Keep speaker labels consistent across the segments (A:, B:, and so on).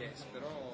A: Yes, però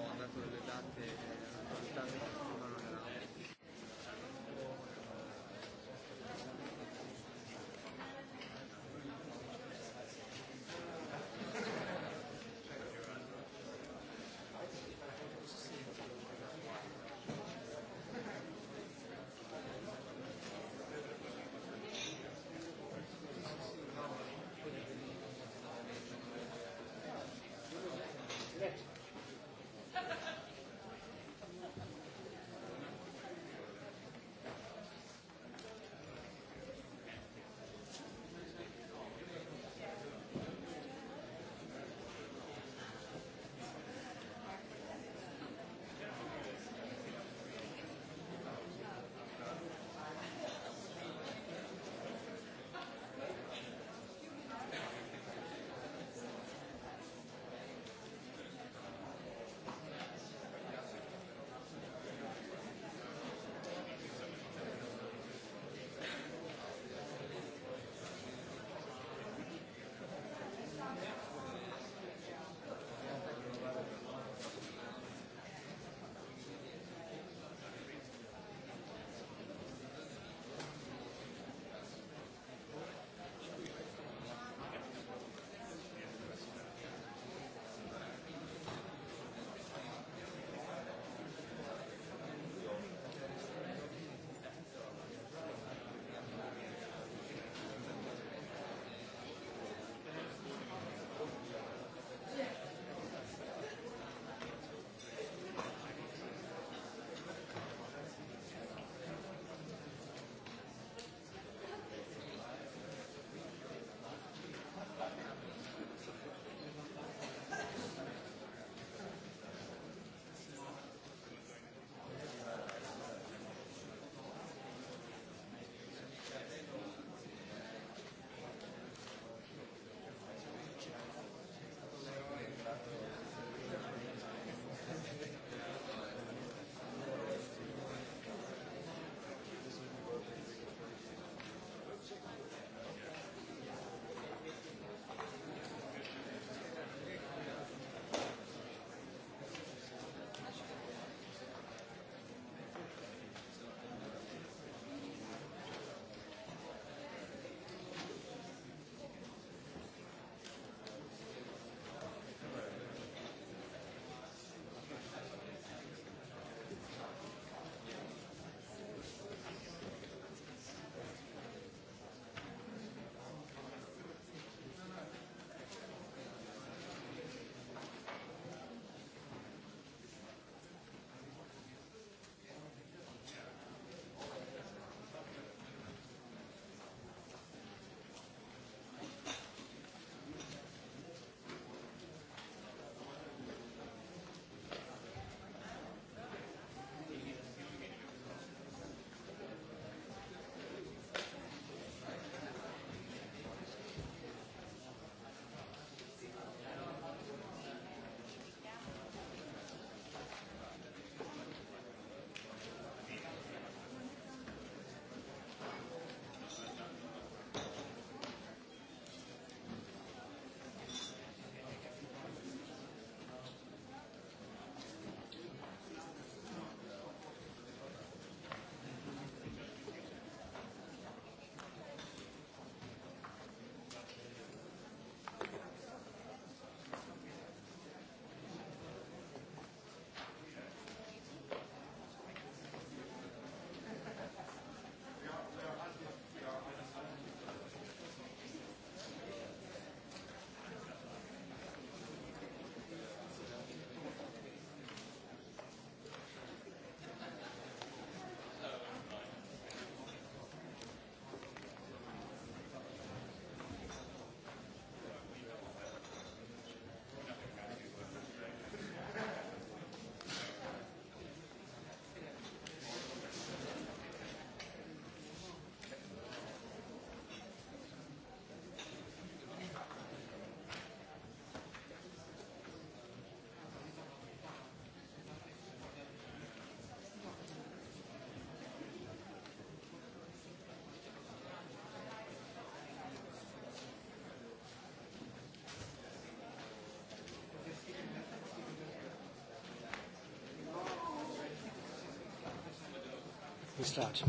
A: We start.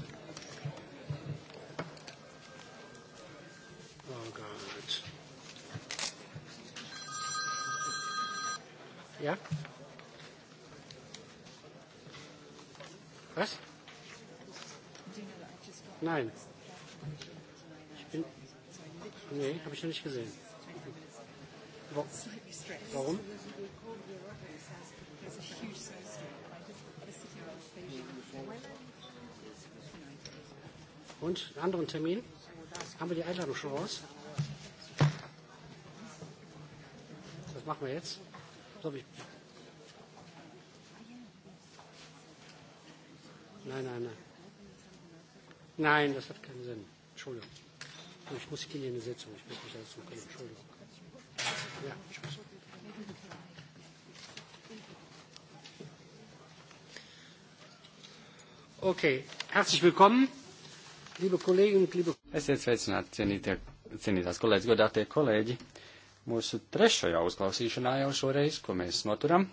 B: Oh, God.
A: Yeah? Was? Nein. Ich bin. Nee, habe ich noch nicht gesehen. Wo, Warum? Und einen anderen Termin? Haben wir die Einladung schon raus? Das machen wir jetzt. So, ich nein, nein, nein. Nein, das hat keinen Sinn. Entschuldigung. Ich muss hier in die Sitzung. Ich muss mich dazu kommen. Entschuldigung. Ja, ich muss. Okay, herzlich willkommen. Esiet sveicināti, cienītie, cienītās kolēģis, godātie kolēģi, mūsu trešajā uzklausīšanā jau šoreiz, ko mēs noturam,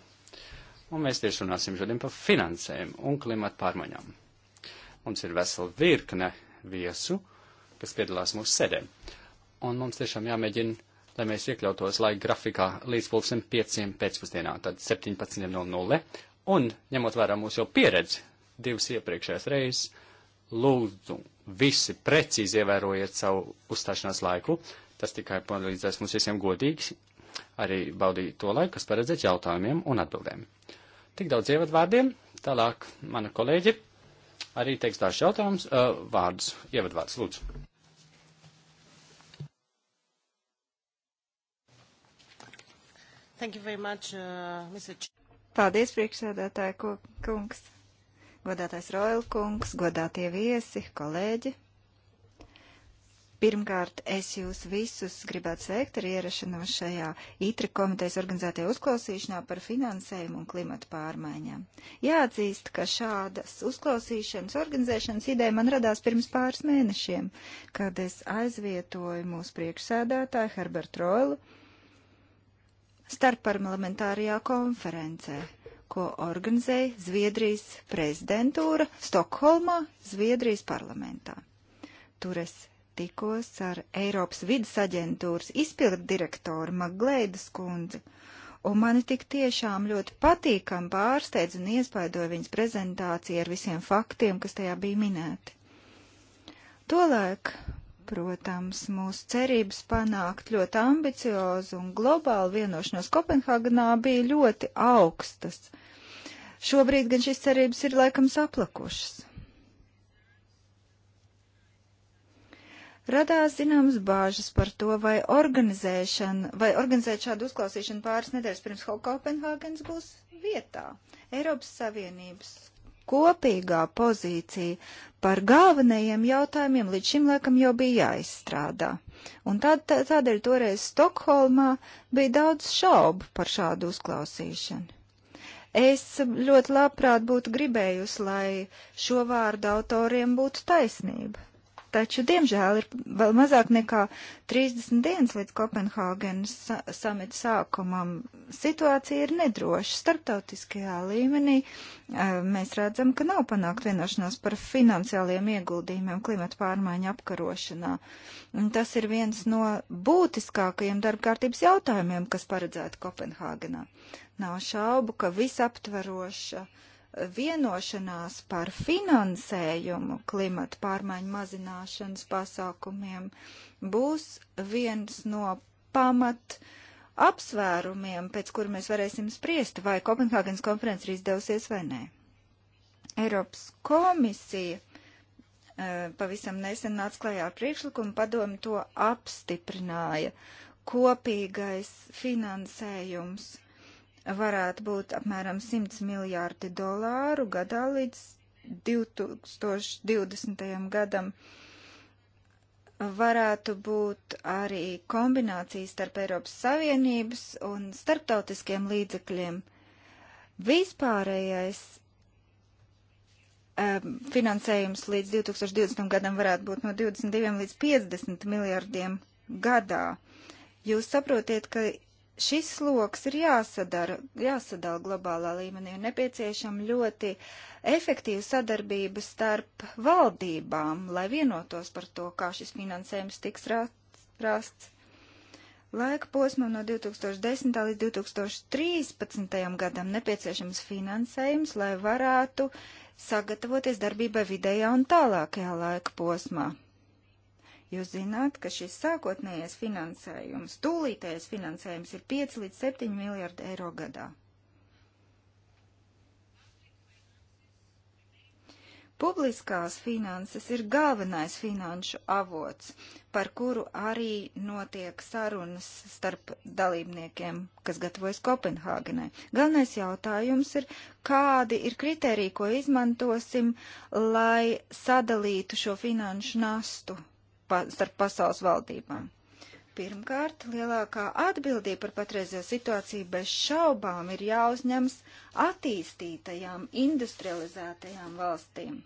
A: un mēs tieši runāsim šodien par finansēm un klimatu pārmaiņām. Mums ir vesela virkne viesu, kas piedalās mūsu sēdē, un mums tiešām jāmēģina, lai mēs iekļautos laika grafikā līdz pulksim pieciem pēcpusdienā, tad 17.00, un ņemot vērā mūsu jau pieredzi divas iepriekšējās reizes, lūdzu visi precīzi ievērojiet savu uzstāšanās laiku. Tas tikai palīdzēs mums visiem godīgi arī baudīt to laiku, kas paredzēts jautājumiem un atbildēm. Tik daudz ievadvārdiem, tālāk mana kolēģi arī teiks dažus jautājumus, uh, vārdus, ievadvārdus, lūdzu.
B: much, uh, Paldies, priekšsēdētāja
C: kungs godātais Roilkungs, godātie viesi, kolēģi. Pirmkārt, es jūs visus gribētu sveikt ar ierašanos šajā ITRI komitejas organizētajā uzklausīšanā par finansējumu un klimatu pārmaiņām. Jāatzīst, ka šādas uzklausīšanas organizēšanas ideja man radās pirms pāris mēnešiem, kad es aizvietoju mūsu priekšsēdētāju Herbertu Roilu starpparlamentārajā konferencē ko organizē Zviedrijas prezidentūra Stokholmā, Zviedrijas parlamentā. Tur es tikos ar Eiropas vidas aģentūras izpildu direktoru Maglēdu skundzi, un mani tik tiešām ļoti patīkam pārsteidz un iespaidoja viņas prezentācija ar visiem faktiem, kas tajā bija minēti. Tolēk Protams, mūsu cerības panākt ļoti ambiciozu un globālu vienošanos Kopenhagenā bija ļoti augstas. Šobrīd gan šīs cerības ir laikam saplakušas. radās zināmas bāžas par to, vai organizēšana, vai organizēt šādu uzklausīšanu pāris nedēļas pirms Kopenhāgens būs vietā. Eiropas Savienības kopīgā pozīcija par galvenajiem jautājumiem līdz šim laikam jau bija jāizstrādā. Un tā, tādēļ toreiz Stokholmā bija daudz šaubu par šādu uzklausīšanu. Es ļoti labprāt būtu gribējusi, lai šo vārdu autoriem būtu taisnība taču, diemžēl, ir vēl mazāk nekā 30 dienas līdz Kopenhāgenes samita sākumam. Situācija ir nedroša. Starptautiskajā līmenī mēs redzam, ka nav panākt vienošanās par finansiāliem ieguldījumiem klimata pārmaiņu apkarošanā. Un tas ir viens no būtiskākajiem darbkārtības jautājumiem, kas paredzēta Kopenhāgenā. Nav šaubu, ka visaptveroša uh, vienošanās par finansējumu klimata pārmaiņu mazināšanas pasākumiem būs viens no pamat apsvērumiem, pēc kur mēs varēsim spriest, vai Kopenhāgenes konferences ir izdevusies vai nē. Eiropas komisija e, pavisam nesen nāca ar priekšlikumu, padomu to apstiprināja. Kopīgais finansējums varētu būt apmēram 100 miljārdi dolāru gadā līdz 2020. gadam varētu būt arī kombinācija starp Eiropas Savienības un starptautiskiem līdzekļiem. Vispārējais um, finansējums līdz 2020. gadam varētu būt no 22 līdz 50 miljardiem gadā. Jūs saprotiet, ka šis sloks ir jāsadara, jāsadala globālā līmenī un nepieciešama ļoti efektīva sadarbība starp valdībām, lai vienotos par to, kā šis finansējums tiks rasts. Laika posmam no 2010. līdz 2013. gadam nepieciešams finansējums, lai varētu sagatavoties darbībai vidējā un tālākajā laika posmā. Jūs zināt, ka šis sākotnējais finansējums, tūlītējais finansējums ir 5 līdz 7 miljardi eiro gadā. Publiskās finanses ir galvenais finanšu avots, par kuru arī notiek sarunas starp dalībniekiem, kas gatavojas Kopenhāgenai. Galvenais jautājums ir, kādi ir kriteriji, ko izmantosim, lai sadalītu šo finanšu nastu starp pasaules valdībām. Pirmkārt, lielākā atbildība par patreizējo situāciju bez šaubām ir jāuzņems attīstītajām, industrializētajām valstīm.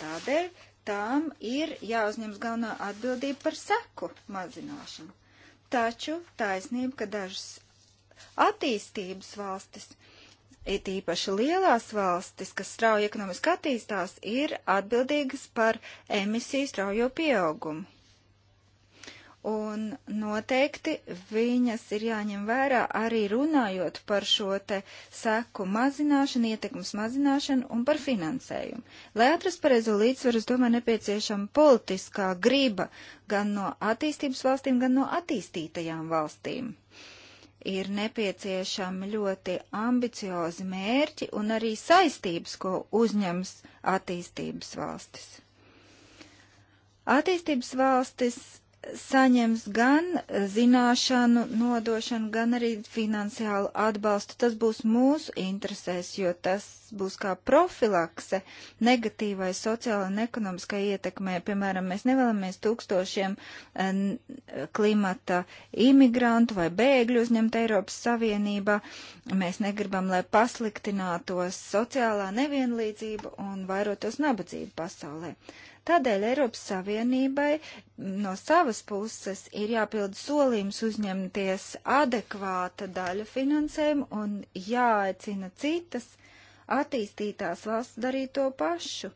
C: Tādēļ tām ir jāuzņems galvenā atbildība par seku mazināšanu. Taču taisnība, ka dažas attīstības valstis it īpaši lielās valstis, kas strauji ekonomiski attīstās, ir atbildīgas par emisiju straujo pieaugumu. Un noteikti viņas ir jāņem vērā arī runājot par šo te seku mazināšanu, ietekmes mazināšanu un par finansējumu. Lai atrastu pareizo līdzsvaru, es domāju, nepieciešama politiskā griba gan no attīstības valstīm, gan no attīstītajām valstīm ir nepieciešami ļoti ambiciozi mērķi un arī saistības, ko uzņems attīstības valstis. Attīstības valstis saņems gan zināšanu nodošanu, gan arī finansiālu atbalstu. Tas būs mūsu interesēs, jo tas būs kā profilakse negatīvai sociālai un ekonomiskai ietekmē. Piemēram, mēs nevēlamies tūkstošiem eh, klimata imigrantu vai bēgļu uzņemt Eiropas Savienībā. Mēs negribam, lai pasliktinātos sociālā nevienlīdzība un vairotos nabadzība pasaulē. Tādēļ Eiropas Savienībai no savas puses ir jāpild solījums uzņemties adekvāta daļa finansējumu un jāaicina citas attīstītās valsts darīt to pašu.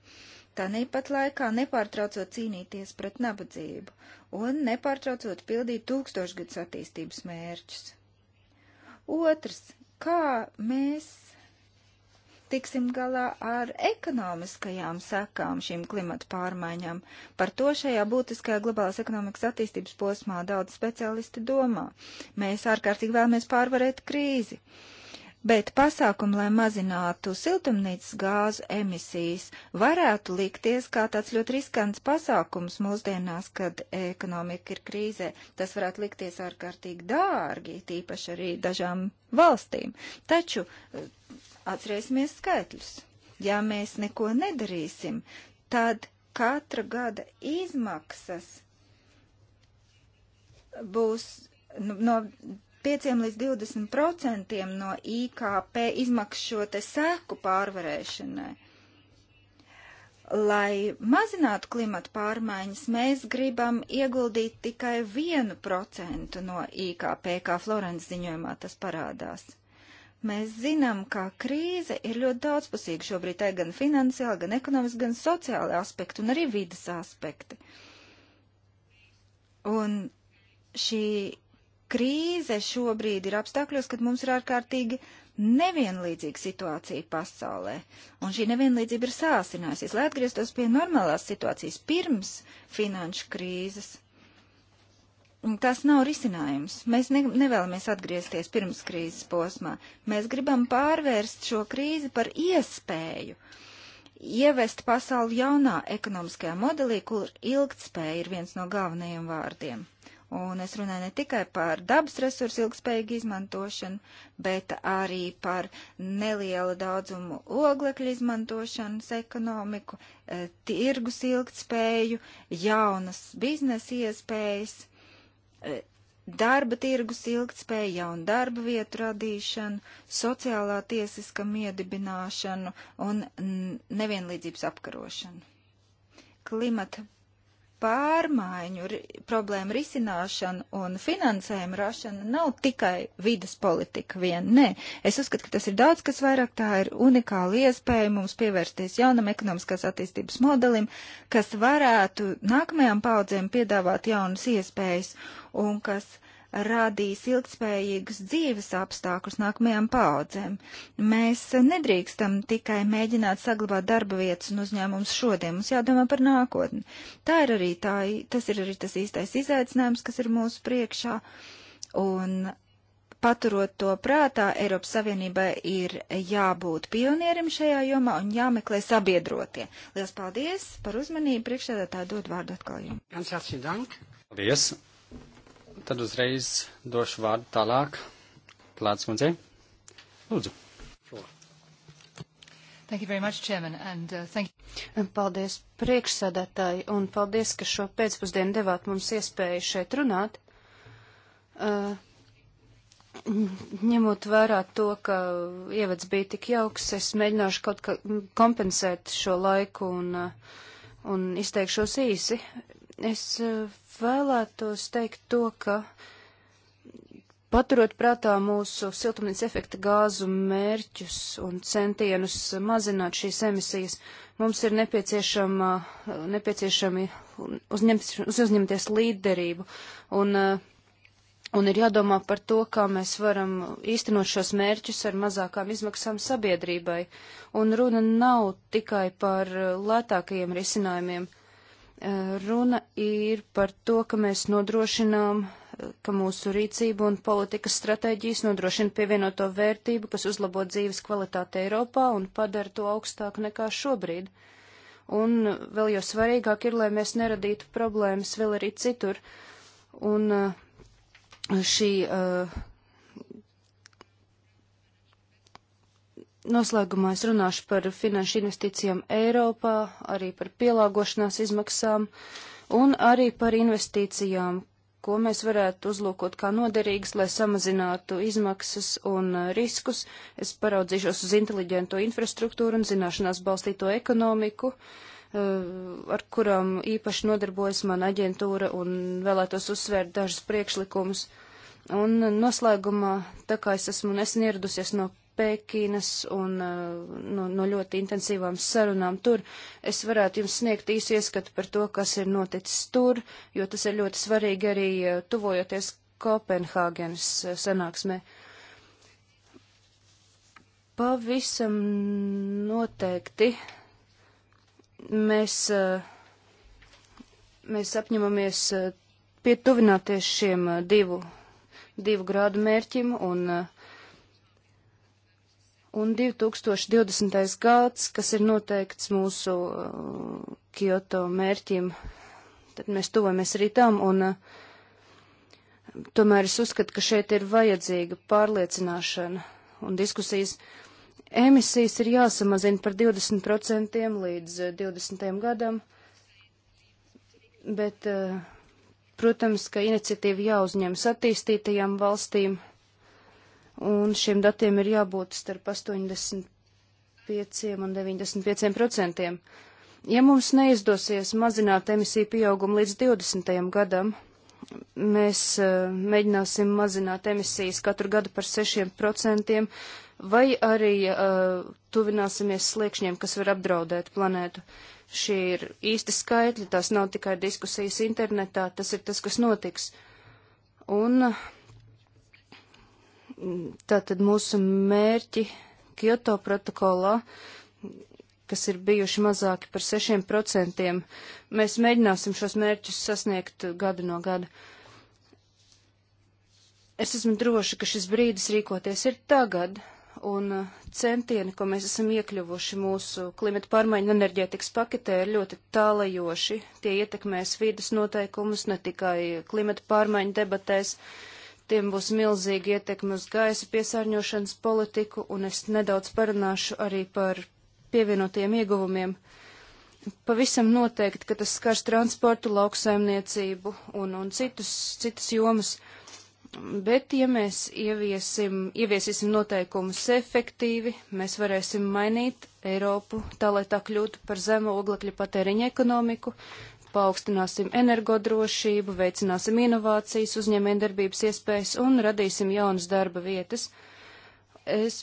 C: nepat laikā nepārtraucot cīnīties pret nabadzību un nepārtraucot pildīt tūkstošgadus attīstības mērķus. Otrs, kā mēs tiksim galā ar ekonomiskajām sekām šīm klimata pārmaiņām. Par to šajā būtiskajā globālās ekonomikas attīstības posmā daudz speciālisti domā. Mēs ārkārtīgi vēlamies pārvarēt krīzi. Bet pasākumi, lai mazinātu siltumnīcas gāzu emisijas, varētu likties kā tāds ļoti riskants pasākums mūsdienās, kad ekonomika ir krīzē. Tas varētu likties ārkārtīgi dārgi, tīpaši arī dažām valstīm. Taču Atcerēsimies skaitļus. Ja mēs neko nedarīsim, tad katra gada izmaksas būs no 5 līdz 20 procentiem no IKP izmaksu šo te sēku pārvarēšanai. Lai mazinātu klimatu pārmaiņas, mēs gribam ieguldīt tikai 1% no IKP, kā Florence ziņojumā tas parādās. Mēs zinām, ka krīze ir ļoti daudzpusīga šobrīd, tai gan finansiāli, gan ekonomiski, gan sociāli aspekti un arī vidas aspekti. Un šī krīze šobrīd ir apstākļos, kad mums ir ārkārtīgi nevienlīdzīga situācija pasaulē, un šī nevienlīdzība ir sāsinājusies, lai atgrieztos pie normālās situācijas pirms finanšu krīzes tas nav risinājums. Mēs ne, nevēlamies atgriezties pirms krīzes posmā. Mēs gribam pārvērst šo krīzi par iespēju ievest pasauli jaunā ekonomiskajā modelī, kur ilgtspēja ir viens no galvenajiem vārdiem. Un es runāju ne tikai par dabas resursu ilgspējīgu izmantošanu, bet arī par nelielu daudzumu oglekļu izmantošanas ekonomiku, eh, tirgus ilgspēju, jaunas biznesa iespējas E, darba tirgus ilgtspēju, jaunu darba vietu radīšanu, sociālā tiesiska miedibināšanu un nevienlīdzības apkarošanu. Klimata pārmaiņu, problēmu risināšanu un finansējumu rašana nav tikai vidas politika vien. Nē, es uzskatu, ka tas ir daudz kas vairāk. Tā ir unikāla iespēja mums pievērsties jaunam ekonomiskās attīstības modelim, kas varētu nākamajām paudzēm piedāvāt jaunas iespējas un kas radīs ilgspējīgus dzīves apstākļus nākamajām paudzēm. Mēs nedrīkstam tikai mēģināt saglabāt darba vietas un uzņēmumus šodien, mums jādomā par nākotni. Tā ir arī tā, tas ir arī tas īstais izaicinājums, kas ir mūsu priekšā. Un paturot to prātā, Eiropas Savienībai ir jābūt pionierim šajā jomā un jāmeklē sabiedrotie. Lielas paldies par uzmanību. Priekšsēdētāji dod vārdu atkal
A: jums. Paldies tad uzreiz došu vārdu tālāk Plāts Lūdzu.
B: Thank you very much, Chairman, and uh, thank you. Paldies priekšsēdētāji un paldies, ka šo pēcpusdienu devāt mums iespēju šeit runāt. Uh, ņemot vērā to, ka ievads bija tik jauks, es mēģināšu kaut kā kompensēt šo laiku un, uh, un izteikšos īsi. Es vēlētos teikt to, ka paturot prātā mūsu siltumnīca efekta gāzu mērķus un centienus mazināt šīs emisijas, mums ir nepieciešama, nepieciešami uzņemt, uzņemties līderību un, un ir jādomā par to, kā mēs varam īstenot šos mērķus ar mazākām izmaksām sabiedrībai. Un runa nav tikai par lētākajiem risinājumiem. Runa ir par to, ka mēs nodrošinām, ka mūsu rīcība un politikas stratēģijas nodrošina pievienoto vērtību, kas uzlabo dzīves kvalitāti Eiropā un padara to augstāku nekā šobrīd. Un vēl jau svarīgāk ir, lai mēs neradītu problēmas vēl arī citur. Un eh, šī uh, Noslēgumā es runāšu par finanšu investīcijām Eiropā, arī par pielāgošanās izmaksām un arī par investīcijām, ko mēs varētu uzlūkot kā noderīgas, lai samazinātu izmaksas un uh, riskus. Es paraudzīšos uz inteliģento infrastruktūru un zināšanās balstīto ekonomiku, uh, ar kurām īpaši nodarbojas mana aģentūra un vēlētos uzsvērt dažus priekšlikumus. Un uh, noslēgumā, tā kā es esmu nesen ieradusies no Pekinas un no, no ļoti intensīvām sarunām tur, es varētu jums sniegt īsu ieskatu par to, kas ir noticis tur, jo tas ir ļoti svarīgi arī eh, tuvojoties Kopenhāgenes eh, sanāksmē. Pavisam noteikti mēs, mēs apņemamies pietuvināties šiem divu, divu grādu mērķim un uh, un 2020. gads, kas ir noteikts mūsu uh, Kyoto mērķim, tad mēs tuvojamies arī tam, un uh, tomēr es uzskatu, ka šeit ir vajadzīga pārliecināšana un diskusijas. Emisijas ir jāsamazina par 20% līdz 20. Uh, gadam, bet, protams, ka iniciatīva jāuzņem satīstītajām valstīm un šiem datiem ir jābūt starp 85 un 95 procentiem. Ja mums neizdosies mazināt emisiju pieaugumu līdz 20. gadam, mēs eh, mēģināsim mazināt emisijas katru gadu par 6%, procentiem, vai arī uh, tuvināsimies sliekšņiem, kas var apdraudēt planētu. Šie ir īsti skaitļi, tās nav tikai diskusijas internetā, tas ir tas, kas notiks. Un uh, Tātad mūsu mērķi Kyoto protokolā, kas ir bijuši mazāki par 6%, mēs mēģināsim šos mērķus sasniegt gadu no gada. Es esmu droši, ka šis brīdis rīkoties ir tagad, un centieni, ko mēs esam iekļuvuši mūsu klimata pārmaiņu enerģētikas paketē, ir ļoti tālajoši. Tie ietekmēs vīdas noteikumus ne tikai klimata pārmaiņu debatēs, Tiem būs milzīgi ietekmi uz gaisa piesārņošanas politiku, un es nedaudz parunāšu arī par pievienotiem ieguvumiem. Pavisam noteikti, ka tas skars transportu, lauksaimniecību un, un citus, citas jomas. Bet, ja mēs ieviesim, ieviesīsim noteikumus efektīvi, mēs varēsim mainīt Eiropu tā, lai tā kļūtu par zemu oglekļa patēriņa ekonomiku, Paaugstināsim energodrošību, veicināsim inovācijas, uzņēmējdarbības iespējas un radīsim jaunas darba vietas. Es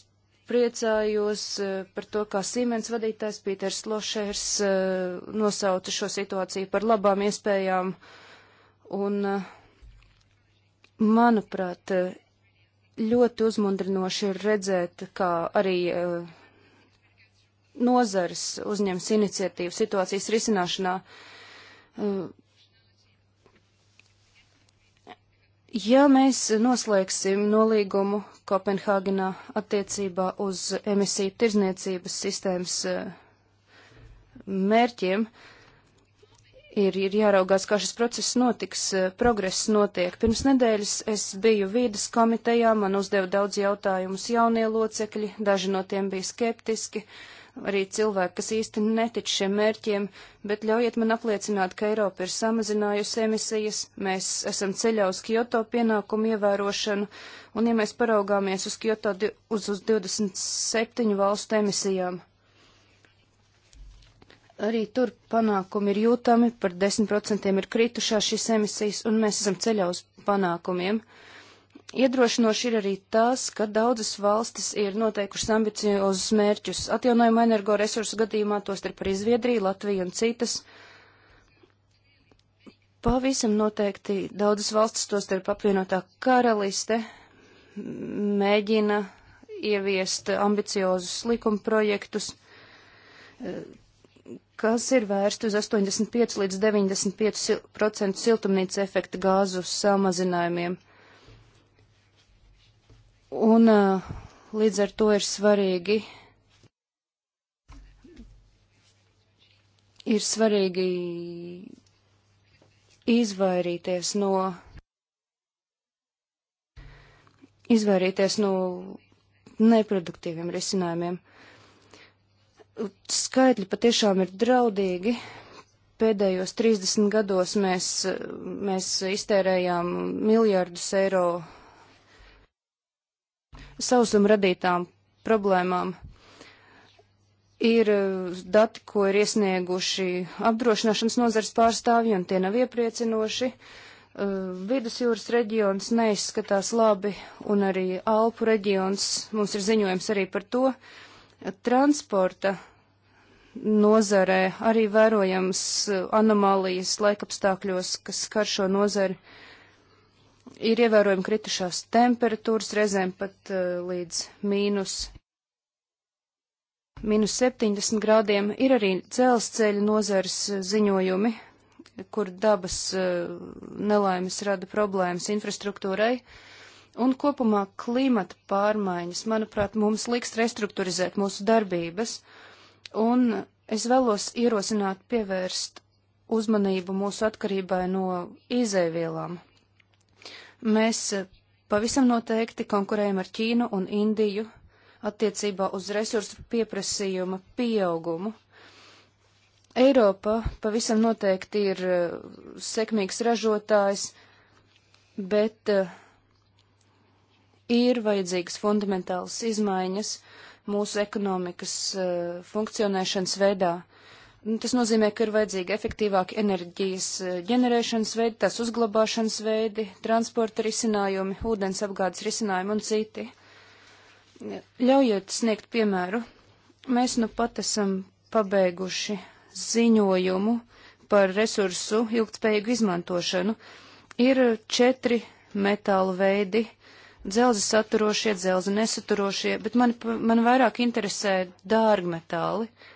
B: priecājos eh, par to, kā Siemens vadītājs Pīters Lošers eh, nosauca šo situāciju par labām iespējām. Un, eh, manuprāt, ļoti uzmundrinoši ir redzēt, kā arī nozars uzņems iniciatīvu situācijas risināšanā. Ja mēs noslēgsim nolīgumu Kopenhāgenā attiecībā uz emisiju tirzniecības sistēmas eh, mērķiem, ir, ir jāraugās, kā šis process notiks, eh, progress notiek. Pirms nedēļas es biju vīdas komitejā, man uzdeva daudz jautājumus jaunie locekļi, daži no tiem bija skeptiski. Uh, arī cilvēki, kas īsti netic šiem mērķiem, bet ļaujiet man apliecināt, ka Eiropa ir samazinājusi emisijas, mēs esam ceļā uz Kyoto pienākumu ievērošanu, un ja mēs paraugāmies uz Kyoto uz, uz 27 valstu emisijām, arī tur panākumi ir jūtami, par 10% ir kritušās šīs emisijas, un mēs esam ceļā uz panākumiem. Iedrošinoši ir arī tas, ka daudzas valstis ir noteikušas ambiciozus mērķus. Atjaunojama energoresursu gadījumā tos ir par Izviedriju, Latviju un citas. Pavisam noteikti daudzas valstis, tos ir apvienotā karaliste, mēģina ieviest ambiciozus likuma projektus, kas ir vērsti uz 85 līdz 95% siltumnīca efekta gāzu samazinājumiem. Un uh, līdz ar to ir svarīgi, ir svarīgi izvairīties no, izvairīties no neproduktīviem risinājumiem. Skaitļi patiešām ir draudīgi. Pēdējos 30 gados mēs, mēs iztērējām miljardus eiro sausuma radītām problēmām. Ir eh, dati, ko ir iesnieguši apdrošināšanas nozars pārstāvji, un tie nav iepriecinoši. Eh, vidusjūras reģions neizskatās labi, un arī Alpu reģions mums ir ziņojums arī par to. Eh, transporta nozarē arī vērojams anomālijas laikapstākļos, kas skar šo nozari ir ievērojami kritušās temperatūras, reizēm pat uh, līdz mīnus, mīnus 70 grādiem. Ir arī dzelzceļa nozars eh, ziņojumi, kur dabas uh, nelaimes rada problēmas infrastruktūrai. Un kopumā klimata pārmaiņas, manuprāt, mums liks restruktūrizēt mūsu darbības, un es vēlos ierosināt pievērst uzmanību mūsu atkarībai no izēvielām. Mēs eh, pavisam noteikti konkurējam ar Ķīnu un Indiju attiecībā uz resursu pieprasījuma pieaugumu. Eiropa pavisam noteikti ir eh, sekmīgs ražotājs, bet eh, ir vajadzīgas fundamentālas izmaiņas mūsu ekonomikas funkcionēšanas veidā. Tas nozīmē, ka ir vajadzīgi efektīvāki enerģijas eh, ģenerēšanas veidi, tās uzglabāšanas veidi, transporta risinājumi, ūdens apgādes risinājumi un citi. Ļaujiet sniegt piemēru. Mēs nu pat esam pabeiguši ziņojumu par resursu ilgtspējīgu izmantošanu. Ir četri metālu veidi dzelzi saturošie, dzelzi nesaturošie, bet man, man vairāk interesē dārgmetāli. metāli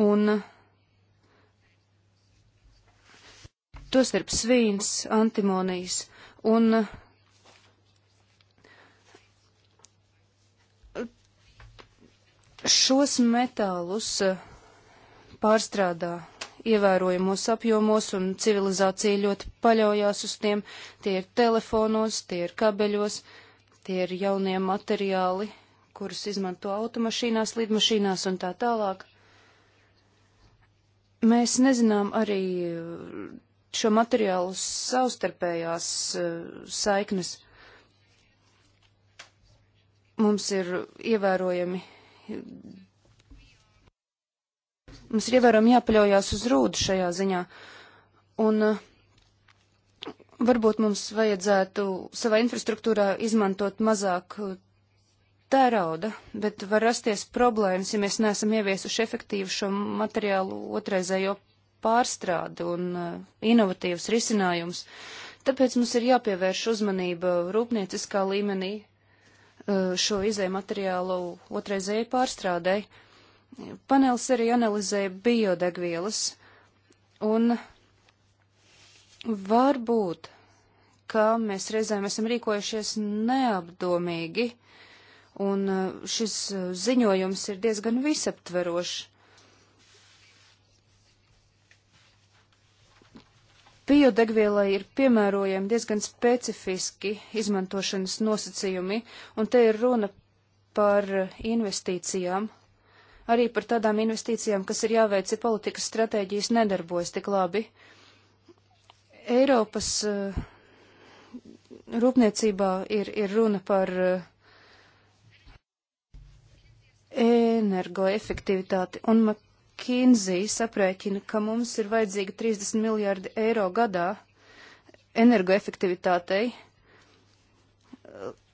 B: un starp svīns, antimonijas un šos metālus pārstrādā ievērojamos apjomos, un civilizācija ļoti paļaujās uz tiem. Tie ir telefonos, tie ir kabeļos, tie ir jaunie materiāli, kurus izmanto automašīnās, lidmašīnās un tā tālāk. Mēs nezinām arī uh, šo materiālu savstarpējās uh, saiknes. Mums ir ievērojami. Mums ir ievērojami jāpaļaujās uz rūdu šajā ziņā. Un uh, varbūt mums vajadzētu savā infrastruktūrā izmantot mazāk tērauda, bet var rasties problēmas, ja mēs neesam ieviesuši efektīvu šo materiālu otraizējo pārstrādi un uh, inovatīvus risinājumus. Tāpēc mums ir jāpievērš uzmanība rūpnieciskā līmenī eh, šo izēju materiālu otraizēju pārstrādē. Panels arī analizēja biodegvielas, un varbūt, ka mēs reizēm esam rīkojušies neapdomīgi, uh, un uh, šis uh, ziņojums ir diezgan visaptverošs. Biodegvielai ir piemērojami diezgan specifiski izmantošanas nosacījumi, un te ir runa par uh, investīcijām, arī par tādām investīcijām, kas ir jāveic, ja politikas stratēģijas nedarbojas tik labi. Eiropas uh, rūpniecībā ir, ir runa par uh, energoefektivitāti. Un McKinsey saprēķina, ka mums ir vajadzīga 30 miljārdi eiro gadā energoefektivitātei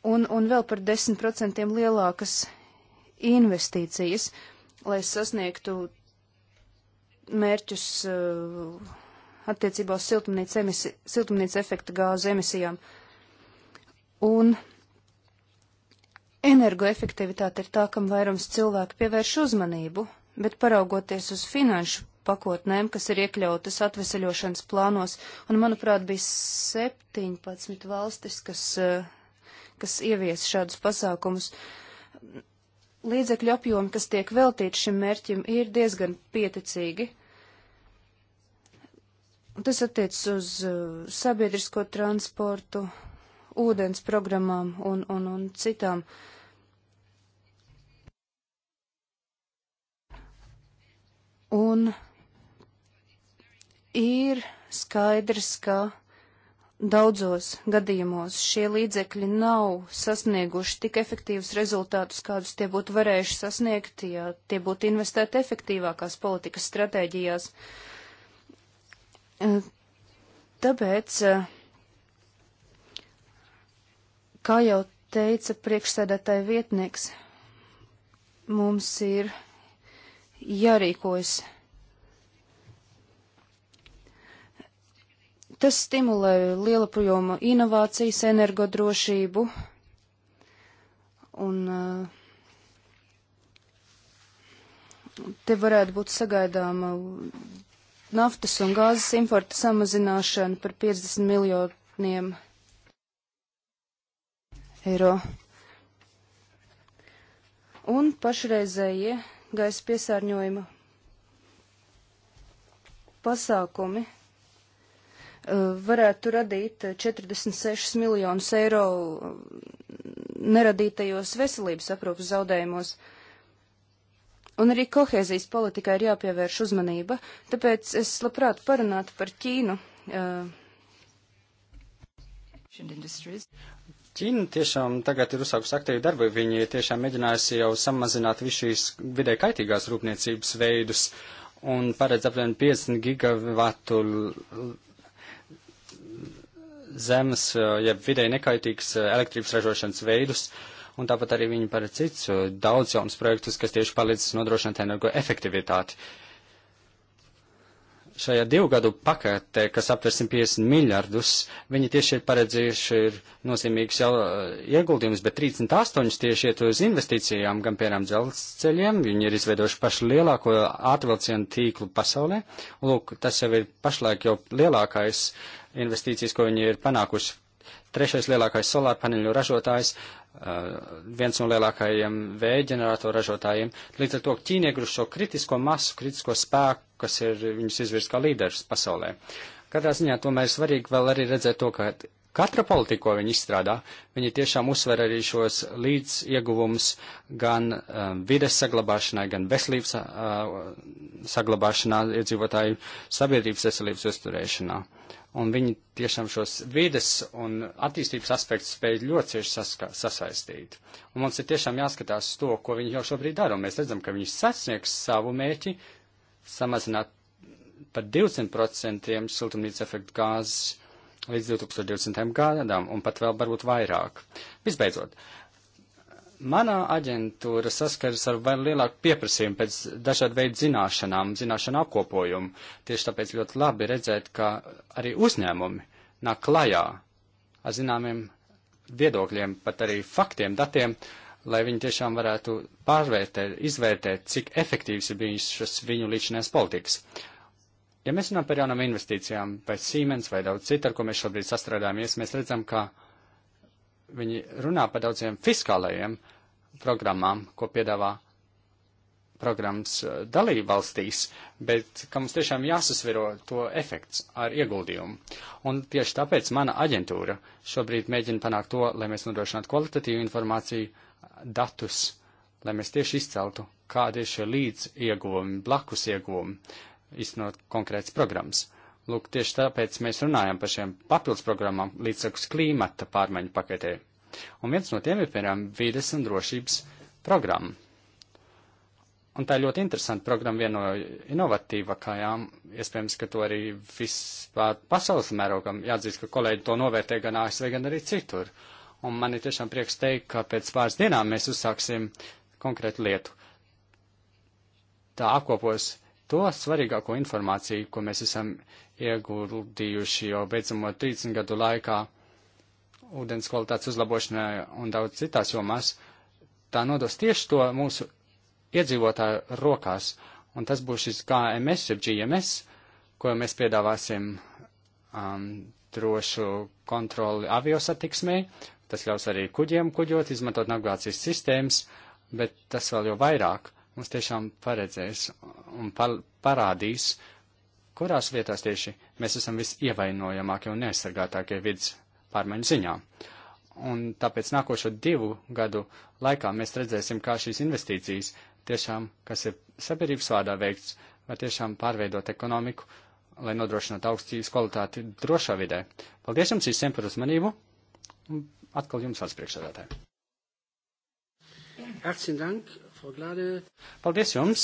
B: un, un vēl par 10% lielākas investīcijas, lai sasniegtu mērķus uh, attiecībā uz siltumnīca, emisi, siltumnīca efekta gāzu emisijām. Un Energoefektivitāte ir tā, kam vairums cilvēku pievērš uzmanību, bet paraugoties uz finanšu pakotnēm, kas ir iekļautas atveseļošanas plānos, un, manuprāt, bija 17 valstis, kas, eh, kas ievies šādus pasākumus. Līdzekļu apjomi, kas tiek veltīti šim mērķim, ir diezgan pieticīgi. Tas attiec uz eh, sabiedrisko transportu, ūdens programmām un, un, un citām uh, Un ir skaidrs, ka daudzos gadījumos šie līdzekļi nav sasnieguši tik efektīvus rezultātus, kādus tie būtu varējuši sasniegt, ja tie būtu investēti efektīvākās politikas stratēģijās. Eh, tāpēc, eh, kā jau teica priekšsēdētāja vietnieks, mums ir jārīkojas. Tas stimulē liela projoma inovācijas, energodrošību un uh, te varētu būt sagaidāma naftas un gāzes importa samazināšana par 50 miljoniem eiro. Un pašreizējie. Ja gaisa piesārņojuma pasākumi uh, varētu radīt 46 miljonus eiro uh, neradītajos veselības aprūpas zaudējumos. Un arī kohēzijas politikai ir jāpievērš uzmanība, tāpēc es labprāt parunātu par Ķīnu. Uh,
A: Ķīna tiešām tagad ir uzsākusi aktīvu darbu, viņi tiešām mēģinājusi jau samazināt visu šīs vidē kaitīgās rūpniecības veidus un paredz apmēram 50 gigavatu zemes, ja vidē nekaitīgas elektrības ražošanas veidus, un tāpat arī viņi paredz cits daudz jaunas projektus, kas tieši palīdz nodrošināt energo efektivitāti. Uh, šajā divu gadu paketē, kas aptver 150 miljardus, viņi tieši ir paredzējuši ir nozīmīgs eh, ieguldījums, bet 38 tieši iet uz investīcijām, gan piemēram dzelzceļiem. Viņi ir izveidojuši pašu lielāko ārvilcienu tīklu pasaulē. Lūk, tas jau ir pašlaik jau lielākais investīcijas, ko viņi ir panākuši. Trešais lielākais solārpaneļu ražotājs viens no lielākajiem vēja ģeneratoru ražotājiem. Līdz ar to Ķīna iegūst šo kritisko masu, kritisko spēku, kas ir viņus izvirs kā līderis pasaulē. Katrā ziņā tomēr ir svarīgi vēl arī redzēt to, ka katra politika, ko viņi izstrādā, viņi tiešām uzsver arī šos līdz ieguvumus gan um, vides saglabāšanai, gan veselības uh, saglabāšanā, iedzīvotāju sabiedrības veselības uzturēšanā. Uh, un viņi tiešām šos vides un attīstības aspektus spēj ļoti cieši sasaistīt. Un mums ir tiešām jāskatās to, ko viņi jau šobrīd dara, un mēs redzam, ka viņi sasniegs savu mēķi samazināt par 20% siltumnīca efektu gāzes līdz 2020. gadam, un pat vēl varbūt vairāk. Visbeidzot, uh, Manā aģentūra saskaras ar vēl lielāku pieprasījumu pēc dažādu veidu zināšanām, zināšanu apkopojumu. Tieši tāpēc ļoti labi redzēt, ka arī uzņēmumi nāk klajā ar zināmiem viedokļiem, pat arī faktiem, datiem, lai viņi tiešām varētu pārvērtēt, izvērtēt, cik efektīvs ir bijis šis viņu līdzinājums politikas. Ja mēs runājam par jaunām investīcijām, vai Siemens vai daudz citu, ar ko mēs šobrīd sastrādājamies, mēs redzam, ka viņi runā par daudziem fiskālajiem programmām, ko piedāvā programmas eh, dalība valstīs, bet ka mums tiešām jāsasviro to efekts ar ieguldījumu. Un tieši tāpēc mana aģentūra šobrīd mēģina panākt to, lai mēs nodrošinātu kvalitatīvu informāciju, datus, lai mēs tieši izceltu, kādi ir šie līdz ieguvumi, blakus ieguvumi, iznot konkrēts programmas. Lūk, tieši tāpēc mēs runājam par šiem papildus programmām līdzsakus klimata pārmaiņu paketē. Un viens no tiem ir, piemēram, vides un drošības programma. Un tā ir ļoti interesanta programma, viena no inovatīvākajām. Iespējams, ka to arī vispār pasaules mērogam jāatzīst, ka kolēģi to novērtē gan ASV, gan arī citur. Un man ir tiešām prieks teikt, ka pēc pāris dienām mēs uzsāksim konkrētu lietu. Tā apkopos to svarīgāko informāciju, ko mēs esam ieguldījuši jau beidzamo 30 gadu laikā ūdens kvalitātes uzlabošanā un daudz citās jomās, tā nodos tieši to mūsu iedzīvotāju rokās. Un tas būs šis KMS, jeb GMS, ko mēs piedāvāsim um, drošu kontroli aviosatiksmē. Tas ļaus arī kuģiem kuģot, izmantot navigācijas sistēmas, bet tas vēl jau vairāk mums tiešām paredzēs un par, parādīs, kurās vietās tieši mēs esam visievainojamākie un neaizsargātākie vidas pārmaiņu ziņā. Un tāpēc nākošo divu gadu laikā mēs redzēsim, kā šīs investīcijas tiešām, kas ir sabiedrības vārdā veikts, var tiešām pārveidot ekonomiku, lai nodrošinātu augstības kvalitāti drošā vidē. Paldies jums visiem par uzmanību. Un atkal jums vārds priekšsēdētāji. Herzlichen Dank. Paldies jums!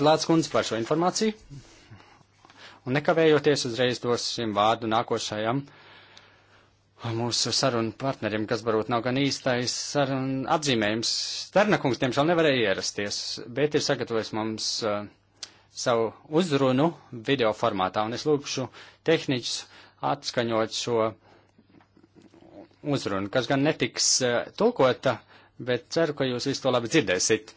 A: Glāds kundze par šo informāciju. Un nekavējoties uzreiz dosim vārdu nākošajam mūsu sarunu partnerim, kas varbūt nav gan īstais sarunu atzīmējums. Tarnakungs, diemžēl, nevarēja ierasties, bet ir sagatavojis mums uh, savu uzrunu video formātā, un es lūgšu tehniķus atskaņot šo uzrunu, kas gan netiks uh, tulkota bet ceru, ka jūs visu to labi dzirdēsit.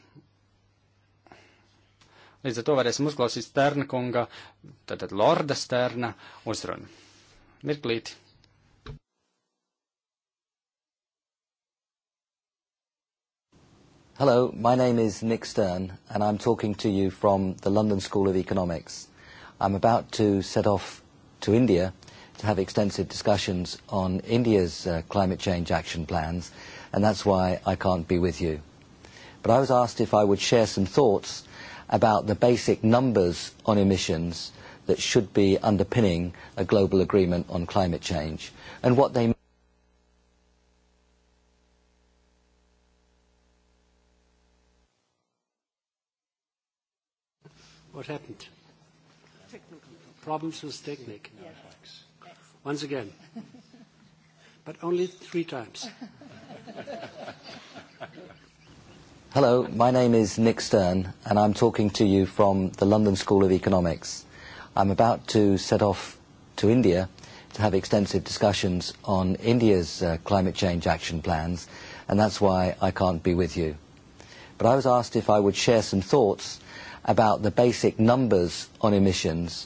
A: Līdz ar to varēsim uzklausīt Stērna kunga, tātad Lorda Stērna uzrunu. Mirklīti.
D: Hello, my name is Nick Stern, and I'm talking to you from the London School of Economics. I'm about to set off to India to have extensive discussions on India's uh, climate change action plans and that's why I can't be with you. But I was asked if I would share some thoughts about the basic numbers on emissions that should be underpinning a global agreement on climate change and what they
A: What happened? Technical problems with technique. Once again but only three times.
D: Hello, my name is Nick Stern, and I'm talking to you from the London School of Economics. I'm about to set off to India to have extensive discussions on India's uh, climate change action plans, and that's why I can't be with you. But I was asked if I would share some thoughts about the basic numbers on emissions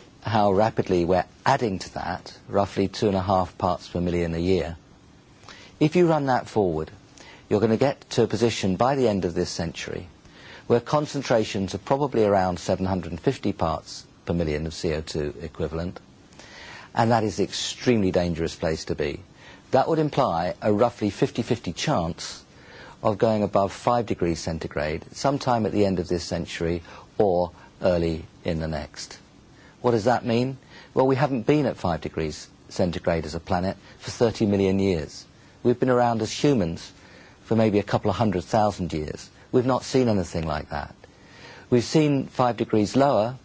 D: how rapidly we're adding to that, roughly two and a half parts per million a year. If you run that forward, you're going to get to a position by the end of this century where concentrations are probably around 750 parts per million of CO2 equivalent, and that is an extremely dangerous place to be. That would imply a roughly 50/50 chance of going above 5 degrees centigrade sometime at the end of this century or early in the next. What does that mean? Well, we haven't been at five degrees centigrade as a planet for 30 million years. We've been around as humans for maybe a couple of hundred thousand years. We've not seen anything like that. We've seen five degrees lower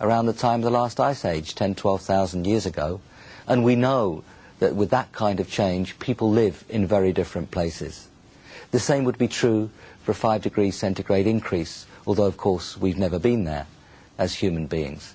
D: around the time of the last ice age, 10, 12,000 years ago, and we know that with that kind of change, people live in very different places. The same would be true for a five degrees centigrade increase, although of course we've never been there as human beings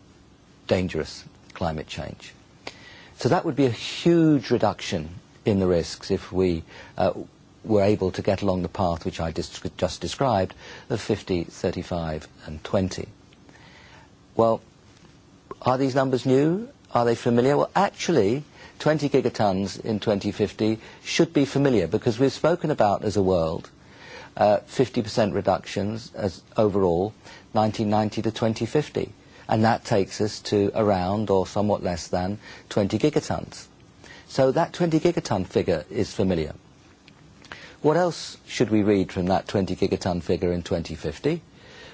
D: dangerous climate change. So that would be a huge reduction in the risks if we uh, were able to get along the path which I just described of 50, 35 and 20. Well, are these numbers new? Are they familiar? Well, actually, 20 gigatons in 2050 should be familiar because we've spoken about as a world uh, 50% reductions as overall 1990 to 2050 and that takes us to around or somewhat less than 20 gigatons. So that 20 gigaton figure is familiar. What else should we read from that 20 gigaton figure in 2050?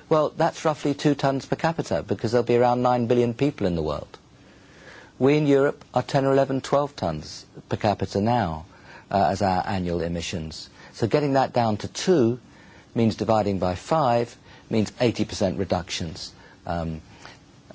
D: Well, that's roughly two tons per capita because there'll be around 9 billion people in the world. We in Europe are 10 or 11, 12 tons per capita now uh, as our annual emissions. So getting that down to two means dividing by five means 80% reductions. Um,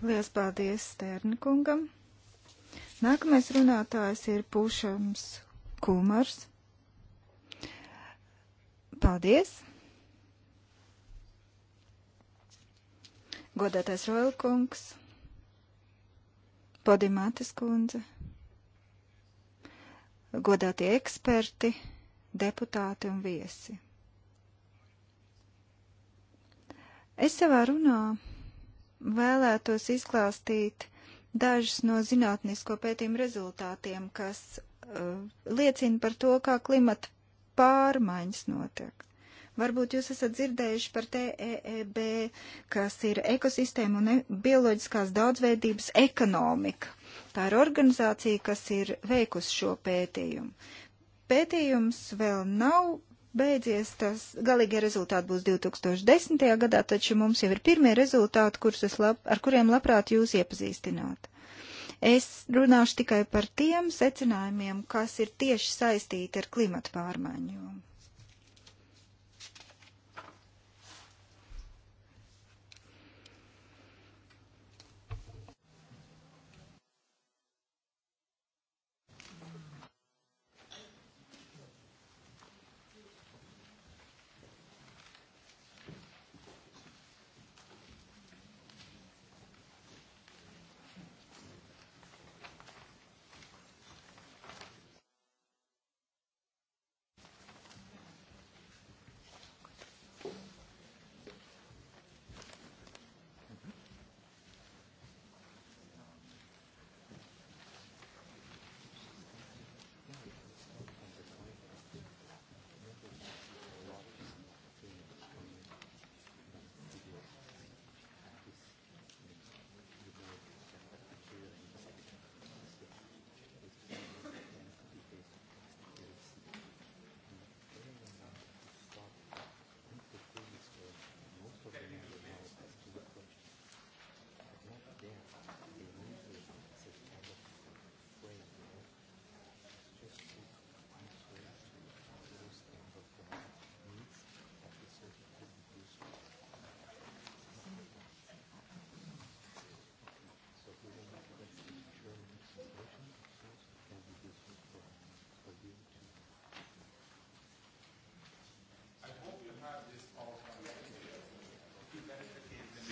C: Lielas paldies Stērnkungam. Nākamais runātājs ir Pūšams Kumars. Paldies! Godātais Roilkungs, Podimātis kundze, godātie eksperti, deputāti un viesi. Es savā runā vēlētos izklāstīt dažus no zinātnisko pētījumu rezultātiem, kas uh, liecina par to, kā klimata pārmaiņas notiek. Varbūt jūs esat dzirdējuši par TEEB, kas ir ekosistēma un e bioloģiskās daudzveidības ekonomika. Tā ir organizācija, kas ir veikusi šo pētījumu. Pētījums vēl nav beidzies, tas galīgie rezultāti būs 2010. gadā, taču mums jau ir pirmie rezultāti, lab, ar kuriem labprāt jūs iepazīstināt. Es runāšu tikai par tiem secinājumiem, kas ir tieši saistīti ar klimatu pārmaiņu.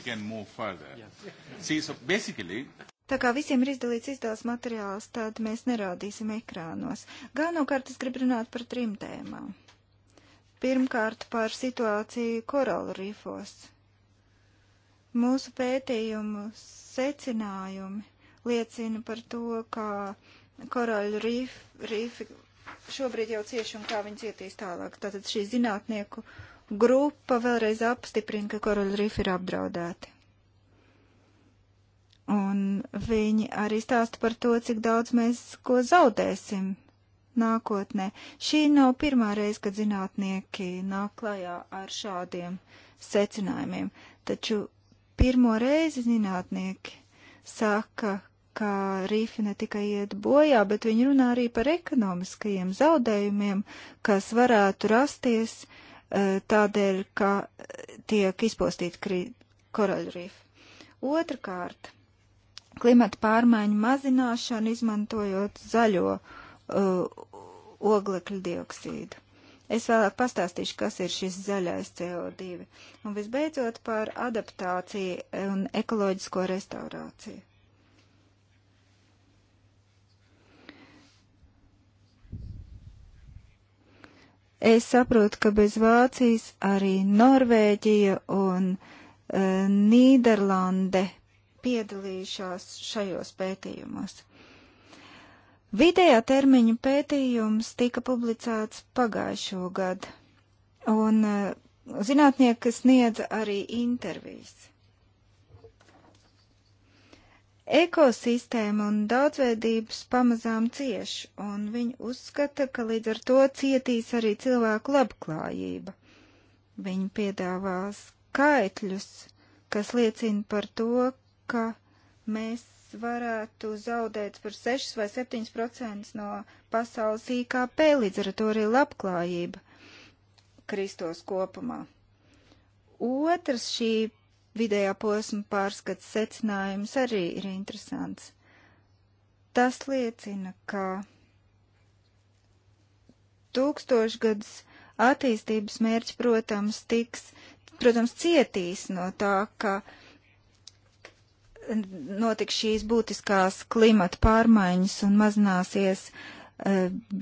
A: can move further. Yes. See, so basically...
C: Tā kā visiem ir izdalīts izdevums materiāls, tad mēs nerādīsim ekrānos. Galvenokārt es gribu runāt par trim tēmām. Pirmkārt par situāciju koralu rifos. Mūsu pētījumu secinājumi liecina par to, kā koraļu rifi, rifi šobrīd jau cieši un kā viņi cietīs tālāk. Tātad šī zinātnieku grupa vēlreiz apstiprina, ka koraļu rifi ir apdraudēti. Un viņi arī stāsta par to, cik daudz mēs ko zaudēsim nākotnē. Šī nav pirmā reize, kad zinātnieki nāk klajā ar šādiem secinājumiem, taču pirmo reizi zinātnieki saka, ka rīfi ne tikai iet bojā, bet viņi runā arī par ekonomiskajiem zaudējumiem, kas varētu rasties tādēļ, ka e, tiek izpostīta koraļrifa. Otrakārt, klimata pārmaiņu mazināšana, izmantojot zaļo uh, e, oglekļu dioksīdu. Es vēlāk pastāstīšu, kas ir šis zaļais CO2. Un visbeidzot par adaptāciju un ekoloģisko restaurāciju. Es saprotu, ka bez Vācijas arī Norvēģija un e, Nīderlande piedalījušās šajos pētījumos. Vidējā termiņa pētījums tika publicēts pagājušo gadu, un e, zinātnieki sniedza arī intervijas. Ekosistēma un daudzveidības pamazām cieš, un viņi uzskata, ka līdz ar to cietīs arī cilvēku labklājība. Viņi piedāvā skaitļus, kas liecina par to, ka mēs varētu zaudēt par 6 vai 7 procentus no pasaules IKP, līdz ar to arī labklājība kristos kopumā. Otrs šī Vidējā posma pārskats secinājums arī ir interesants. Tas liecina, ka tūkstošgads attīstības mērķi, protams, tiks, protams, cietīs no tā, ka notiks šīs būtiskās klimata pārmaiņas un mazināsies e,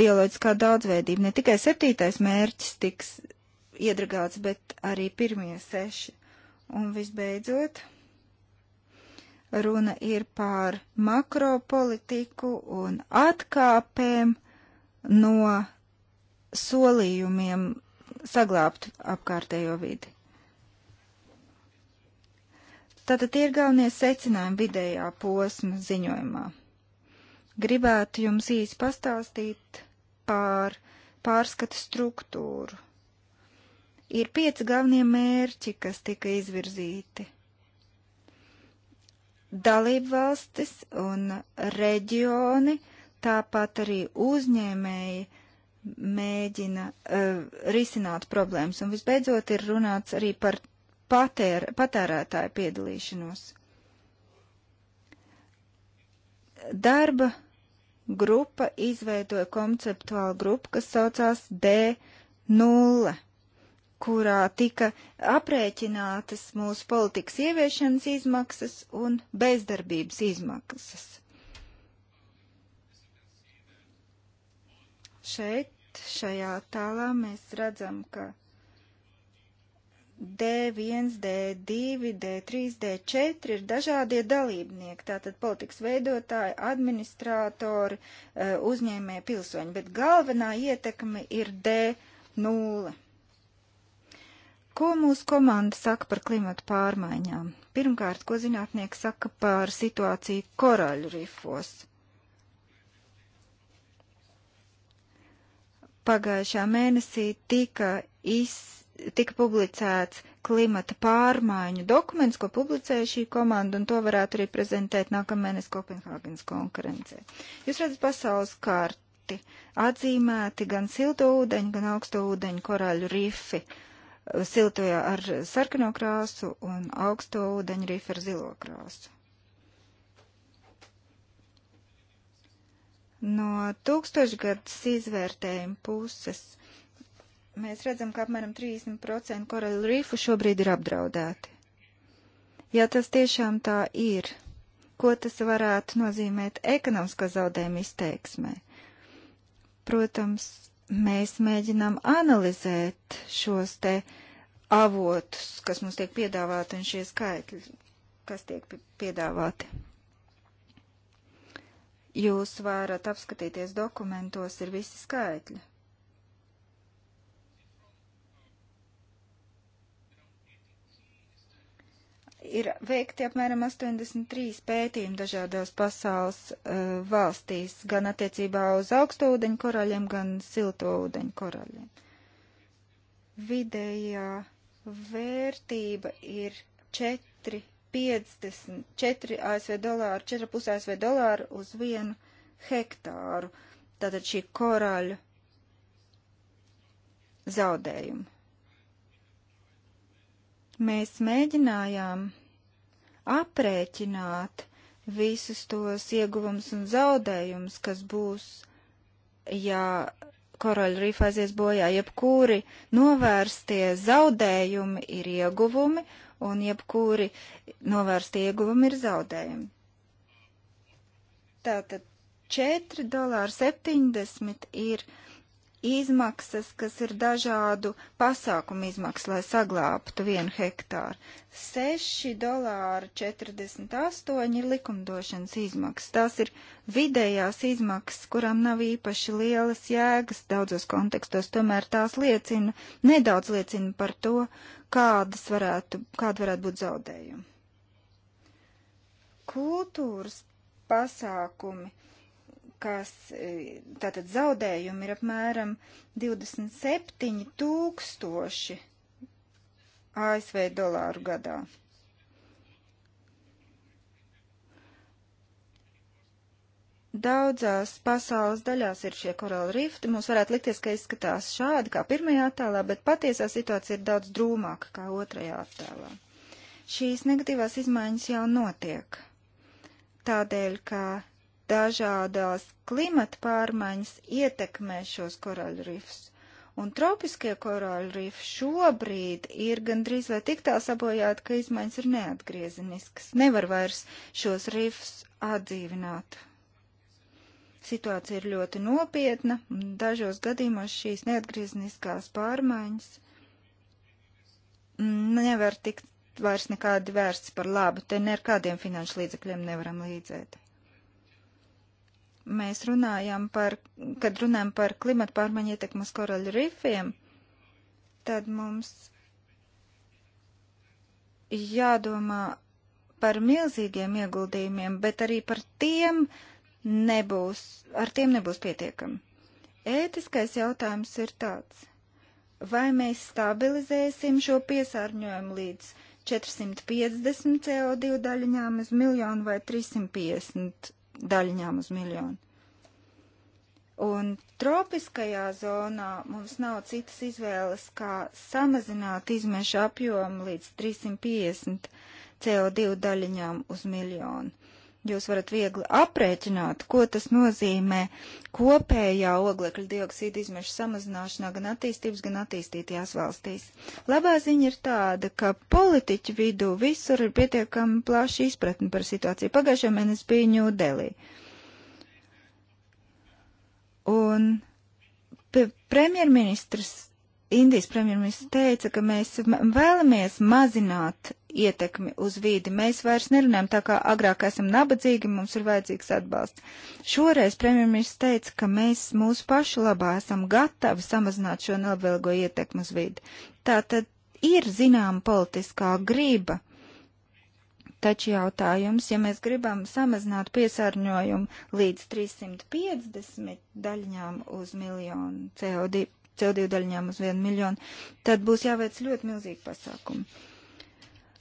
C: bioloģiskā daudzveidība. Ne tikai septītais mērķis tiks iedragāts, bet arī pirmie seši. Un visbeidzot, runa ir par makropolitiku un atkāpēm no solījumiem saglābt apkārtējo vidi. Tātad ir galvenie secinājumi vidējā posma ziņojumā. Gribētu jums īsti pastāstīt par pārskatu struktūru Ir pieci galvenie mērķi, kas tika izvirzīti. valstis un reģioni, tāpat arī uzņēmēji mēģina uh, risināt problēmas. Un visbeidzot ir runāts arī par patēr, patērētāju piedalīšanos. Darba grupa izveidoja konceptuālu grupu, kas saucās D0 kurā tika aprēķinātas mūsu politikas ieviešanas izmaksas un bezdarbības izmaksas. Šeit, šajā tālā mēs redzam, ka D1, D2, D3, D4 ir dažādie dalībnieki, tātad politikas veidotāji, administrātori, eh, uzņēmē pilsoņi, bet galvenā ietekme ir D0. Ko mūsu komanda saka par klimatu pārmaiņām? Pirmkārt, ko zinātnieki saka par situāciju korāļu rifos? Pagājušā mēnesī tika, iz, tika publicēts klimata pārmaiņu dokuments, ko publicēja šī komanda, un to varētu arī prezentēt nākamēnes Kopenhāgenes konkurencē. Jūs redzat pasaules kārti, atzīmēti gan silto ūdeņu, gan augsto ūdeņu korāļu rifi. Uh, siltoja ar sarkano krāsu un augsto ūdeņu rifu ar zilo krāsu. No tūkstošgadus izvērtējuma puses mēs redzam, ka apmēram 30% korelu rifu šobrīd ir apdraudēti. Ja tas tiešām tā ir, ko tas varētu nozīmēt ekonomiskā zaudējuma izteiksmē? Protams, mēs mēģinām analizēt šos te avotus, kas mums tiek piedāvāti un šie skaitļi, kas tiek piedāvāti. Jūs varat apskatīties dokumentos, ir visi skaitļi. Ir veikti apmēram 83 pētījumi dažādās pasaules uh, valstīs, gan attiecībā uz ūdeņu koraļiem, gan ūdeņu koraļiem. Vidējā vērtība ir 4, 50, 4 ASV dolāru, 4,5 ASV dolāru uz vienu hektāru. Tātad šī koraļu zaudējuma. Mēs mēģinājām aprēķināt visus tos ieguvums un zaudējums, kas būs, ja koroļrīfa aizies bojā, jebkuri novērstie zaudējumi ir ieguvumi, un jebkuri novērstie ieguvumi ir zaudējumi. Tātad 4,70 ir izmaksas, kas ir dažādu pasākumu izmaksas, lai saglābtu vienu hektāru. 6 dolāri ir likumdošanas izmaksas. Tās ir vidējās izmaksas, kurām nav īpaši lielas jēgas daudzos kontekstos, tomēr tās liecina, nedaudz liecina par to, kādas varētu, kāda varētu būt zaudējumi. Kultūras pasākumi kas, e, tātad zaudējumi ir apmēram 27 tūkstoši ASV dolāru gadā. Daudzās pasaules daļās ir šie korāli rifti. Mums varētu likties, ka izskatās šādi kā pirmajā attēlā, bet patiesā situācija ir daudz drūmāka kā otrajā attēlā. Šīs negatīvās izmaiņas jau notiek. Tādēļ, ka dažādās klimata pārmaiņas ietekmē šos koraļrifus. Un tropiskie koraļrifi šobrīd ir gandrīz vai tik tā sabojāti, ka izmaiņas ir neatgriezeniskas. Nevar vairs šos rifus atdzīvināt. Situācija ir ļoti nopietna, un dažos gadījumos šīs neatgriezeniskās pārmaiņas nevar tikt vairs nekādi vērsts par labu, te ne ar kādiem finanšu līdzekļiem nevaram līdzēt mēs runājam par, kad runājam par klimatu pārmaiņu uz koraļu rifiem, tad mums jādomā par milzīgiem ieguldījumiem, bet arī par tiem nebūs, ar tiem nebūs pietiekami. Ētiskais jautājums ir tāds, vai mēs stabilizēsim šo piesārņojumu līdz 450 CO2 daļiņām uz miljonu vai 350 daļa uz miljonu. Un tropiskajā zonā mums nav citas izvēles, kā samazināt izmešu apjomu līdz 350 CO2 daļiņām uz miljonu jūs varat viegli aprēķināt, ko tas nozīmē kopējā oglekļa dioksīda izmeša samazināšanā gan attīstības, gan attīstītajās valstīs. Labā ziņa ir tāda, ka politiķu vidū visur ir pietiekami plāši izpratni par situāciju. Pagājušajā mēnesī bija New Delhi. Un premjerministrs Indijas premjerministrs teica, ka mēs vēlamies mazināt ietekmi uz vīdi. Mēs vairs nerunājam tā kā agrāk esam nabadzīgi, mums ir vajadzīgs atbalsts. Šoreiz premjerministrs teica, ka mēs mūsu pašu labā esam gatavi samazināt šo nelabvēlgo ietekmi uz vīdi. Tā tad ir zinām politiskā grība. Taču jautājums, ja mēs gribam samazināt piesārņojumu līdz 350 daļņām uz miljonu CO2 CO2 daļņām uz 1 miljonu, tad būs jāveic ļoti milzīgi pasākumi.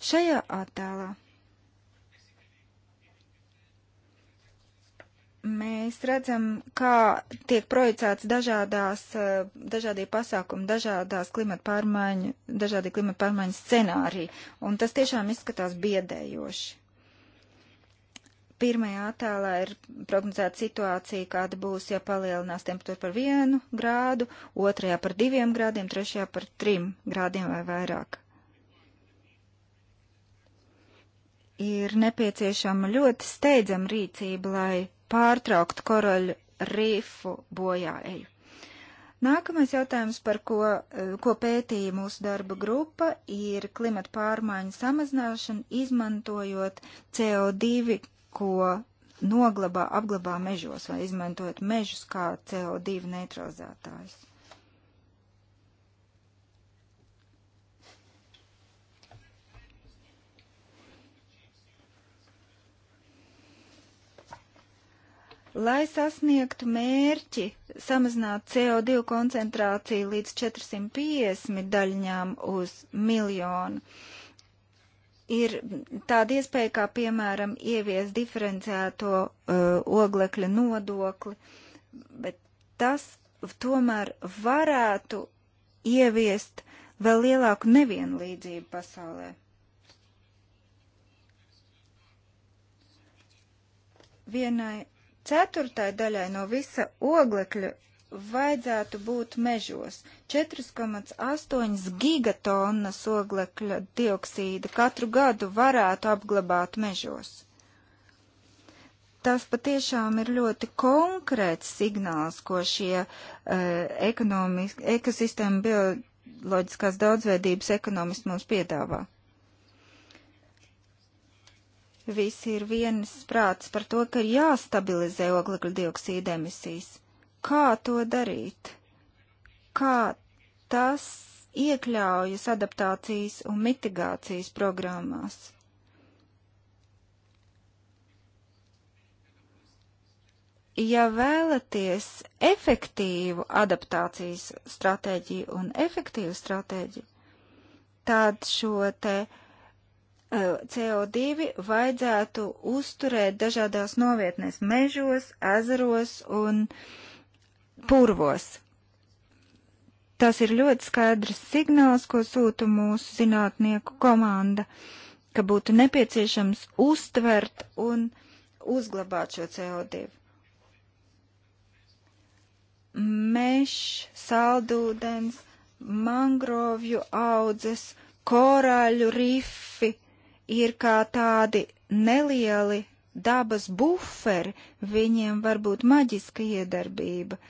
C: Šajā attēlā mēs redzam, kā tiek projicēts dažādās, eh, dažādie pasākumi, dažādās klimata pārmaiņu, dažādi klimata pārmaiņu scenāriji, un tas tiešām izskatās biedējoši. Pirmajā attēlā ir prognozēta situācija, kāda būs, ja palielinās temperatūru par vienu grādu, otrajā par diviem grādiem, trešajā par trim grādiem vai vairāk. Ir nepieciešama ļoti steidzama rīcība, lai pārtrauktu koroļu rifu bojāeju. Nākamais jautājums, par ko, ko pētīja mūsu darba grupa, ir klimata pārmaiņu samazināšana, izmantojot CO2 ko noglabā, apglabā mežos vai izmantojot mežus kā CO2 neutralizētājus. Lai sasniegtu mērķi samazināt CO2 koncentrāciju līdz 450 daļņām uz miljonu, uh, ir tāda iespēja, kā piemēram ievies diferencēto uh, oglekļa nodokli, bet tas tomēr varētu ieviest vēl lielāku nevienlīdzību pasaulē. Vienai ceturtai daļai no visa oglekļa vajadzētu būt mežos. 4,8 gigatonnas oglekļa dioksīda katru gadu varētu apglabāt mežos. Tas patiešām ir ļoti konkrēts signāls, ko šie uh, ekosistēma bioloģiskās daudzveidības ekonomisti mums piedāvā visi ir vienas prāts par to, ka ir jāstabilizē oglekļa dioksīda emisijas kā to darīt, kā tas iekļaujas adaptācijas un mitigācijas programmās. Ja vēlaties efektīvu adaptācijas stratēģiju un efektīvu stratēģiju, tad šo te eh, CO2 vajadzētu uzturēt dažādās novietnēs mežos, ezeros un uh, purvos. Tas ir ļoti skaidrs signāls, ko sūta mūsu zinātnieku komanda, ka būtu nepieciešams uztvert un uzglabāt šo CO2. Mešs, saldūdens, mangrovju audzes, korāļu rifi ir kā tādi nelieli dabas buferi, viņiem var būt maģiska iedarbība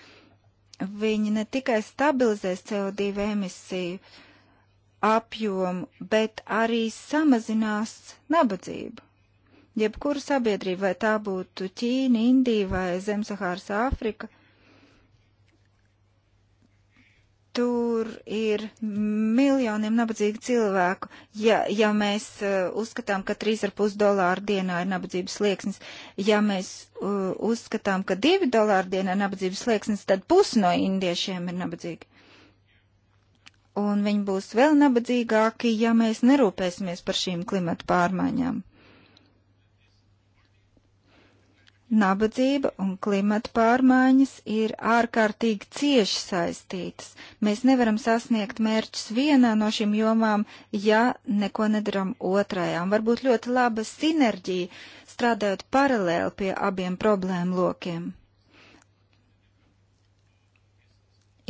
C: viņi ne tikai stabilizēs CO2 emisiju apjomu, bet arī samazinās nabadzību. Jebkuru sabiedrību, vai tā būtu Ķīna, Indija vai Zemsahāras Āfrika, tur ir miljoniem nabadzīgu cilvēku. Ja, ja mēs uh, uzskatām, ka 3,5 dolāra dienā ir nabadzības slieksnis, ja mēs uh, uzskatām, ka 2 dolāra dienā ir nabadzības slieksnis, tad pusi no indiešiem ir nabadzīgi. Un viņi būs vēl nabadzīgāki, ja mēs nerūpēsimies par šīm klimatu pārmaiņām. Nabadzība un klimata pārmaiņas ir ārkārtīgi cieši saistītas. Mēs nevaram sasniegt mērķus vienā no šīm jomām, ja neko nedaram Un Varbūt ļoti laba sinerģija, strādājot paralēli pie abiem problēmu lokiem.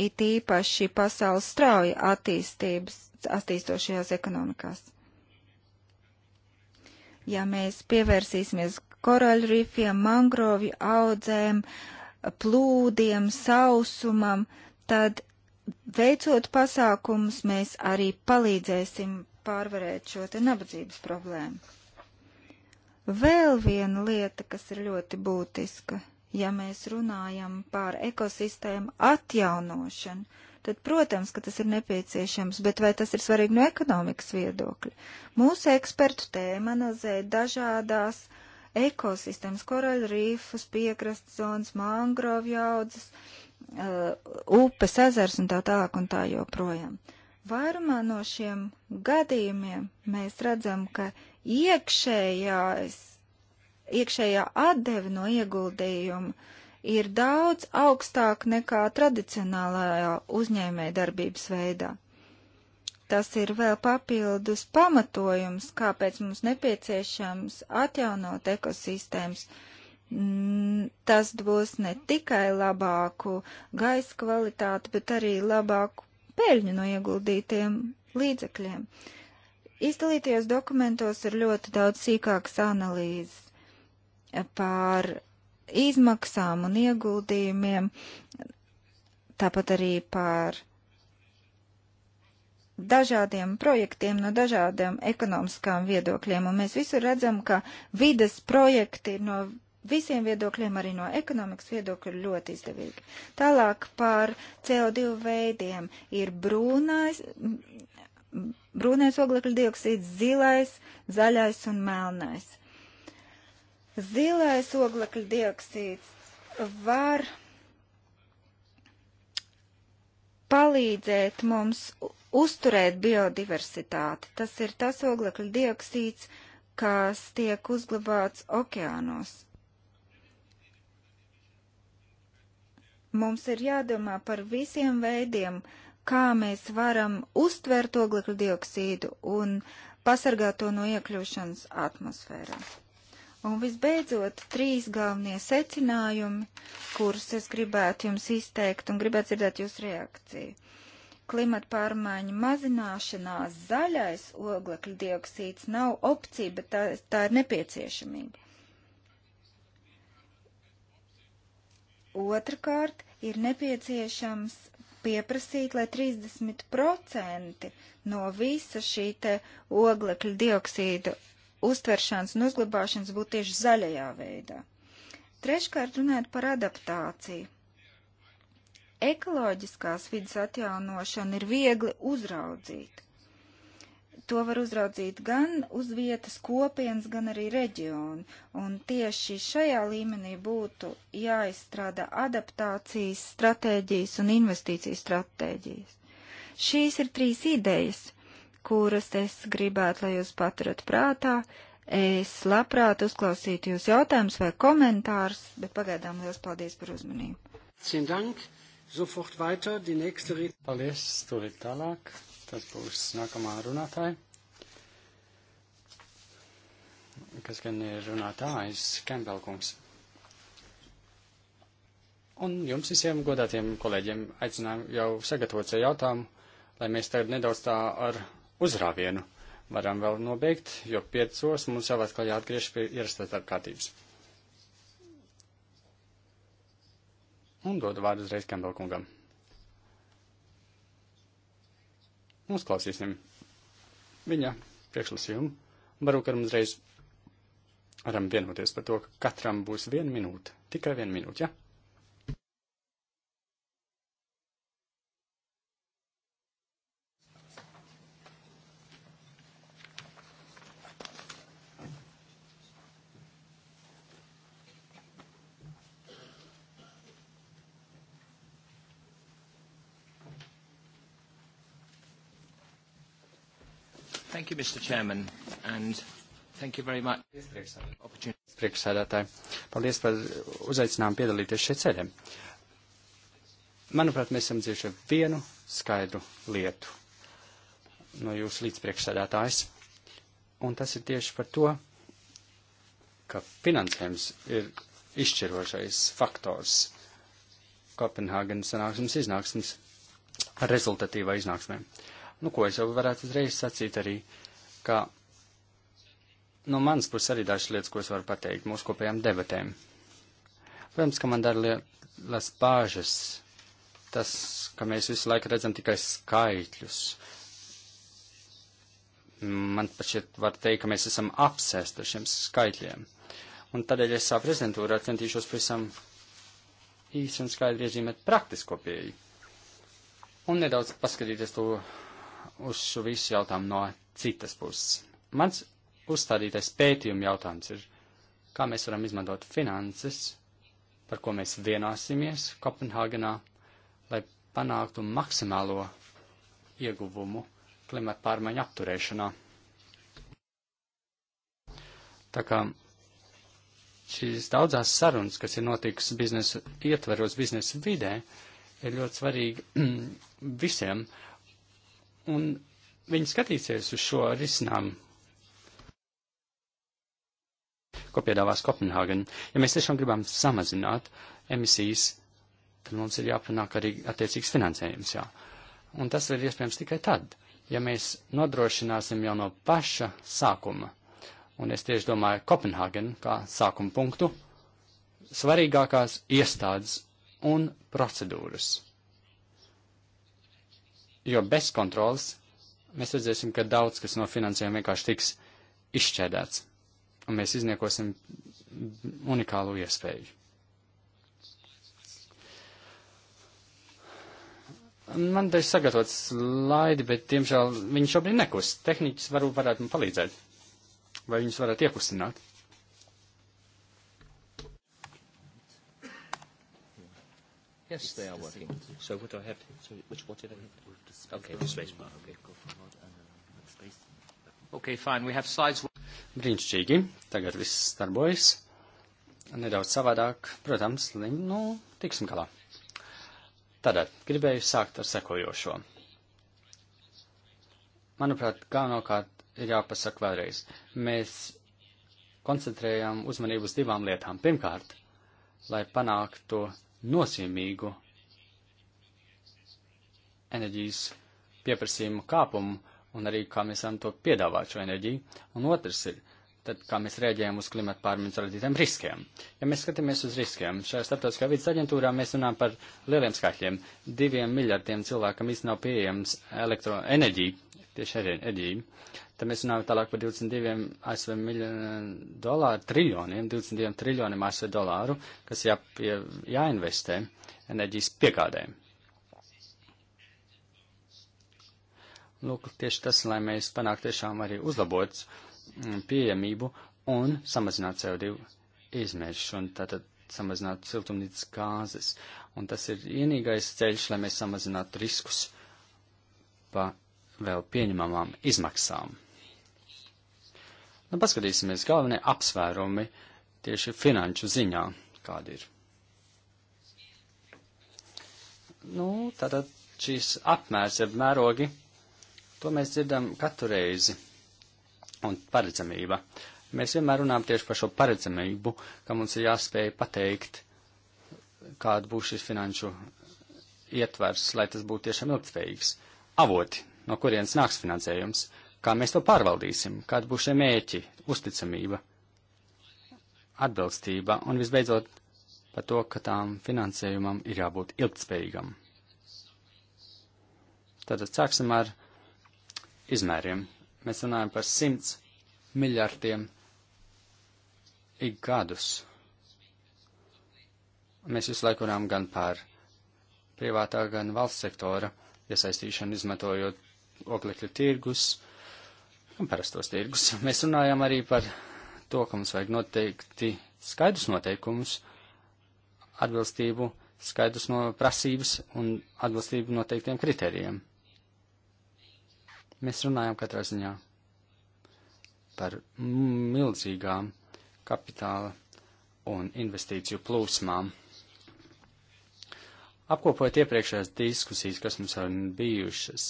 C: It īpaši pasaules strauja attīstības, attīstošajās ekonomikās ja mēs pievērsīsimies korāļrifiem, mangrovi audzēm, plūdiem, sausumam, tad veicot pasākumus mēs arī palīdzēsim pārvarēt šo te nabadzības problēmu. Vēl viena lieta, kas ir ļoti būtiska, ja mēs runājam par ekosistēmu atjaunošanu, tad, protams, ka tas ir nepieciešams, bet vai tas ir svarīgi no ekonomikas viedokļa? Mūsu ekspertu tēma analizē dažādās uh, ekosistēmas, koraļrīfus, piekrastas zonas, mangrovju audzes, uh, upes, ezers un tā tālāk un tā joprojām. Vairumā no šiem gadījumiem mēs redzam, ka iekšējās, iekšējā atdeve no ieguldījuma ir daudz augstāk nekā tradicionālajā uzņēmē darbības veidā tas ir vēl papildus pamatojums, kāpēc mums nepieciešams atjaunot ekosistēmas. Mm, tas būs ne tikai labāku gaisa kvalitāti, bet arī labāku peļņu no ieguldītiem līdzekļiem. Izdalītajos dokumentos ir ļoti daudz sīkāks analīzes pār izmaksām un ieguldījumiem, tāpat arī pār dažādiem projektiem no dažādiem ekonomiskām viedokļiem, un mēs visur redzam, ka vides projekti ir no visiem viedokļiem, arī no ekonomikas viedokļa, ļoti izdevīgi. Tālāk par CO2 veidiem ir brūnais, brūnais oglekļa dioksīds, zilais, zaļais un melnais. Zilais oglekļa dioksīds var palīdzēt mums uzturēt biodiversitāti. Tas ir tas oglekļa dioksīds, kas tiek uzglabāts okeānos. Mums ir jādomā par visiem veidiem, kā mēs varam uztvert oglekļa dioksīdu un pasargāt to no iekļūšanas atmosfērā. Un visbeidzot, trīs galvenie secinājumi, kurus es gribētu jums izteikt un gribētu dzirdēt jūsu reakciju klimata pārmaiņu mazināšanās zaļais oglekļa dioksīds nav opcija, bet tā, tā ir nepieciešamība. Otrakārt, ir nepieciešams pieprasīt, lai 30% no visa šī te oglekļa dioksīda uztveršanas un uzglabāšanas būtu tieši zaļajā veidā. Treškārt runājot par adaptāciju. Ekoloģiskās vidas atjaunošana ir viegli uzraudzīt. To var uzraudzīt gan uz vietas kopienas, gan arī reģionu. Un tieši šajā līmenī būtu jāizstrādā adaptācijas stratēģijas un investīcijas stratēģijas. Šīs ir trīs idejas, kuras es gribētu, lai jūs paturat prātā. Es labprāt uzklausītu jūs jautājumus vai komentārus, bet pagaidām liels paldies
A: par uzmanību. Cien dank sofort weiter. Die nächste Red Paldies, stulīt tālāk. Tas būs nākamā runātāja. Kas gan ir runātājs Kempelkungs. Un jums visiem godātiem kolēģiem aicinām jau sagatavot savu jautājumu, lai mēs tagad nedaudz tā ar uzrāvienu varam vēl nobeigt, jo piecos mums jau atkal jāatgriež pie ierastās apkārtības. un dodu vārdu uzreiz Mums klausīsim viņa priekšlasījumu. Varbūt ar mums reiz varam vienoties par to, ka katram būs viena minūte, tikai viena minūte, ja?
D: Mr. Chairman, and
A: thank you very much. Priekšsēdētāji, paldies par uzaicinājumu piedalīties šeit ceļiem. Manuprāt, mēs esam dzīvojuši vienu skaidru lietu no jūsu līdzpriekšsēdētājs, un tas ir tieši par to, ka finansējums ir izšķirošais faktors Kopenhāgenes sanāksmes iznāksmes ar rezultatīvā iznāksmē. Nu, ko es jau varētu uzreiz sacīt arī ka no mans puses arī dažas lietas, ko es varu pateikt mūsu kopējām debatēm. Protams, ka man dara lielas pāžas tas, ka mēs visu laiku redzam tikai skaitļus. Man pat šeit var teikt, ka mēs esam apsēsti ar šiem skaitļiem. Un tādēļ es savu prezentūru centīšos pavisam īsi un skaidri iezīmēt praktisko pieeju. Un nedaudz paskatīties to uz šo visu jautājumu no citas puses. Mans uzstādītais pētījuma jautājums ir, kā mēs varam izmantot finanses, par ko mēs vienāsimies Kopenhāgenā, lai panāktu maksimālo ieguvumu klimata pārmaiņu apturēšanā. Tā kā šīs daudzās sarunas, kas ir notikusi biznesu ietveros biznesu vidē, ir ļoti svarīgi visiem. Un viņi skatīsies uz šo risinājumu, ko piedāvās Kopenhāgen. Ja mēs tiešām gribam samazināt emisijas, tad mums ir jāpanāk arī attiecīgs finansējums, jā. Un tas ir iespējams tikai tad, ja mēs nodrošināsim jau no paša sākuma, un es tieši domāju Kopenhāgen kā sākuma punktu, svarīgākās iestādes un procedūras. Jo bez kontrolas mēs redzēsim, ka daudz kas no finansējuma vienkārši tiks izšķēdēts, un mēs izniekosim unikālu iespēju. Man daži sagatavot slaidi, bet, diemžēl, viņi šobrīd nekust. Tehniķis varbūt varētu man palīdzēt. Vai viņus varētu iekustināt? Yes, they are working. So what do I have? So which what did I hit? Okay, the space bar. Okay, go for Okay, fine. We have slides. Brīnišķīgi. Tagad viss darbojas. Nedaudz savādāk, protams, nu, tiksim galā. Tātad, gribēju sākt ar sekojošo. Manuprāt, galvenokārt ir jāpasaka vēlreiz. Mēs koncentrējam uzmanību uz divām lietām. Pirmkārt, lai panāktu nozīmīgu enerģijas pieprasījumu kāpumu un arī kā mēs varam to piedāvāt šo enerģiju. Un otrs ir, tad kā mēs rēģējam uz klimatu pārmaiņas radītiem riskiem. Ja mēs skatāmies uz riskiem, šajā starptautiskā vidas aģentūrā mēs runājam par lieliem skaitļiem. Diviem miljardiem cilvēkam īstenībā nav pieejams elektroenerģija, tieši enerģija. Tad mēs runājam tālāk par 22 ASV miljoniem dolāru, triljoniem, 22 triljoniem ASV dolāru, kas jā, jā, jāinvestē enerģijas piegādēm. Lūk, tieši tas, lai mēs panāktu tiešām arī uzlabots mm, pieejamību un samazinātu CO2 izmešus un tātad samazinātu siltumnīcas gāzes. Un tas ir vienīgais ceļš, lai mēs samazinātu riskus pa vēl pieņemamām izmaksām. Nu, paskatīsimies galvenie apsvērumi tieši finanšu ziņā, kādi ir. Nu, tātad šīs apmērs, ir mērogi To mēs dzirdam katru reizi. Un paredzamība. Mēs vienmēr runājam tieši par šo paredzamību, ka mums ir jāspēj pateikt, kāda būs šis finanšu ietvers, lai tas būtu tiešām ilgspējīgs. Avoti, no kurienes nāks finansējums, kā mēs to pārvaldīsim, kāda būs šie mēķi, uzticamība, atbilstība un visbeidzot par to, ka tām finansējumam ir jābūt ilgspējīgam. Tātad sāksim ar izmēriem. Mēs runājam par simts miljārdiem ik gadus. Mēs visu laiku runājam gan par privātā, gan valsts sektora iesaistīšanu, izmantojot oglekļu tirgus un parastos tirgus. Mēs runājam arī par to, ka mums vajag noteikti skaidrus noteikumus, atbilstību, skaidrus no prasības un atbilstību noteiktiem kritērijiem. Mēs runājam katrā ziņā par milzīgām kapitāla un investīciju plūsmām. Apkopojot iepriekšējās diskusijas, kas mums jau bijušas,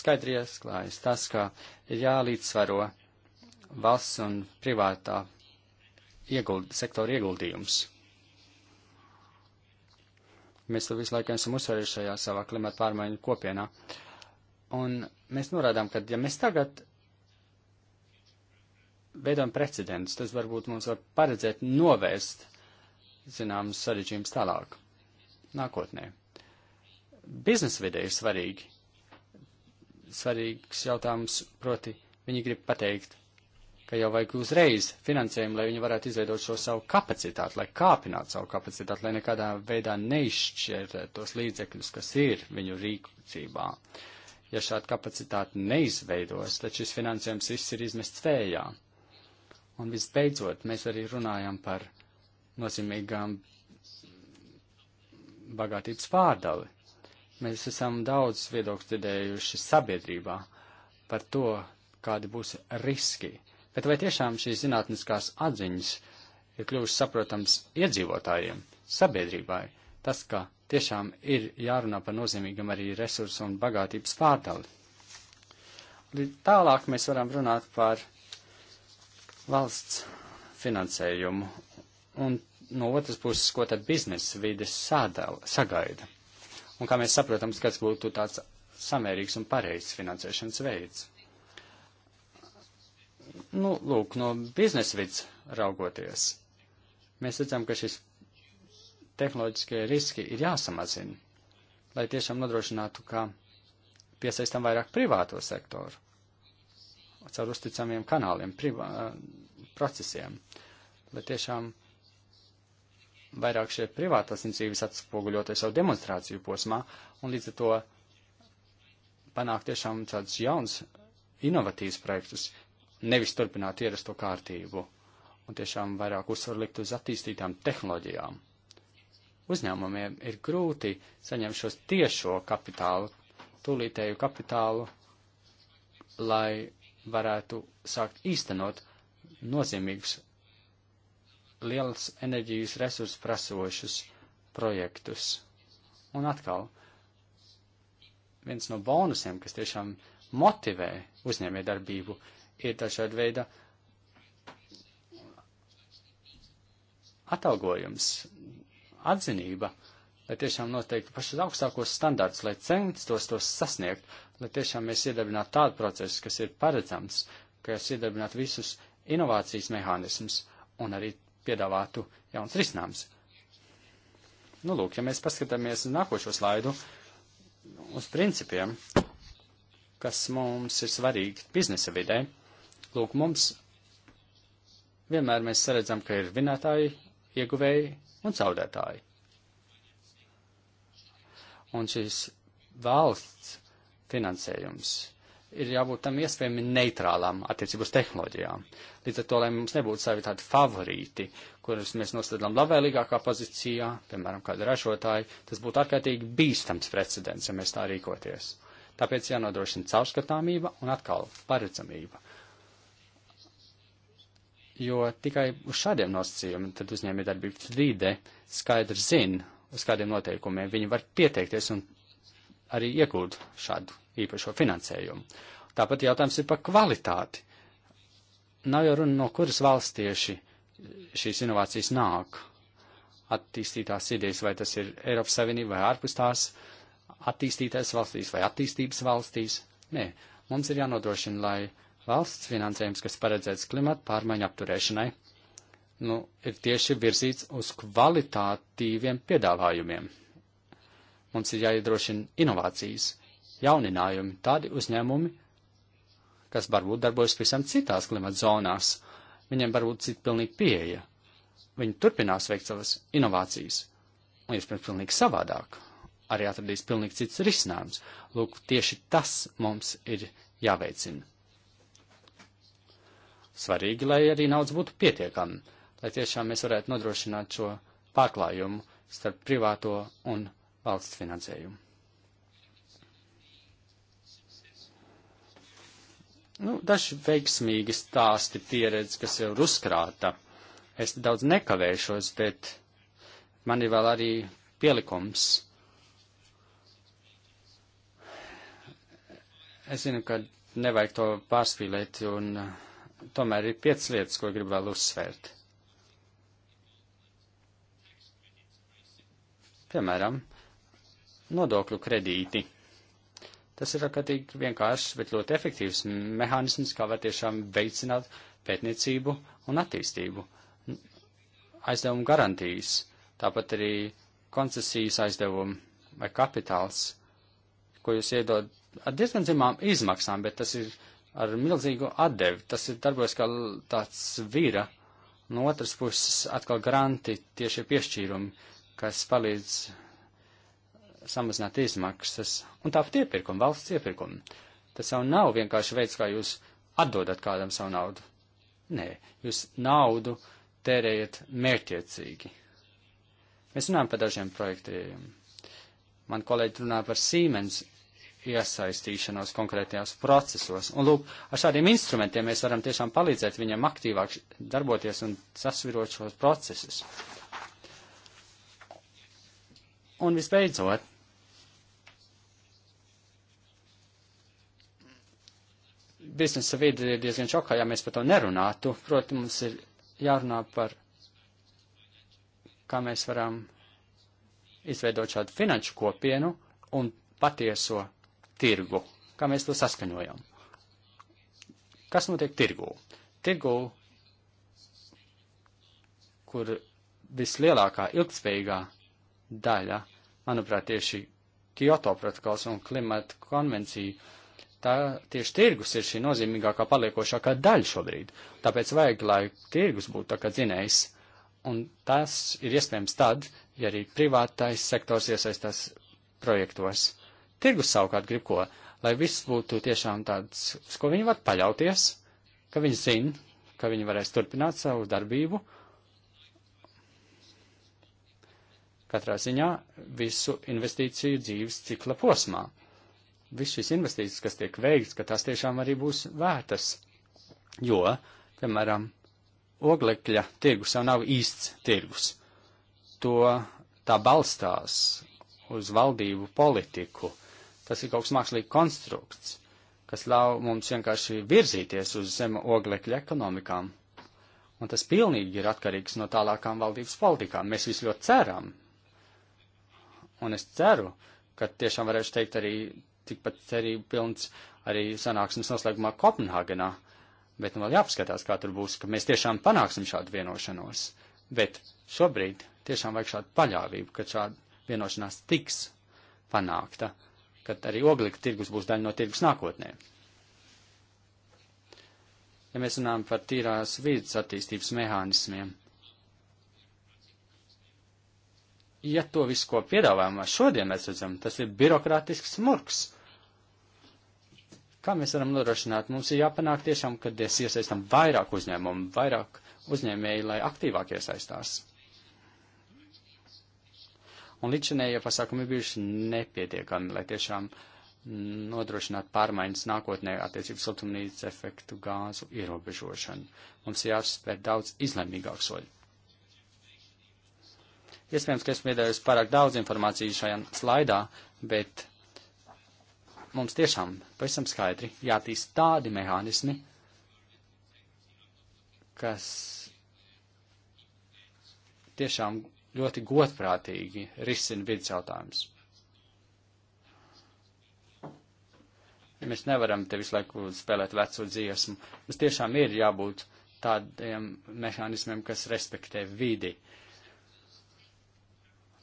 A: skaidri iesklājas tas, ka ir jālīdzsvaro valsts un privātā ieguld, sektora ieguldījums. Mēs to visu laiku esam uzsvarījuši šajā savā klimata pārmaiņu kopienā. Uh, Un mēs norādām, ka ja mēs tagad veidojam precedents, tas varbūt mums var paredzēt novēst, zināmas sarežģījumus tālāk, nākotnē. Biznesa vidē ir svarīgi. Svarīgs jautājums, proti, viņi grib pateikt, ka jau vajag uzreiz finansējumu, lai viņi varētu izveidot šo savu kapacitāti, lai kāpinātu savu kapacitāti, lai nekādā veidā neizšķirtu tos līdzekļus, kas ir viņu rīcībā. Uh, ja šāda kapacitāte neizveidos, tad šis finansējums viss ir izmests vējā. Un visbeidzot, mēs arī runājam par nozīmīgām bagātības pārdali. Mēs esam daudz viedokļu dzirdējuši sabiedrībā par to, kādi būs riski. Bet vai tiešām šīs zinātniskās atziņas ir kļuvušas saprotams iedzīvotājiem, sabiedrībai? Tas, ka tiešām ir jārunā par nozīmīgam arī resursu un bagātības pārdali. Tālāk mēs varam runāt par valsts finansējumu un no otras puses, ko tad biznesa vides sagaida. Un kā mēs saprotam, kas būtu tāds samērīgs un pareizs finansēšanas veids. Nu, lūk, no biznesa vidas raugoties, mēs redzam, ka šis tehnoloģiskie riski ir jāsamazina, lai tiešām nodrošinātu, ka piesaistam vairāk privāto sektoru caur uzticamiem kanāliem, privā, procesiem, lai tiešām vairāk šie privātās iniciatīvas atspoguļoties savu demonstrāciju posmā un līdz ar to panākt tiešām tādus jauns, inovatīvs projektus, nevis turpināt ierasto kārtību un tiešām vairāk uzsvaru likt uz attīstītām tehnoloģijām uzņēmumiem ir grūti saņemt šos tiešo kapitālu, tūlītēju kapitālu, lai varētu sākt īstenot nozīmīgus, liels enerģijas resursu prasošus projektus. Un atkal, viens no bonusiem, kas tiešām motivē uzņēmē darbību, ir dažāda veida atalgojums, atzinība, lai tiešām noteikti pašas augstākos standārts, lai censtos tos tos sasniegt, lai tiešām mēs iedarbinātu tādu procesu, kas ir paredzams, ka es iedarbinātu visus inovācijas mehānismus un arī piedāvātu jauns risinājums. Nu, lūk, ja mēs paskatāmies uz nākošo slaidu, uz principiem, kas mums ir svarīgi biznesa vidē, lūk, mums vienmēr mēs saredzam, ka ir vinētāji, ieguvēji un zaudētāji. Un šis valsts finansējums ir jābūt tam iespējami neitrālām attiecībos tehnoloģijām. Līdz ar to, lai mums nebūtu savi tādi favorīti, kurus mēs nostādām labvēlīgākā pozīcijā, piemēram, kāda ražotāja, tas būtu ārkārtīgi bīstams precedents, ja mēs tā rīkoties. Tāpēc jānodrošina caurskatāmība un atkal paredzamība jo tikai uz šādiem nosacījumiem tad uzņēmējdarbības vide skaidri zina, uz kādiem noteikumiem viņi var pieteikties un arī iegūt šādu īpašo finansējumu. Tāpat jautājums ir par kvalitāti. Nav jau runa, no kuras valsts tieši šīs inovācijas nāk. Attīstītās idejas, vai tas ir Eiropas Savienība vai ārpus tās, attīstītās valstīs vai attīstības valstīs. Nē, mums ir jānodrošina, lai Valsts finansējums, kas paredzēts klimata pārmaiņu apturēšanai, nu, ir tieši virzīts uz kvalitātīviem piedāvājumiem. Mums ir jāiedrošina inovācijas, jauninājumi, tādi uzņēmumi, kas varbūt darbojas visam citās klimata zonās, viņiem varbūt cita pilnīgi pieeja. Viņi turpinās veikt savas inovācijas, un iespējams pilnīgi savādāk, arī atradīs pilnīgi cits risinājums. Lūk, tieši tas mums ir jāveicina svarīgi, lai arī naudas būtu pietiekami, lai tiešām mēs varētu nodrošināt šo pārklājumu starp privāto un valsts finansējumu. Nu, daži veiksmīgi stāsti pieredze, kas jau ir uzkrāta. Es daudz nekavēšos, bet man ir vēl arī pielikums. Es zinu, ka nevajag to pārspīlēt un uh, tomēr ir piecas lietas, ko gribu vēl uzsvērt. Piemēram, nodokļu kredīti. Tas ir rakatīgi vienkāršs, bet ļoti efektīvs mehānisms, kā var tiešām veicināt pētniecību un attīstību. Aizdevumu garantijas, tāpat arī koncesijas aizdevumu vai kapitāls, ko jūs iedod ar diezgan zemām izmaksām, bet tas ir ar milzīgu atdevi. Tas ir darbojas kā tāds vīra, no otras puses atkal granti tiešie piešķīrumi, kas palīdz samazināt izmaksas, un tāpat iepirkumi, valsts iepirkumi. Tas jau nav vienkārši veids, kā jūs atdodat kādam savu naudu. Nē, jūs naudu tērējat mērķiecīgi. Mēs runājam par dažiem projektiem. Man kolēģi runā par Siemens iesaistīšanos konkrētajās procesos. Un lūk, ar šādiem instrumentiem mēs varam tiešām palīdzēt viņam aktīvāk darboties un sasvirot šos procesus. Un visbeidzot, biznesa vidi ir diezgan šokā, ja mēs par to nerunātu. Proti, mums ir jārunā par, kā mēs varam izveidot šādu finanšu kopienu un patieso tirgu, kā mēs to saskaņojam. Kas notiek tirgū? kur vislielākā ilgspējīgā daļa, manuprāt, tieši Kyoto protokols un klimata konvencija, tā tieši tirgus ir šī nozīmīgākā paliekošākā daļa šobrīd. Tāpēc vajag, lai tirgus būtu tā kā dzinējs. Un tas ir iespējams tad, ja arī privātais sektors iesaistās projektos. Tirgus savukārt grib ko, lai viss būtu tiešām tāds, uz ko viņi var paļauties, ka viņi zina, ka viņi varēs turpināt savu darbību. Katrā ziņā visu investīciju dzīves cikla posmā. Viss šis investīcijas, kas tiek veikts, ka tās tiešām arī būs vērtas. Jo, piemēram, oglekļa tirgus jau nav īsts tirgus. To tā balstās uz valdību politiku, Tas ir kaut kas mākslīgi konstrukts, kas ļauj mums vienkārši virzīties uz zemu oglekļa ekonomikām. Un tas pilnīgi ir atkarīgs no tālākām valdības politikām. Mēs visi ļoti ceram. Un es ceru, ka tiešām varēšu teikt arī tikpat cerību pilns arī sanāksmes noslēgumā Kopenhāgenā. Bet nu vēl jāpaskatās, kā tur būs, ka mēs tiešām panāksim šādu vienošanos. Bet šobrīd tiešām vajag šādu paļāvību, ka šāda vienošanās tiks panākta kad arī oglika tirgus būs daļa no tirgus nākotnē. Ja mēs runājam par tīrās vidas attīstības mehānismiem, ja to visu, ko piedāvājumā šodien mēs redzam, tas ir birokrātisks smurks. Kā mēs varam nodrošināt? Mums ir jāpanāk tiešām, kad es iesaistam vairāk uzņēmumu, vairāk uzņēmēju, lai aktīvāk iesaistās. Un līdz šim līdzinējie pasākumi bijuši nepietiekami, lai tiešām nodrošinātu pārmaiņas nākotnē attiecības siltumnīcas efektu gāzu ierobežošanu. Mums jāspēr daudz izlēmīgāk soļu. Iespējams, ka esmu iedējis pārāk daudz informācijas šajā slaidā, bet mums tiešām pavisam skaidri jātīst tādi mehānismi, kas tiešām ļoti godprātīgi risina vidas jautājumus. Mēs nevaram te visu laiku spēlēt veco dziesmu. Mums tiešām ir jābūt tādiem mehānismiem, kas respektē vidi.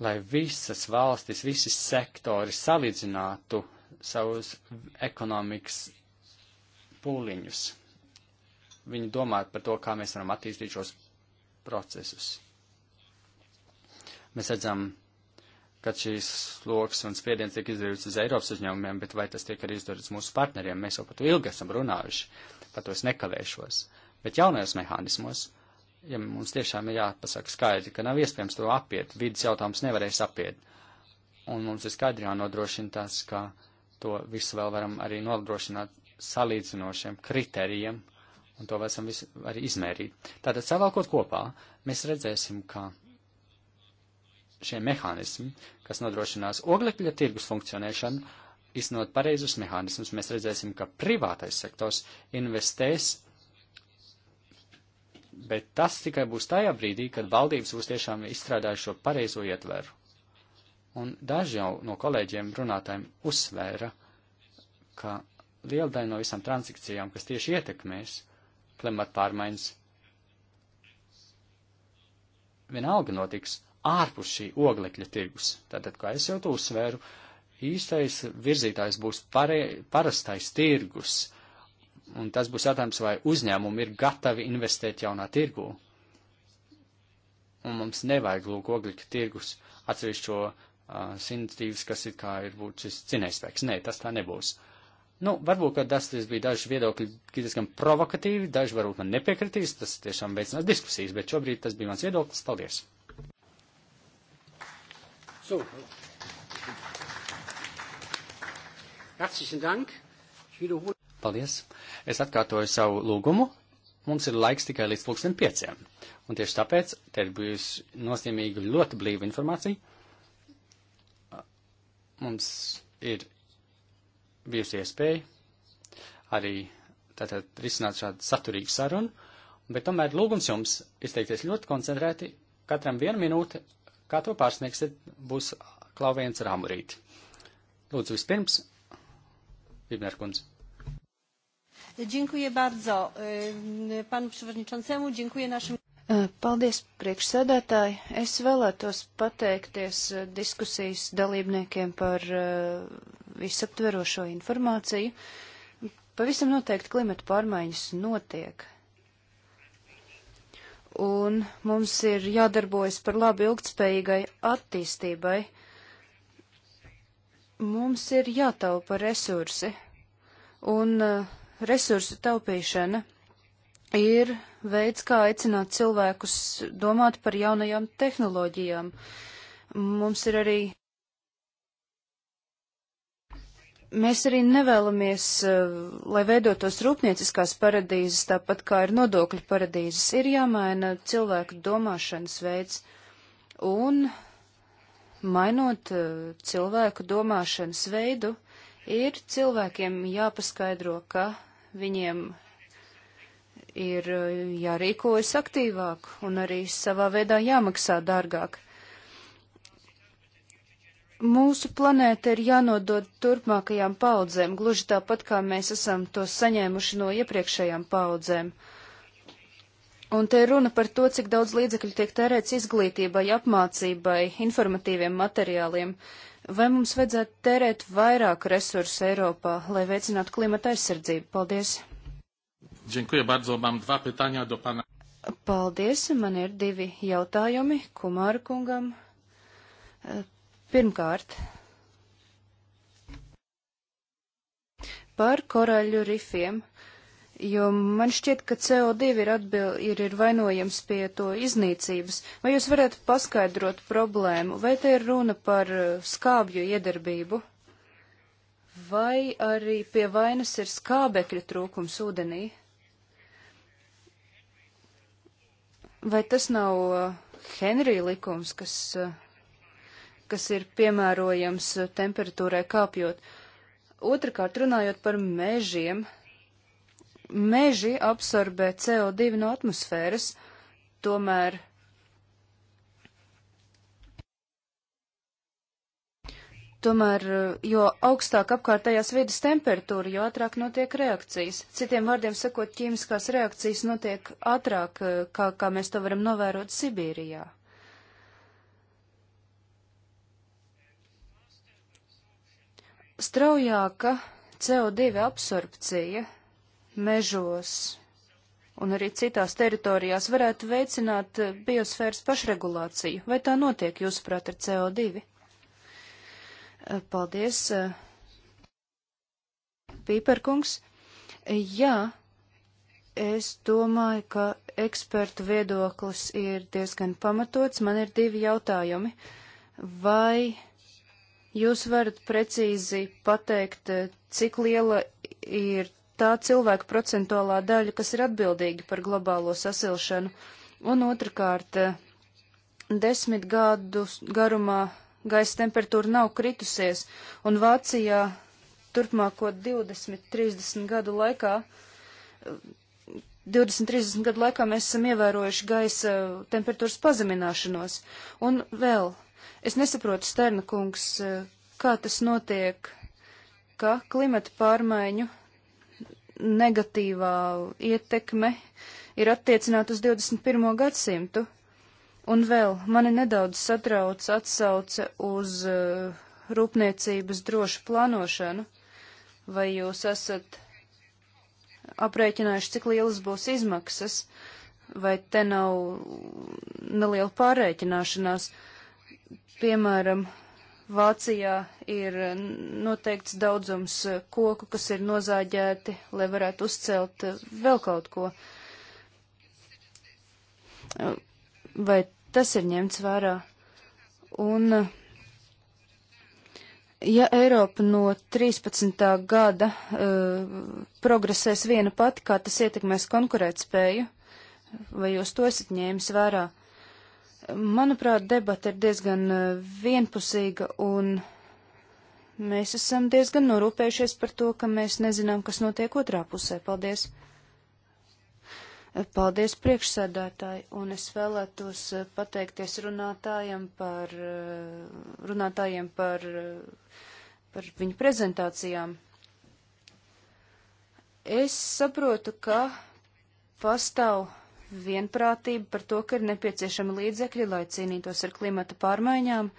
A: Lai visas valstis, visi sektori salīdzinātu savus ekonomikas pūliņus. Viņi domā par to, kā mēs varam attīstīt šos procesus. Mēs redzam, ka šīs sloks un spiediens tiek izdarīts uz Eiropas uzņēmumiem, bet vai tas tiek arī izdarīts mūsu partneriem? Mēs jau par to ilgi esam runājuši, par to es nekavēšos. Bet jaunajos mehānismos, ja mums tiešām ir jāpasaka skaidri, ka nav iespējams to apiet, vidas jautājums nevarēs apiet. Un mums ir skaidri jānodrošina tas, ka to visu vēl varam arī nodrošināt salīdzinošiem kriterijiem, un to esam visi arī izmērīt. Tātad savākot kopā, mēs redzēsim, ka šie mehānismi, kas nodrošinās oglekļa tirgus funkcionēšanu, iznot pareizus mehānismus, mēs redzēsim, ka privātais sektors investēs, bet tas tikai būs tajā brīdī, kad valdības būs tiešām izstrādājušo pareizo ietveru. Un daži jau no kolēģiem runātājiem uzsvēra, ka liela daļa no visām transakcijām, kas tieši ietekmēs klimata pārmaiņas, vienalga notiks ārpus šī oglekļa tirgus. Tātad, kā es jau to uzsvēru, īstais virzītājs būs pare, parastais tirgus. Un tas būs jautājums, vai uzņēmumi ir gatavi investēt jaunā tirgu. Un mums nevajag lūk oglekļa tirgus atsevišķo uh, sintīs, kas ir kā ir būt šis cinēspēks. Nē, tas tā nebūs. Nu, varbūt, ka tas bija daži viedokļi kas diezgan provokatīvi, daži varbūt man nepiekritīs, tas tiešām veicinās diskusijas, bet šobrīd tas bija mans viedoklis. Paldies! So. Herzlichen Dank. Ich wiederhole. Paldies. Es atkārtoju savu lūgumu. Mums ir laiks tikai līdz pulksten pieciem. Un tieši tāpēc te ir bijusi nozīmīga ļoti blīva informācija. Mums ir bijusi iespēja arī tātad risināt šādu saturīgu sarunu, bet tomēr lūgums jums izteikties ļoti koncentrēti, katram vienu minūti Kā to pārsniegsiet, būs klauviens rāmurīt. Lūdzu, vispirms, kundze.
C: Dziękuję bardzo e, panu przewodniczącemu, dziękuję
B: naszym. E, paldies, priekšsēdētāji. Es vēlētos pateikties e, diskusijas dalībniekiem par visaptverošo informāciju. Pavisam noteikti klimata pārmaiņas notiek un mums ir jādarbojas par labu ilgtspējīgai attīstībai. Mums ir jātaupa resursi, un uh, resursu taupīšana ir veids, kā aicināt cilvēkus domāt par jaunajām tehnoloģijām. Mums ir arī Mēs arī nevēlamies, eh, lai veidotos rūpnieciskās paradīzes, tāpat kā ir nodokļu paradīzes, ir jāmaina cilvēku domāšanas veids. Un mainot eh, cilvēku domāšanas veidu, ir cilvēkiem jāpaskaidro, ka viņiem ir eh, jārīkojas aktīvāk un arī savā veidā jāmaksā dārgāk. Mūsu planēta ir jānodod turpmākajām paudzēm, gluži tāpat kā mēs esam to saņēmuši no iepriekšējām paudzēm. Un te runa par to, cik daudz līdzekļu tiek tērēts izglītībai, apmācībai, informatīviem materiāliem. Vai mums vajadzētu tērēt vairāk resursu Eiropā, lai veicinātu klimata aizsardzību? Paldies! Paldies, man ir divi jautājumi Kumāra kungam. Pirmkārt, par koraļu rifiem, jo man šķiet, ka CO2 ir, atbil, ir, ir vainojams pie to iznīcības. Vai jūs varētu paskaidrot problēmu, vai te ir runa par uh, skābju iedarbību, vai arī pie vainas ir skābekļa trūkums ūdenī? Vai tas nav uh, Henrija likums, kas uh, kas ir piemērojams temperatūrai kāpjot. Otrakārt, runājot par mežiem, meži absorbē CO2 no atmosfēras, tomēr Tomēr, jo augstāk apkārtējās vidas temperatūra, jo ātrāk notiek reakcijas. Citiem vārdiem sakot, ķīmiskās reakcijas notiek ātrāk, eh, kā, kā mēs to varam novērot Sibīrijā. Straujāka CO2 absorpcija mežos un arī citās teritorijās varētu veicināt eh, biosfēras pašregulāciju. Vai tā notiek, jūsuprāt, ar CO2? Eh, paldies, eh, Pīperkungs. Jā, es domāju, ka ekspertu viedoklis ir diezgan pamatots. Man ir divi jautājumi. Vai Jūs varat precīzi pateikt, cik liela ir tā cilvēka procentuālā daļa, kas ir atbildīga par globālo sasilšanu. Un otrkārt, desmit gadu garumā gaisa temperatūra nav kritusies, un Vācijā turpmāko 20-30 gadu laikā 20-30 gadu laikā mēs esam ievērojuši gaisa temperatūras pazemināšanos. Un vēl, es nesaprotu, Sterna kungs, kā tas notiek, ka klimata pārmaiņu negatīvā ietekme ir attiecināta uz 21. gadsimtu. Un vēl mani nedaudz satrauc atsauce uz uh, rūpniecības drošu plānošanu. Vai jūs esat aprēķinājuši, cik lielas būs izmaksas, vai te nav neliela pārēķināšanās. Piemēram, Vācijā ir noteikts daudzums koku, kas ir nozāģēti, lai varētu uzcelt vēl kaut ko. Vai tas ir ņemts vērā? Un uh, ja Eiropa no 13. gada uh, progresēs viena pati, kā tas ietekmēs konkurētspēju, vai jūs to esat ņēmis vērā? Manuprāt, debata ir diezgan eh, vienpusīga, un mēs esam diezgan norūpējušies par to, ka mēs nezinām, kas notiek otrā pusē. Paldies! Paldies priekšsēdētāji, un es vēlētos eh, pateikties runātājiem par, eh, runātājiem par, eh, par viņu prezentācijām. Es saprotu, ka pastāv vienprātība par to, ka ir nepieciešami līdzekļi, lai cīnītos ar klimata pārmaiņām.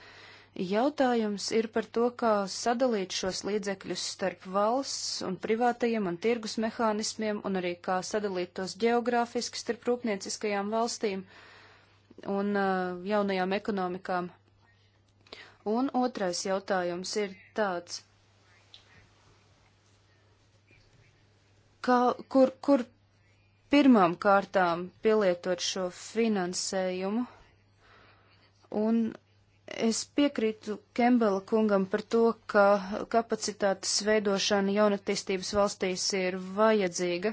B: Jautājums ir par to, kā sadalīt šos līdzekļus starp valsts un privātajiem un tirgus mehānismiem, un arī kā sadalīt tos geogrāfiski starp rūpnieciskajām valstīm un uh, jaunajām ekonomikām. Un otrais jautājums ir tāds, kā, kur, kur pirmām kārtām pielietot šo finansējumu un Es piekrītu Kembela kungam par to, ka kapacitātes veidošana jaunatīstības valstīs ir vajadzīga,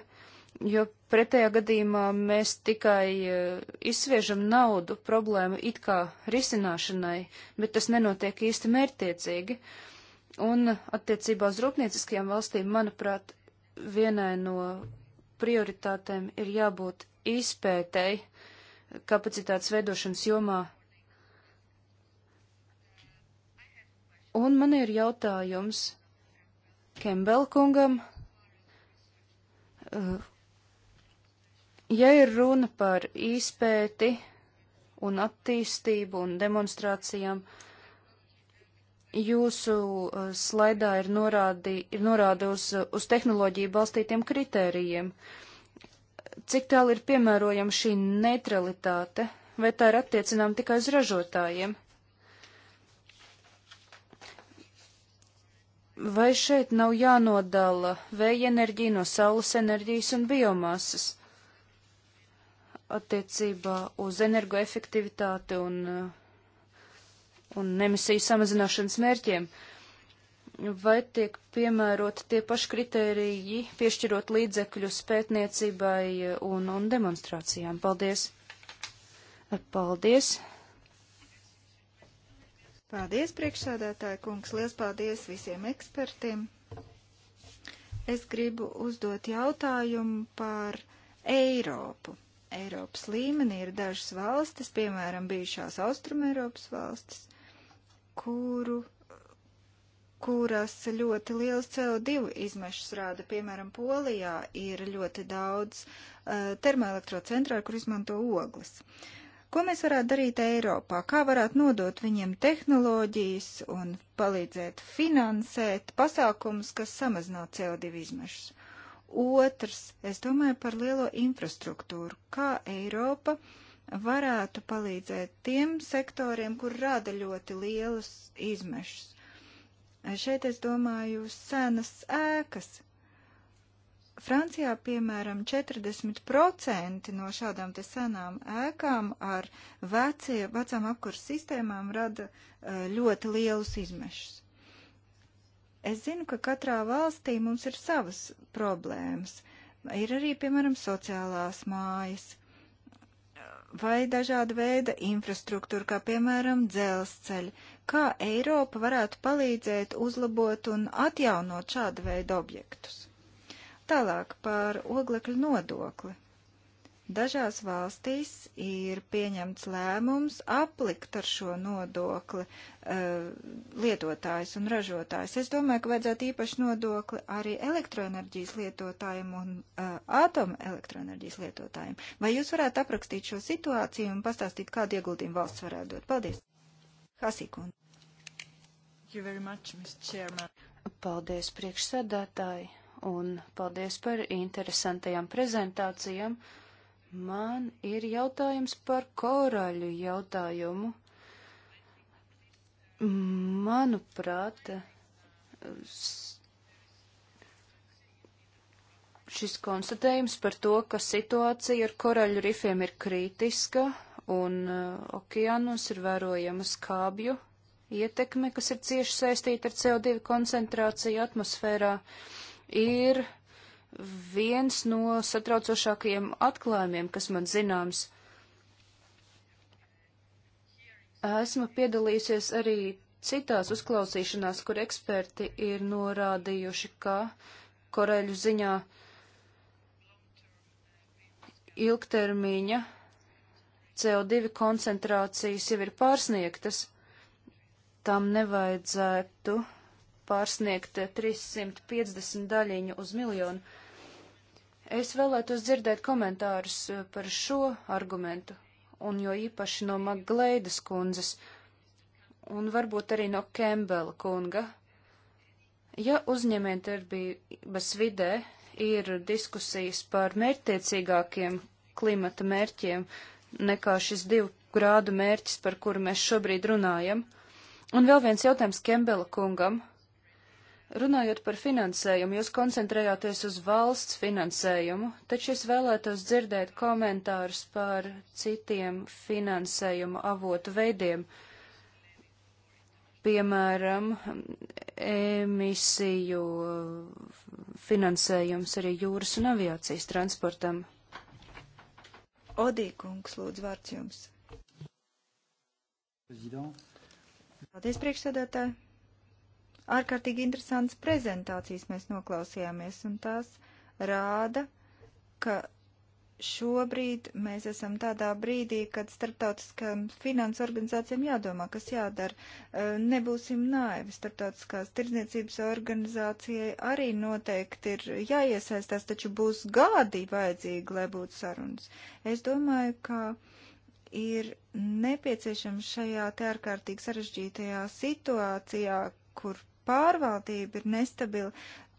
B: jo pretējā gadījumā mēs tikai eh, izsviežam naudu problēmu it kā risināšanai, bet tas nenotiek īsti mērtiecīgi. Un attiecībā uz rūpnieciskajām valstīm, manuprāt, vienai no prioritātēm ir jābūt izpētēji kapacitātes veidošanas jomā Un man ir jautājums Kembelkungam. Eh, ja ir runa par izpēti un attīstību un demonstrācijām, jūsu eh, slaidā ir, norādi, ir norāda uz, uz tehnoloģiju balstītiem kritērijiem. Cik tālu ir piemērojama šī neutralitāte, vai tā ir attiecinām tikai uz ražotājiem? Vai šeit nav jānodala vēja enerģija no saules enerģijas un biomasas attiecībā uz energoefektivitāti un, un emisiju samazināšanas mērķiem? Vai tiek piemēroti tie paši kritēriji, piešķirot līdzekļus pētniecībai un, un demonstrācijām? Paldies! Paldies! Paldies,
C: priekšsādātāji kungs, liels paldies visiem ekspertiem. Es gribu uzdot jautājumu par Eiropu. Eiropas līmenī ir dažas valstis, piemēram, bijušās Austrumēropas valstis, kuru, kuras ļoti liels CO2 izmešas rāda. Piemēram, Polijā ir ļoti daudz uh, eh, termoelektrocentrālu, kur izmanto ogles. Uh, Ko mēs varētu darīt Eiropā? Kā varētu nodot viņiem tehnoloģijas un palīdzēt finansēt pasākumus, kas samazinātu CO2 izmešus? Otrs, es domāju par lielo infrastruktūru. Kā Eiropa varētu palīdzēt tiem sektoriem, kur rada ļoti lielus izmešus? Šeit es domāju senas ēkas Francijā, piemēram, 40% no šādām te senām ēkām ar vecie, vecām apkurs sistēmām rada eh, ļoti lielus izmešus. Es zinu, ka katrā valstī mums ir savas problēmas. Ir arī, piemēram, sociālās mājas eh, vai dažāda veida infrastruktūra, kā piemēram dzelzceļi, kā Eiropa varētu palīdzēt uzlabot un atjaunot šāda veida objektus. Tālāk par oglekļu nodokli. Dažās valstīs ir pieņemts lēmums aplikt ar šo nodokli uh, lietotājs un ražotājs. Es domāju, ka vajadzētu īpaši nodokli arī elektroenerģijas lietotājiem un uh, eh, elektroenerģijas lietotājiem. Vai jūs varētu aprakstīt šo situāciju un pastāstīt, kādu ieguldījumu valsts varētu dot? Paldies! Hasikun. Much,
B: Paldies, priekšsēdētāji! un paldies par interesantajām prezentācijām. Man ir jautājums par korāļu jautājumu. Manuprāt, šis konstatējums par to, ka situācija ar korāļu rifiem ir kritiska un uh, okeānos ir vērojama skābju ietekme, kas ir cieši saistīta ar CO2 koncentrāciju atmosfērā ir viens no satraucošākajiem atklājumiem, kas man zināms. Esmu piedalījusies arī citās uzklausīšanās, kur eksperti ir norādījuši, ka koreļu ziņā ilgtermiņa CO2 koncentrācijas jau ir pārsniegtas. Tam nevajadzētu pārsniegt 350 daļiņu uz miljonu. Es vēlētos dzirdēt komentārus eh, par šo argumentu, un jo īpaši no Magleidas kundzes, un varbūt arī no Kembela kunga. Ja uzņēmējdarbības vidē ir diskusijas par mērķtiecīgākiem klimata mērķiem nekā šis divu grādu mērķis, par kuru mēs šobrīd runājam, un vēl viens jautājums Kembela kungam. Runājot par finansējumu, jūs koncentrējāties uz valsts finansējumu, taču es vēlētos dzirdēt komentārus par citiem finansējumu avotu veidiem, piemēram, emisiju finansējums arī jūras un aviācijas transportam. Odī, kungs, lūdzu, vārds jums. Paldies, priekšsēdētāji.
C: Ārkārtīgi interesantas prezentācijas mēs noklausījāmies, un tās rāda, ka šobrīd mēs esam tādā brīdī, kad starptautiskām finansu organizācijām jādomā, kas jādara. E, nebūsim naivi. Starptautiskās tirdzniecības organizācijai arī noteikti ir jāiesaistās, taču būs gadi vajadzīgi, lai būtu sarunas. Es domāju, ka ir nepieciešams šajā te ārkārtīgi sarežģītajā situācijā, kur pārvaldība ir nestabila,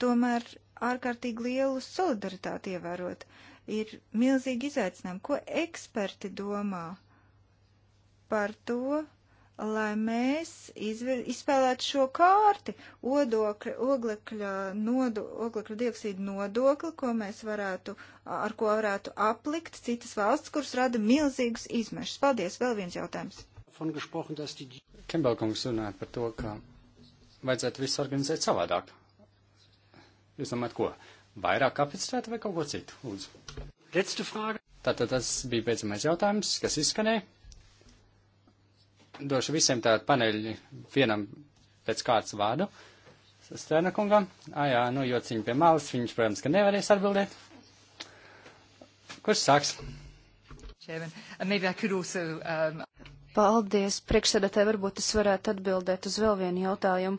C: tomēr ārkārtīgi lielu solidaritāti ievērot. Ir milzīgi izaicinājumi, ko eksperti domā par to, lai mēs izspēlētu šo kārti odokļa, oglekļa, nodo, oglekļa dioksīda nodokli, ko mēs varētu, ar ko varētu aplikt citas valsts, kuras rada milzīgus izmešus. Paldies, vēl viens jautājums.
A: Kembelkungs runāja par to, ka vajadzētu visu organizēt savādāk. Jūs domājat, ko? Vairāk kapacitāte vai kaut ko citu? Lūdzu. Tātad tas bija beidzamais jautājums, kas izskanēja. Došu visiem tādu paneļu vienam pēc kāds vārdu. Sastrēna kungam. Ā, jā, nu, jociņi pie malas, viņš, protams, ka
B: nevarēs atbildēt.
D: Kurš sāks? Chairman, and uh, maybe I could also um,
B: Paldies, priekšsēdētāji, varbūt es varētu atbildēt uz vēl vienu jautājumu,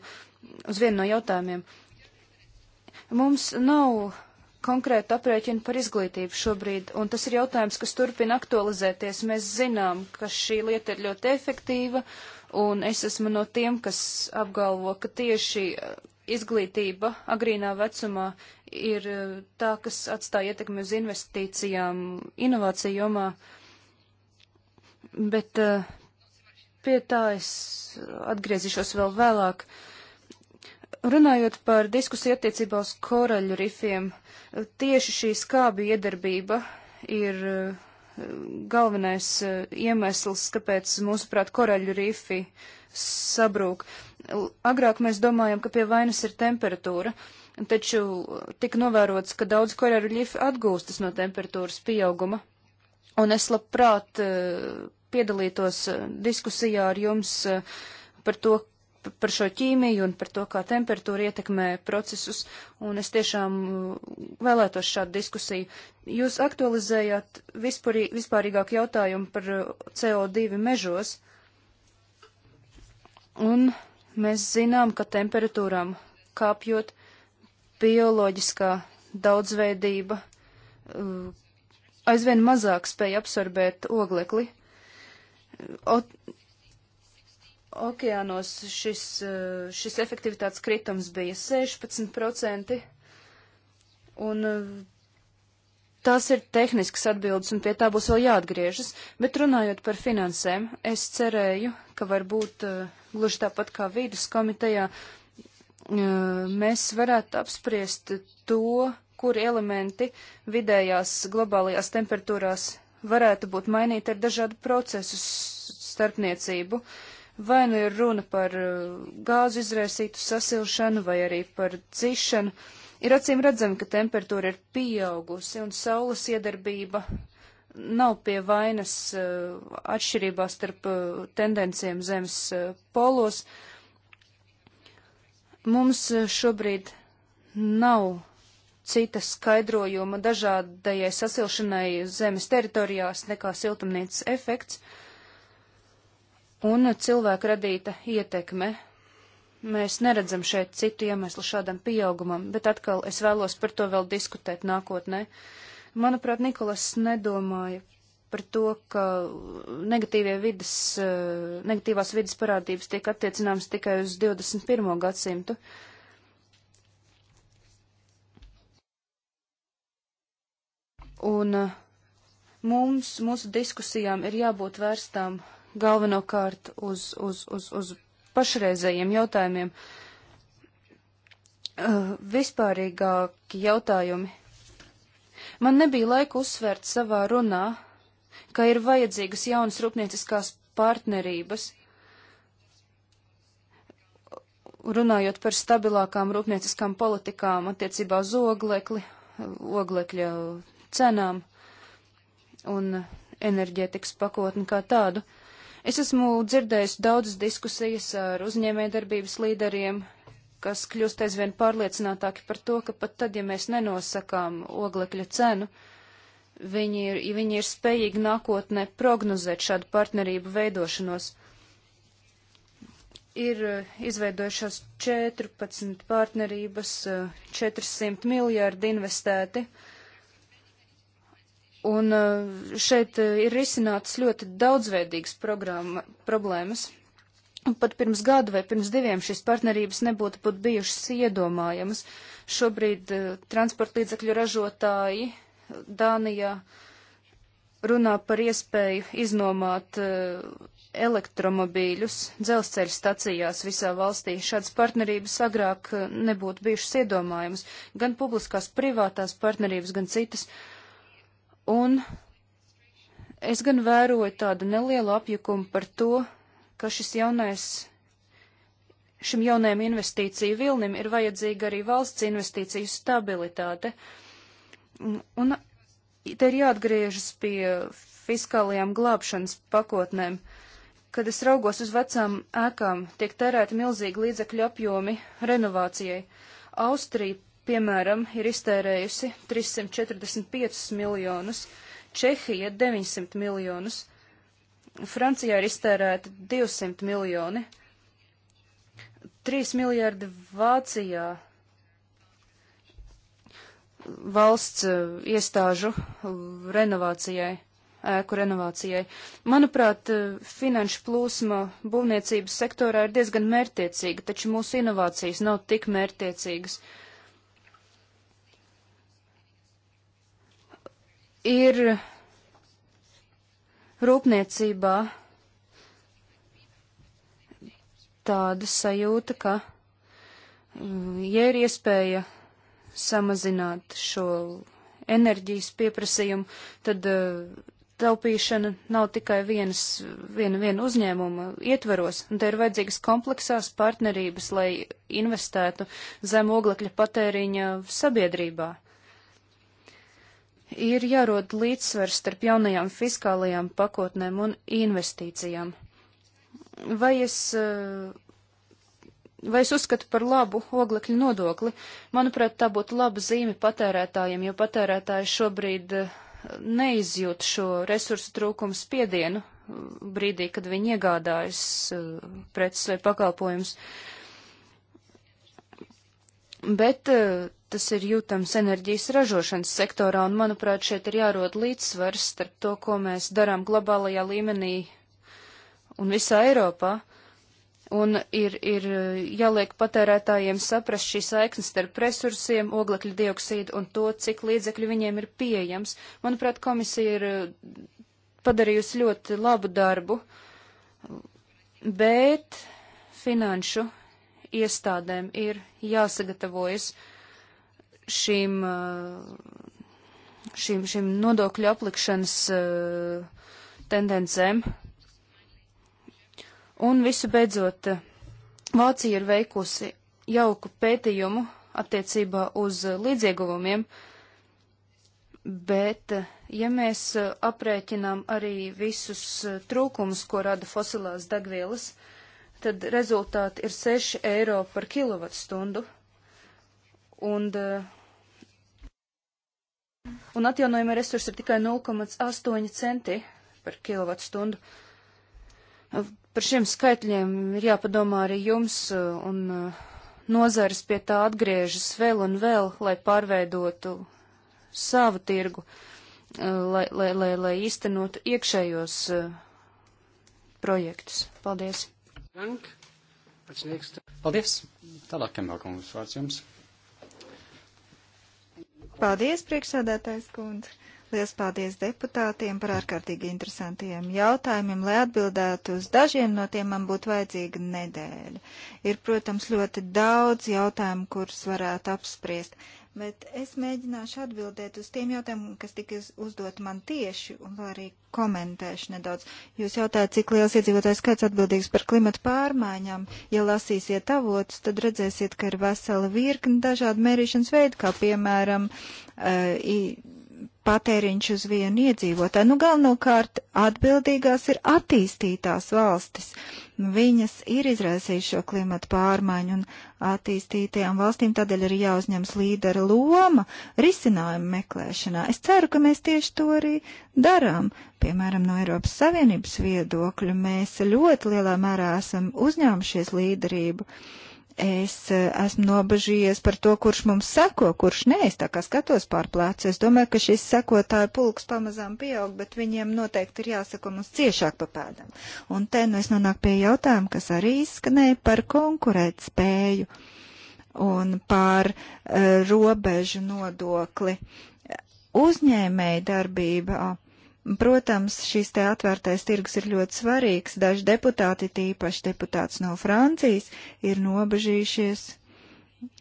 B: uz vienu no jautājumiem. Mums nav konkrētu aprēķinu par izglītību šobrīd, un tas ir jautājums, kas turpina aktualizēties. Mēs zinām, ka šī lieta ir ļoti efektīva, un es esmu no tiem, kas apgalvo, ka tieši eh, izglītība agrīnā vecumā ir eh, tā, kas atstāja ietekmi uz investīcijām, inovāciju jomā. Bet uh, Pie tā es atgriezīšos vēl vēlāk. Runājot par diskusiju attiecībā uz koraļu rifiem, tieši šī skābi iedarbība ir eh, galvenais eh, iemesls, kāpēc, mūsuprāt, koraļu rifi sabrūk. Agrāk mēs domājam, ka pie vainas ir temperatūra, taču tika novērots, ka daudz koraļu rifi atgūstas no temperatūras pieauguma. Un es labprāt eh, piedalītos eh, diskusijā ar jums eh, par to, par šo ķīmiju un par to, kā temperatūra ietekmē procesus, un es tiešām eh, vēlētos šādu diskusiju. Jūs aktualizējāt vispārī, vispārīgāk jautājumu par CO2 mežos, un mēs zinām, ka temperatūram kāpjot bioloģiskā daudzveidība aizvien mazāk spēja absorbēt oglekli okeānos šis, eh, šis efektivitātes kritums bija 16%, un eh, tās ir tehniskas atbildes, un pie tā būs vēl jāatgriežas. Bet runājot par finansēm, es cerēju, ka varbūt eh, gluži tāpat kā vīdas komitejā, mēs varētu apspriest to, kur elementi vidējās globālajās temperatūrās varētu būt mainīt ar dažādu procesu starpniecību. Vai nu ir runa par uh, gāzu izraisītu sasilšanu vai arī par dzišanu, ir acīm redzami, ka temperatūra ir pieaugusi un saules iedarbība nav pie vainas uh, atšķirībā starp uh, tendencijiem zemes polos. Mums šobrīd nav cita skaidrojuma dažādajai sasilšanai zemes teritorijās nekā siltumnīcas efekts un cilvēka radīta ietekme. Mēs neredzam šeit citu iemeslu šādam pieaugumam, bet atkal es vēlos par to vēl diskutēt nākotnē. Manuprāt, Nikolas nedomāja par to, ka vidas, eh, negatīvās vidas parādības tiek attiecināmas tikai uz 21. gadsimtu. Un uh, mums, mūsu diskusijām ir jābūt vērstām galvenokārt uz, uz, uz, uz pašreizējiem jautājumiem. Uh, vispārīgāki jautājumi. Man nebija laika uzsvērt savā runā, ka ir vajadzīgas jaunas rūpnieciskās partnerības, runājot par stabilākām rūpnieciskām politikām attiecībā uz oglekli, oglekļa cenām un enerģētikas pakotni kā tādu. Es esmu dzirdējis daudzas diskusijas ar uzņēmējdarbības līderiem, kas kļūst aizvien pārliecinātāki par to, ka pat tad, ja mēs nenosakām oglekļa cenu, viņi ir, viņi ir spējīgi nākotnē prognozēt šādu partnerību veidošanos. Ir eh, izveidojušās 14 partnerības, 400 eh, miljārdi investēti. Un uh, šeit uh, ir risināts ļoti daudzveidīgs problēmas. Pat pirms gadu vai pirms diviem šīs partnerības nebūtu pat bijušas iedomājamas. Šobrīd uh, transporta līdzakļu ražotāji Dānijā runā par iespēju iznomāt elektromobīļus dzelzceļa stacijās visā valstī. Šādas partnerības agrāk nebūtu bijušas iedomājamas. Gan publiskās privātās partnerības, gan citas. Uh, Un es gan vēroju tādu nelielu apjukumu par to, ka šis jaunais, šim jaunajam investīciju vilnim ir vajadzīga arī valsts investīciju stabilitāte. Un te ir jāatgriežas pie fiskālajām glābšanas pakotnēm. Kad es raugos uz vecām ēkām, tiek tērēti milzīgi līdzekļu apjomi renovācijai. Austrija piemēram, ir iztērējusi 345 miljonus, Čehija 900 miljonus, Francijā ir iztērēta 200 miljoni, 3 miljardi Vācijā valsts eh, iestāžu renovācijai, ēku renovācijai. Manuprāt, eh, finanšu plūsma būvniecības sektorā ir diezgan mērtiecīga, taču mūsu inovācijas nav tik mērtiecīgas. ir rūpniecībā tāda sajūta, ka, mm, ja ir iespēja samazināt šo enerģijas pieprasījumu, tad eh, taupīšana nav tikai vienas, viena, viena uzņēmuma ietveros, un te ir vajadzīgas kompleksās partnerības, lai investētu zem oglekļa patēriņa sabiedrībā ir jārod līdzsvers starp jaunajām fiskālajām pakotnēm un investīcijām. Vai es, eh, vai es uzskatu par labu oglekļu nodokli? Manuprāt, tā būtu laba zīme patērētājiem, jo patērētāji šobrīd eh, neizjūt šo resursu trūkumu spiedienu eh, brīdī, kad viņi iegādājas preces vai pakalpojumus bet e, tas ir jūtams enerģijas ražošanas sektorā, un, manuprāt, šeit ir jārod līdzsvars starp to, ko mēs darām globālajā līmenī un visā Eiropā, un ir, ir e, jāliek patērētājiem saprast šī saikne starp resursiem, oglekļa dioksīdu un to, cik līdzekļu viņiem ir pieejams. Manuprāt, komisija ir e, padarījusi ļoti labu darbu, bet finanšu iestādēm ir jāsagatavojas šīm, eh, šīm, šīm nodokļu aplikšanas eh, tendencēm. Un visu beidzot, eh, Vācija ir veikusi jauku pētījumu attiecībā uz līdzieguvumiem, bet ja mēs aprēķinām arī visus trūkumus, ko rada fosilās dagvielas, tad rezultāti ir 6 eiro par kilovatstundu. Un, eh, un atjaunojuma resursi ir tikai 0,8 centi par kilovatstundu. Eh, par šiem skaitļiem ir jāpadomā arī jums, eh, un nozares pie tā atgriežas vēl un vēl, lai pārveidotu savu tirgu, lai, lai, lai, lai īstenotu iekšējos projektus. Paldies!
A: Dank. Als nächste. Paldies! Tālāk, Kemba kungs, vārds jums.
B: Paldies,
C: priekšsēdētājs kundze! Lielas paldies deputātiem par ārkārtīgi interesantiem jautājumiem. Lai atbildētu uz dažiem no tiem, man būtu vajadzīga nedēļa. Ir, protams, ļoti daudz jautājumu, kurus varētu apspriest bet es mēģināšu atbildēt uz tiem jautājumiem, kas tika uzdot man tieši, un vēl arī komentēšu nedaudz. Jūs jautājat, cik liels iedzīvotājs kāds atbildīgs par klimatu pārmaiņām. Ja lasīsiet avotus, tad redzēsiet, ka ir vesela virkni dažādu mērīšanas veidu, kā piemēram, uh, patēriņš uz vienu iedzīvotāju. Nu, galvenokārt atbildīgās ir attīstītās valstis. Viņas ir izraisījušas šo klimatu pārmaiņu un attīstītajām valstīm tādēļ arī jāuzņems līdera loma risinājuma meklēšanā. Es ceru, ka mēs tieši to arī darām. Piemēram, no Eiropas Savienības viedokļu mēs ļoti lielā mērā esam uzņēmušies līderību. Es eh, esmu nobežījies par to, kurš mums sako, kurš nē, es tā kā skatos pār Es domāju, ka šis sekotāju pulks pamazām pieaug, bet viņiem noteikti ir jāsako mums ciešāk pa pēdām. Un te nu es nonāku pie jautājuma, kas arī izskanēja par konkurēt spēju un par uh, robežu nodokli uzņēmēja darbībā. Uh, Protams, šis te atvērtais tirgus ir ļoti svarīgs. Daži deputāti, tīpaši deputāts no Francijas, ir nobežījušies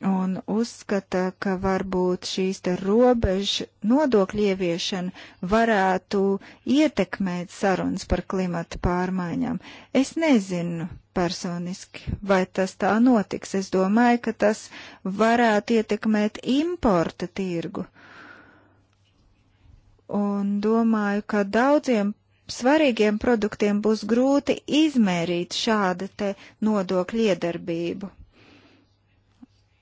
C: un uzskata, ka varbūt šīs te robežu nodokļu ieviešana varētu ietekmēt sarunas par klimata pārmaiņām. Es nezinu personiski, vai tas tā notiks. Es domāju, ka tas varētu ietekmēt importa tirgu un domāju, ka daudziem svarīgiem produktiem būs grūti izmērīt šāda te nodokļa iedarbību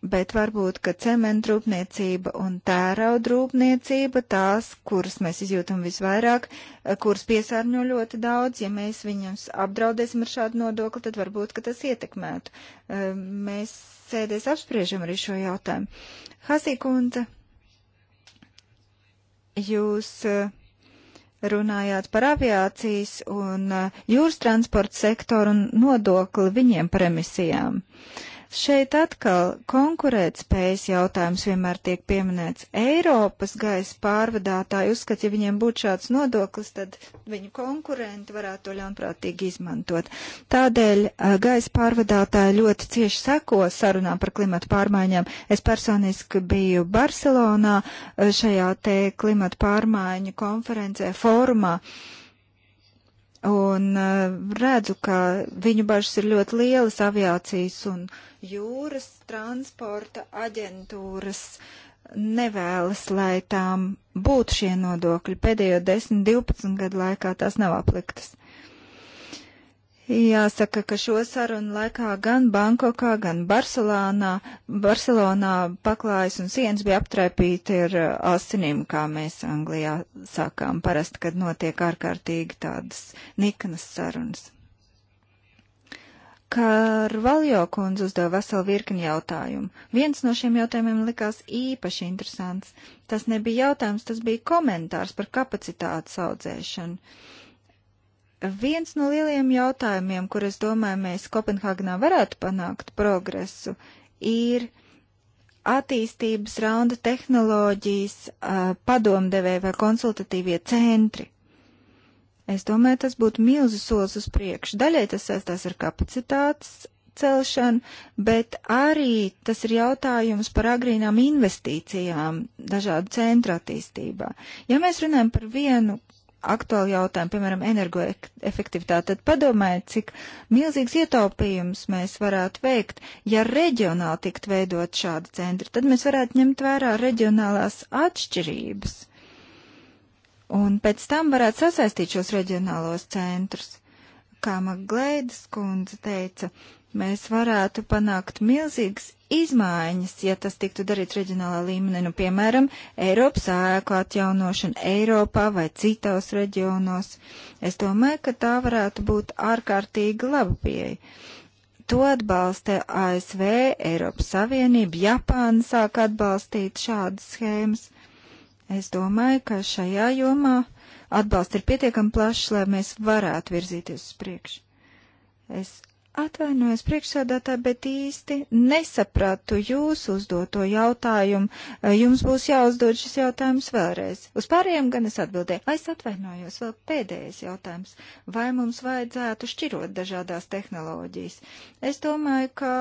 C: bet varbūt, ka cementrūpniecība un tēraudrūpniecība tās, kuras mēs izjūtam visvairāk, kuras piesārņo ļoti daudz, ja mēs viņus apdraudēsim ar šādu nodokli, tad varbūt, ka tas ietekmētu. Ehm, mēs sēdēs apspriežam arī šo jautājumu. Hasīkundze Jūs e, runājāt par aviācijas un e, jūras transporta sektoru un nodokli viņiem par emisijām. Uh, Šeit atkal konkurētspējas jautājums vienmēr tiek pieminēts. Eiropas gaisa pārvadātāji uzskata, ja viņiem būtu šāds nodoklis, tad viņu konkurenti varētu to ļaunprātīgi izmantot. Tādēļ eh, gaisa pārvadātāji ļoti cieši seko sarunā par klimatu pārmaiņām. Es personiski biju Barcelonā eh, šajā te klimatu pārmaiņu konferencē, fórumā. Un eh, redzu, ka viņu bažas ir ļoti lielas aviācijas un jūras transporta aģentūras nevēlas, lai tām būtu šie nodokļi. Pēdējo 10-12 gadu laikā tās nav apliktas. Jāsaka, ka šo sarunu laikā gan Bankokā, gan Barcelonā, Barcelonā paklājas un sienas bija aptraipīti ar uh, asinīm, kā mēs Anglijā sākām parasti, kad notiek ārkārtīgi tādas niknas sarunas. Karvaljo kundze uzdeva veselu virkni jautājumu. Viens no šiem jautājumiem likās īpaši interesants. Tas nebija jautājums, tas bija komentārs par kapacitātes audzēšanu Viens no lielajiem jautājumiem, kur es domāju, mēs Kopenhāgenā varētu panākt progresu, ir attīstības raunda tehnoloģijas padomdevēja vai konsultatīvie centri. Es domāju, tas būtu milzu solis uz priekšu. Daļai tas saistās ar kapacitātes celšanu, bet arī tas ir jautājums par agrīnām investīcijām dažādu centru attīstībā. Ja mēs runājam par vienu aktuāli jautājumi, piemēram, energoefektivitāte, tad padomājiet, cik milzīgs ietaupījums mēs varētu veikt, ja reģionāli tikt veidot šādi centri, tad mēs varētu ņemt vērā reģionālās atšķirības. Un pēc tam varētu sasaistīt šos reģionālos centrus. Kā Maglēdas kundze teica, mēs varētu panākt milzīgas izmaiņas, ja tas tiktu darīts reģionālā līmenī, nu, piemēram, Eiropas ēku atjaunošana Eiropā vai citos reģionos. Es domāju, ka tā varētu būt ārkārtīgi laba pieeja. To atbalsta ASV, Eiropas Savienība, Japāna sāk atbalstīt šādas schēmas. Es domāju, ka šajā jomā atbalsts ir pietiekami plašs, lai mēs varētu virzīties uz priekšu. Es Atvainojos priekšsādātā, bet īsti nesapratu jūsu uzdoto jautājumu. Jums būs jāuzdod šis jautājums vēlreiz. Uz pārējiem gan es atbildēju. Vai Es atvainojos, vēl pēdējais jautājums. Vai mums vajadzētu šķirot dažādās tehnoloģijas? Es domāju, ka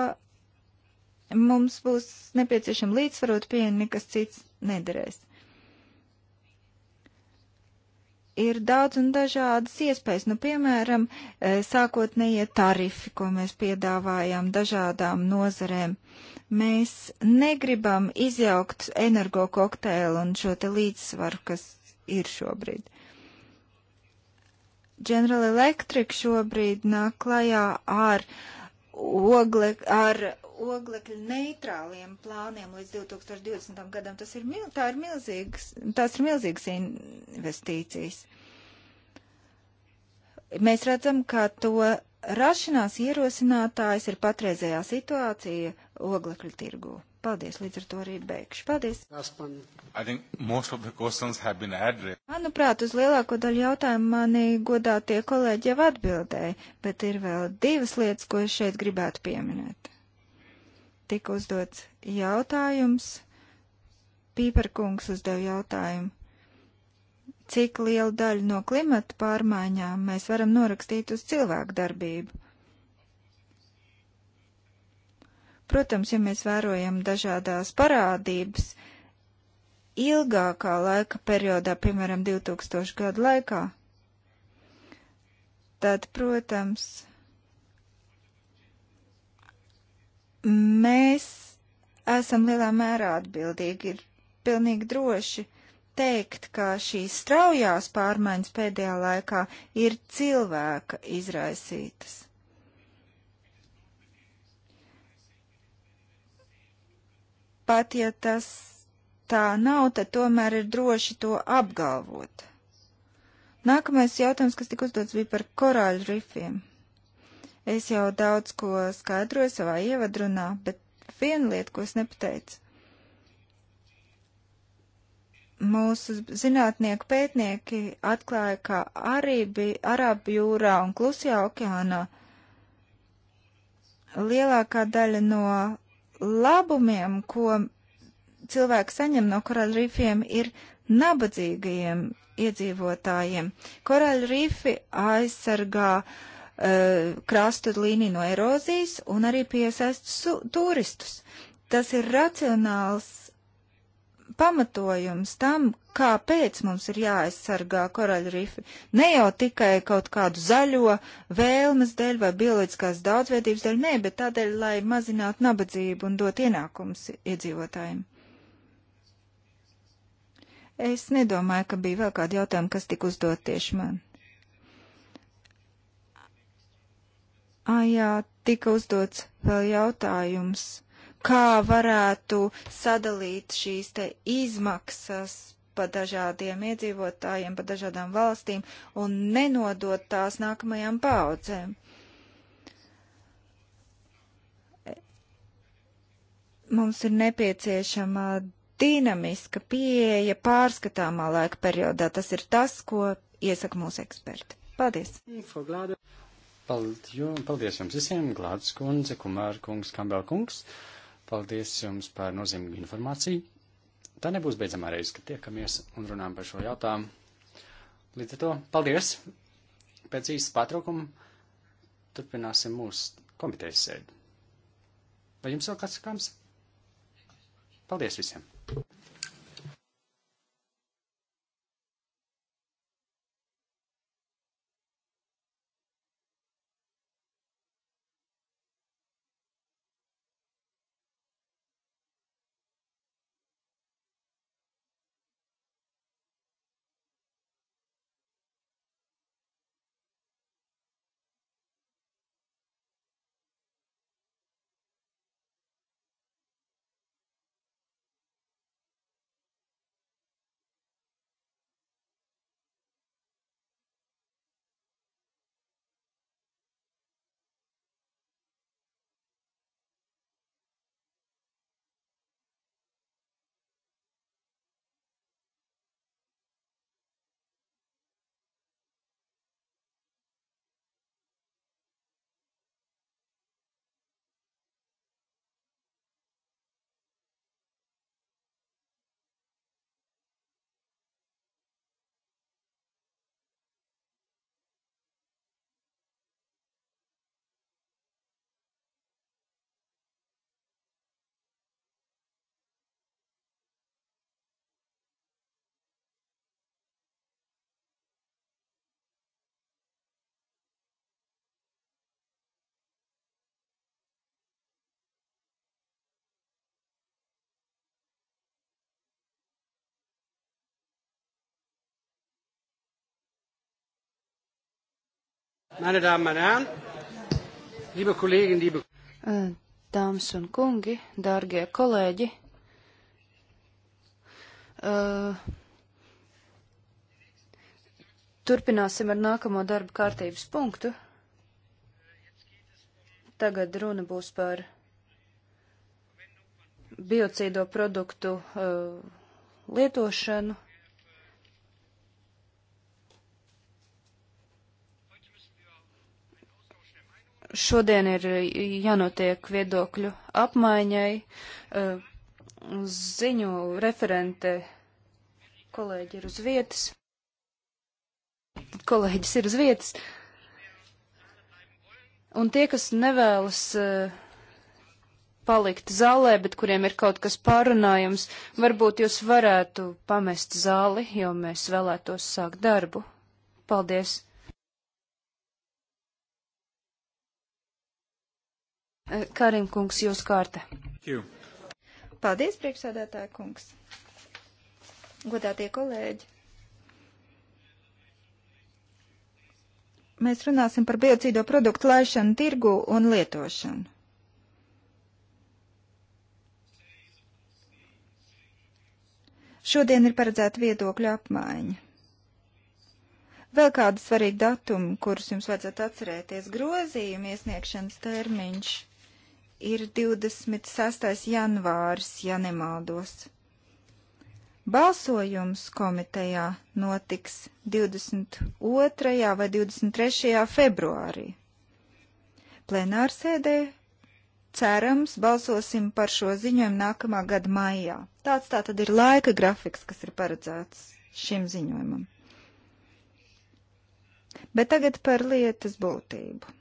C: mums būs nepieciešama līdzsvarot pieeja, nekas cits nedarēs ir daudz un dažādas iespējas. Nu, piemēram, e, sākotnējie tarifi, ko mēs piedāvājām dažādām nozarēm. Mēs negribam izjaukt energo kokteilu un šo te līdzsvaru, kas ir šobrīd. General Electric šobrīd nāk klajā ar ogle, ar oglekļa neitrāliem plāniem līdz 2020. gadam. Tas ir, mil, ir milzīgs, tās ir milzīgas investīcijas. Mēs redzam, ka to rašanās ierosinātājs ir patreizējā situācija oglekļa tirgū. Paldies, līdz ar to arī beigšu. Paldies. Manuprāt, uz lielāko daļu jautājumu mani godā tie kolēģi jau atbildēja, bet ir vēl divas lietas, ko es šeit gribētu pieminēt tika uzdots jautājums. Pīperkungs uzdeva jautājumu. Cik liela daļa no klimata pārmaiņām mēs varam norakstīt uz cilvēku darbību? Protams, ja mēs vērojam dažādās parādības ilgākā laika periodā, piemēram, 2000 gadu laikā, tad, protams, Mēs esam lielā mērā atbildīgi. Ir pilnīgi droši teikt, ka šīs straujās pārmaiņas pēdējā laikā ir cilvēka izraisītas. Pat ja tas tā nav, tad tomēr ir droši to apgalvot. Nākamais jautājums, kas tika uzdots, bija par korāļu rifiem. Es jau daudz ko skaidroju savā ievadrunā, bet viena lieta, ko es nepateicu. Mūsu zinātnieku pētnieki atklāja, ka arī bija Arābu jūrā un Klusijā okeānā lielākā daļa no labumiem, ko cilvēki saņem no korāļrifiem, ir nabadzīgajiem iedzīvotājiem. Korāļrifi aizsargā uh, Eh, krāstu līniju no erozijas un arī piesaist turistus. Tas ir racionāls pamatojums tam, kāpēc mums ir jāaizsargā rifi. Ne jau tikai kaut kādu zaļo vēlmes dēļ vai bioloģiskās daudzveidības dēļ, nē, bet tādēļ, lai mazinātu nabadzību un dot ienākums iedzīvotājiem. Es nedomāju, ka bija vēl kādi jautājumi, kas tika uzdot tieši man. Ā, jā, tika uzdots vēl jautājums, kā varētu sadalīt šīs te izmaksas pa dažādiem iedzīvotājiem, pa dažādām valstīm un nenodot tās nākamajām paudzēm. Mums ir nepieciešama dinamiska pieeja pārskatāmā laika periodā. Tas ir tas, ko iesaka mūsu eksperti. Paldies!
A: Paldies jums visiem, Glāds kundze, Kumāra kungs, Kambel kungs. Paldies jums par nozīmīgu informāciju. Tā nebūs beidzamā reize, kad tiekamies un runām par šo jautājumu. Līdz ar to, paldies! Pēc īsta pārtraukuma turpināsim mūsu komitejas sēdi. Vai jums vēl kāds sakāms? Paldies visiem! Meine Damen und Herren, liebe Kollegen, liebe
B: eh, Dāmas un kungi, dārgie kolēģi, uh, turpināsim ar nākamo darba kārtības punktu. Tagad runa būs par biocīdo produktu uh, lietošanu Šodien ir eh, jānotiek viedokļu apmaiņai. Eh, ziņu referente kolēģi ir uz vietas. Kolēģis ir uz vietas. Un tie, kas nevēlas eh, palikt zālē, bet kuriem ir kaut kas pārunājums, varbūt jūs varētu pamest zāli, jo mēs vēlētos sākt darbu. Paldies! Karim kungs, jūs kārta.
C: Paldies, priekšsādātāja kungs. Godātie kolēģi. Mēs runāsim par biocīdo produktu laišanu tirgu un lietošanu. Šodien ir paredzēta viedokļu apmaiņa. Vēl kāda svarīga datuma, kurus jums vajadzētu atcerēties, grozījuma iesniegšanas termiņš ir 26. janvāris, ja nemaldos. Balsojums komitejā notiks 22. vai 23. februārī. Plenārsēdē cerams balsosim par šo ziņojumu nākamā gada maijā. Tāds tā tad ir laika grafiks, kas ir paredzēts šim ziņojumam. Bet tagad par lietas būtību.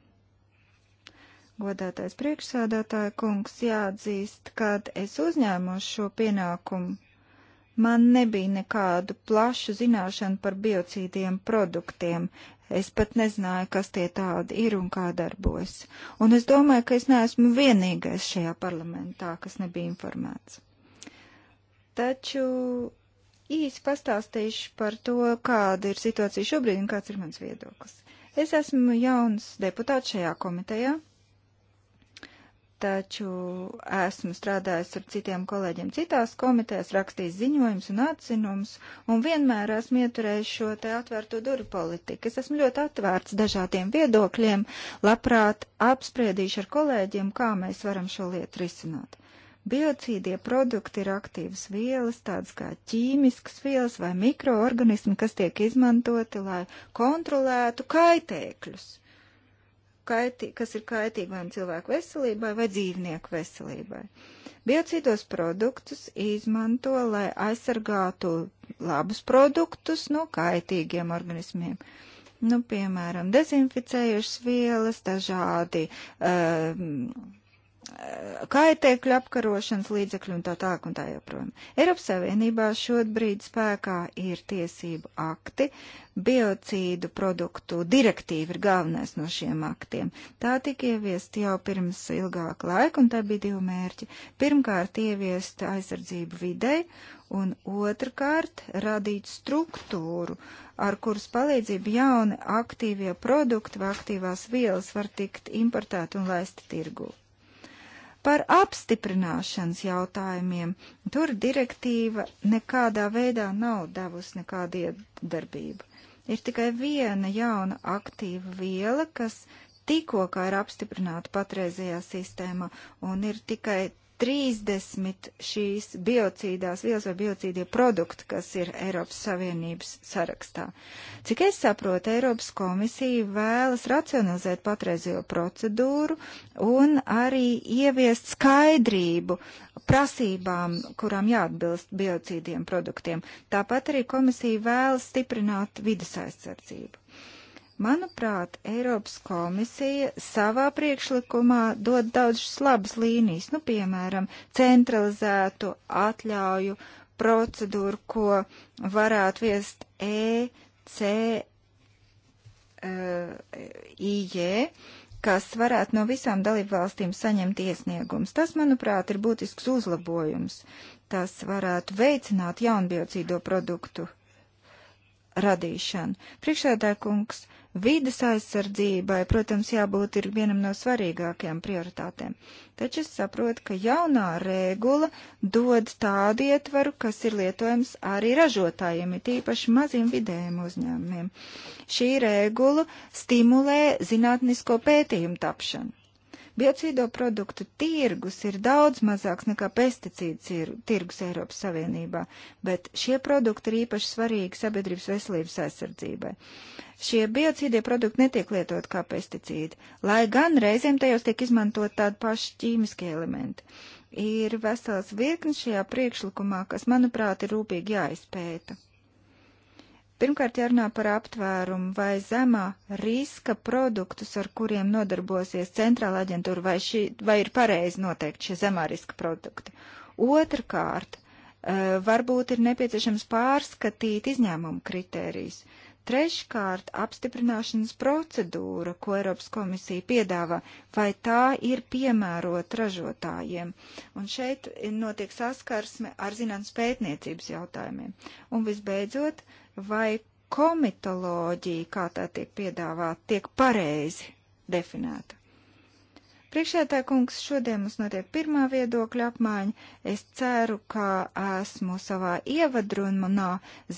C: Godātais priekšsādātāja kungs jāatzīst, kad es uzņēmos šo pienākumu, man nebija nekādu plašu zināšanu par biocīdiem produktiem. Es pat nezināju, kas tie tādi ir un kā darbojas. Un es domāju, ka es neesmu vienīgais šajā parlamentā, kas nebija informēts. Taču īsi pastāstīšu par to, kāda ir situācija šobrīd un kāds ir mans viedoklis. Es esmu jauns deputāts šajā komitejā taču esmu strādājis ar citiem kolēģiem citās komitēs, rakstījis ziņojums un atzinums, un vienmēr esmu ieturējis šo te atvērto duru politiku. Es esmu ļoti atvērts dažādiem viedokļiem, labprāt apspriedīšu ar kolēģiem, kā mēs varam šo lietu risināt. Biocīdie produkti ir aktīvas vielas, tādas kā ķīmiskas vielas vai mikroorganismi, kas tiek izmantoti, lai kontrolētu kaitēkļus kaiti, kas ir kaitīgi vai cilvēku veselībai vai dzīvnieku veselībai. Biocītos produktus izmanto, lai aizsargātu labus produktus no kaitīgiem organismiem. Nu, piemēram, dezinficējušas vielas, dažādi um, kaitēkļu apkarošanas līdzekļu un tā tālāk un tā joprojām. Eiropas Savienībā šobrīd spēkā ir tiesību akti, biocīdu produktu direktīva ir galvenais no šiem aktiem. Tā tika ieviest jau pirms ilgāka laika, un tā bija divi mērķi. Pirmkārt, ieviest aizsardzību videi, un otrkārt, radīt struktūru, ar kuras palīdzību jauni aktīvie produkti vai aktīvās vielas var tikt importēti un laisti tirgūt. Par apstiprināšanas jautājumiem tur direktīva nekādā veidā nav devusi nekādu iedarbību. Ir tikai viena jauna aktīva viela, kas tikko kā ir apstiprināta patreizajā sistēmā, un ir tikai 30 šīs biocīdās vielas vai biocīdie produkti, kas ir Eiropas Savienības sarakstā. Cik es saprotu, Eiropas komisija vēlas racionalizēt patreizējo procedūru un arī ieviest skaidrību prasībām, kurām jāatbilst biocīdiem produktiem. Tāpat arī komisija vēlas stiprināt vidas aizsardzību. Manuprāt, Eiropas komisija savā priekšlikumā dod daudzas labas līnijas, nu, piemēram, centralizētu atļauju procedūru, ko varētu viest EC. Uh, e, IJ, kas varētu no visām dalību valstīm saņemt iesniegums. Tas, manuprāt, ir būtisks uzlabojums. Tas varētu veicināt jaunbiocīdo produktu radīšanu. kungs, uh, Vides aizsardzībai, protams, jābūt ir vienam no svarīgākajām prioritātēm. Taču es saprotu, ka jaunā regula dod tādu ietvaru, kas ir lietojams arī ražotājiem, it īpaši maziem vidējiem uzņēmumiem. Šī regula stimulē zinātnisko pētījumu tapšanu Biocīdo produktu tirgus ir daudz mazāks nekā pesticīdu tirgus Eiropas Savienībā, bet šie produkti ir īpaši svarīgi sabiedrības veselības aizsardzībai. Šie biocīdie produkti netiek lietot kā pesticīdi, lai gan reizēm tajos tiek izmantot tādi paši ķīmiskie elementi. Ir vesels virkni šajā priekšlikumā, kas, manuprāt, ir rūpīgi jāizpēta. Pirmkārt, jārunā par aptvērumu vai zemā riska produktus, ar kuriem nodarbosies centrāla aģentūra, vai, šī, vai ir pareizi noteikt šie zemā riska produkti. Otrakārt, eh, varbūt ir nepieciešams pārskatīt izņēmumu kritērijus. Treškārt, apstiprināšanas procedūra, ko Eiropas komisija piedāvā, vai tā ir piemērota ražotājiem. Un šeit notiek saskarsme ar zinātnes pētniecības jautājumiem. Un visbeidzot, vai komitoloģija, kā tā tiek piedāvāta, tiek pareizi definēta. Priekšētāja kungs, šodien mums notiek pirmā viedokļa apmaiņa. Es ceru, ka esmu savā ievadrunā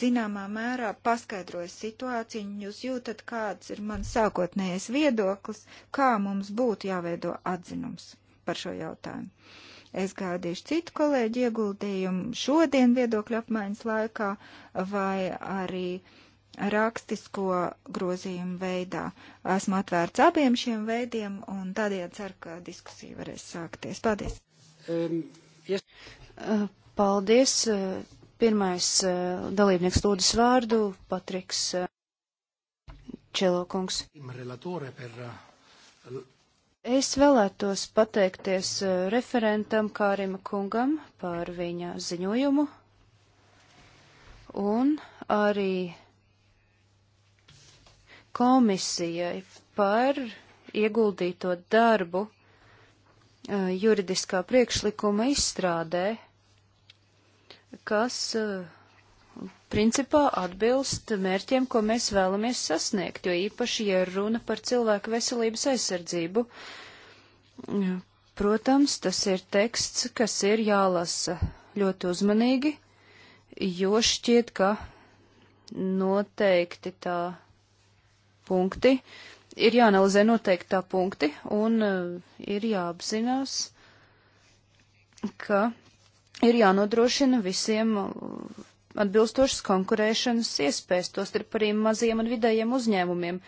C: zināmā mērā paskaidrojis situāciju, jūs jūtat, kāds ir mans sākotnējais viedoklis, kā mums būtu jāveido atzinums par šo jautājumu. Es gaidīšu citu kolēģu ieguldījumu šodien viedokļu apmaiņas laikā vai arī rakstisko grozījumu veidā. Esmu atvērts abiem šiem veidiem un tādēļ ceru, ka diskusija varēs sākties. Paldies! Um,
B: yes. Uh, paldies! Uh, pirmais uh, dalībnieks lūdzu vārdu Patriks Čelokungs. Es vēlētos pateikties eh, referentam Kārim kungam par viņa ziņojumu un arī komisijai par ieguldīto darbu eh, juridiskā priekšlikuma izstrādē, kas uh, principā atbilst mērķiem, ko mēs vēlamies sasniegt, jo īpaši, ja runa par cilvēku veselības aizsardzību. Protams, tas ir teksts, kas ir jālasa ļoti uzmanīgi, jo šķiet, ka noteikti tā punkti, ir jāanalizē noteikti tā punkti un uh, ir jāapzinās, ka ir jānodrošina visiem uh, atbilstošas konkurēšanas iespējas, tos ir par maziem un vidējiem uzņēmumiem.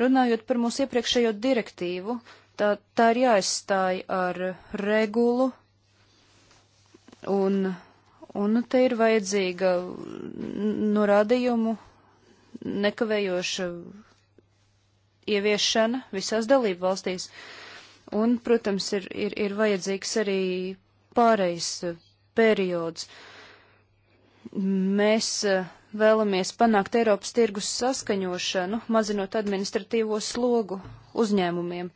B: Runājot par mūsu iepriekšējo direktīvu, tā, tā ir jāizstāja ar regulu, un, un te ir vajadzīga norādījumu nekavējoša ieviešana visās dalību valstīs. Un, protams, ir, ir, ir vajadzīgs arī pārejas periods. Uh, Mēs eh, vēlamies panākt Eiropas tirgus saskaņošanu, mazinot administratīvo slogu uzņēmumiem.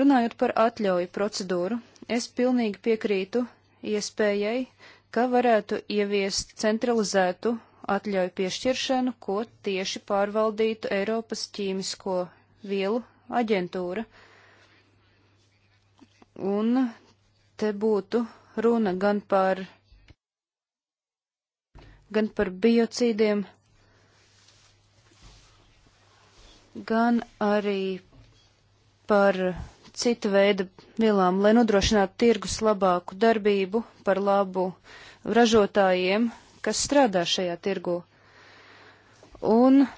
B: Runājot par atļauju procedūru, es pilnīgi piekrītu iespējai, ka varētu ieviest centralizētu atļauju piešķiršanu, ko tieši pārvaldītu Eiropas ķīmisko vielu aģentūra. Un te būtu runa gan par gan par biocīdiem, gan arī par citu veidu vielām, lai nodrošinātu tirgus labāku darbību par labu ražotājiem, kas strādā šajā tirgu. Un uh,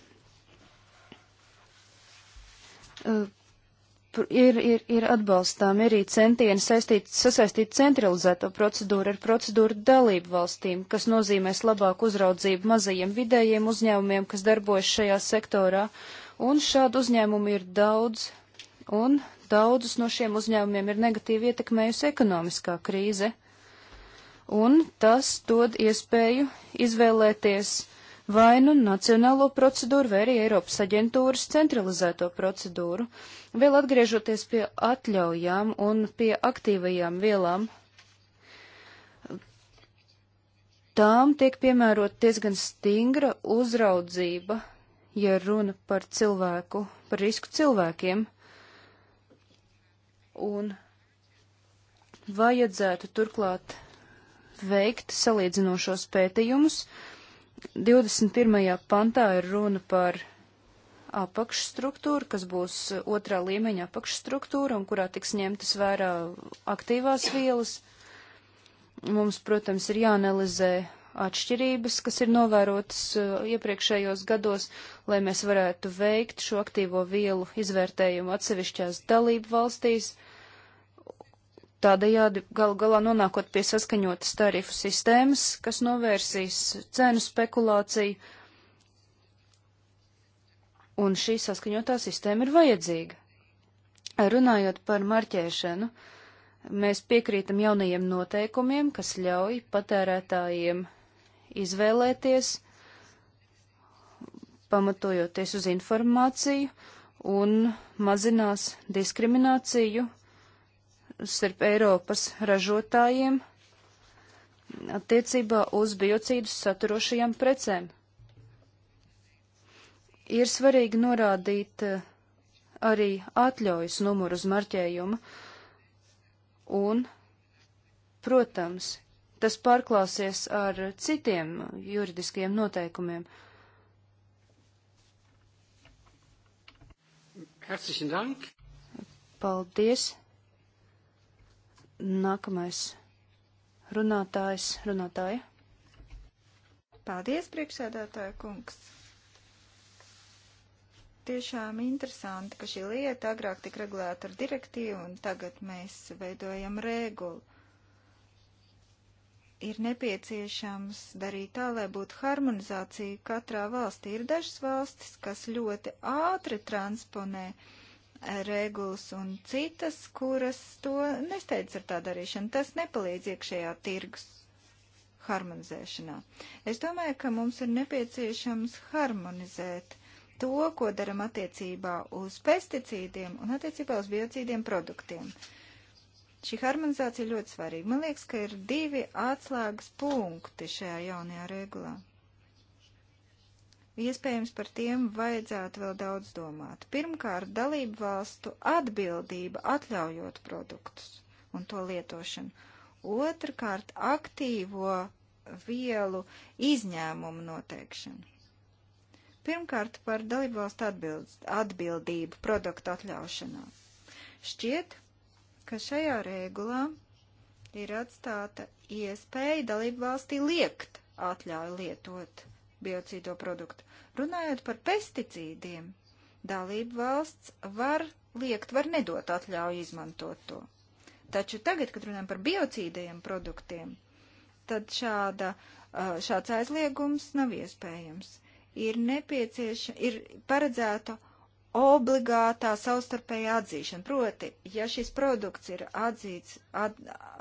B: ir, ir, ir atbalstām arī centieni saistīt, sasaistīt centralizēto procedūru ar procedūru dalību valstīm, kas nozīmēs labāku uzraudzību mazajiem vidējiem uzņēmumiem, kas darbojas šajā sektorā. Un šādu uzņēmumu ir daudz, un daudzus no šiem uzņēmumiem ir negatīvi ietekmējusi ekonomiskā krīze. Un tas dod iespēju izvēlēties vai nu nacionālo procedūru, vai arī Eiropas aģentūras centralizēto procedūru. Vēl atgriežoties pie atļaujām un pie aktīvajām vielām, tām tiek piemērot diezgan stingra uzraudzība, ja runa par cilvēku, par risku cilvēkiem. Un vajadzētu turklāt veikt salīdzinošos pētījumus, uh, 21. pantā ir runa par apakšstruktūru, kas būs otrā līmeņa apakšstruktūra un kurā tiks ņemtas vērā aktīvās vielas. Mums, protams, ir jāanalizē atšķirības, kas ir novērotas uh, iepriekšējos gados, lai mēs varētu veikt šo aktīvo vielu izvērtējumu atsevišķās dalību valstīs. Tādējādi gal galā nonākot pie saskaņotas tarifu sistēmas, kas novērsīs cenu spekulāciju, un šī saskaņotā sistēma ir vajadzīga. Runājot par marķēšanu, mēs piekrītam jaunajiem noteikumiem, kas ļauj patērētājiem izvēlēties, pamatojoties uz informāciju, un mazinās diskrimināciju starp Eiropas ražotājiem attiecībā uz biocīdus saturošajām precēm. Ir svarīgi norādīt eh, arī atļaujas numuru uz marķējumu, un, protams, tas pārklāsies ar citiem juridiskiem noteikumiem. Dank! Paldies! Nākamais runātājs, runātāja.
C: Paldies, priekšsēdētāja kungs! Tiešām interesanti, ka šī lieta agrāk tika regulēta ar direktīvu un tagad mēs veidojam regulu. Ir nepieciešams darīt tā, lai būtu harmonizācija katrā valstī. Ir dažas valstis, kas ļoti ātri transponē uh, regulas un citas, kuras to nesteidz ar tā darīšanu. Tas nepalīdz iekšējā tirgus harmonizēšanā. Es domāju, ka mums ir nepieciešams harmonizēt to, ko daram attiecībā uz pesticīdiem un attiecībā uz biocīdiem produktiem. Šī harmonizācija ļoti svarīga. Man liekas, ka ir divi atslēgas punkti šajā jaunajā regulā. Iespējams, par tiem vajadzētu vēl daudz domāt. Pirmkārt, dalību valstu atbildība atļaujot produktus un to lietošanu. Otrakārt, aktīvo vielu izņēmumu noteikšanu. Pirmkārt, par dalību valstu atbild, atbildību produktu atļaušanā. Šķiet, ka šajā regulā ir atstāta iespēja dalību valstī liekt atļauju lietot biocīdo produktu. Runājot par pesticīdiem, dalību valsts var liekt, var nedot atļauju izmantot to. Taču tagad, kad runājam par biocīdajiem produktiem, tad šāda, šāds aizliegums nav iespējams. Ir nepieciešama, ir paredzēta obligātā savstarpējā atzīšana. Proti, ja šis produkts ir atzīts, at,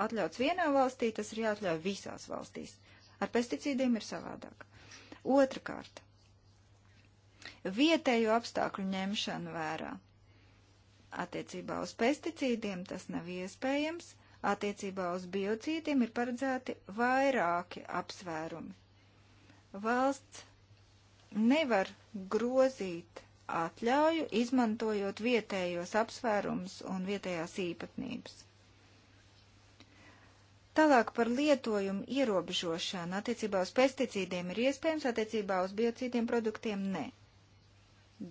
C: atļauts vienā valstī, tas ir jāatļauj visās valstīs. Ar pesticīdiem ir savādāk. Otrakārt, vietējo apstākļu ņemšanu vērā. Attiecībā uz pesticīdiem tas nav iespējams, attiecībā uz biocītiem ir paredzēti vairāki apsvērumi. Valsts nevar grozīt atļauju, izmantojot vietējos apsvērumus un vietējās īpatnības. Tālāk par lietojumu ierobežošanu attiecībā uz pesticīdiem ir iespējams, attiecībā uz biocīdiem produktiem nē.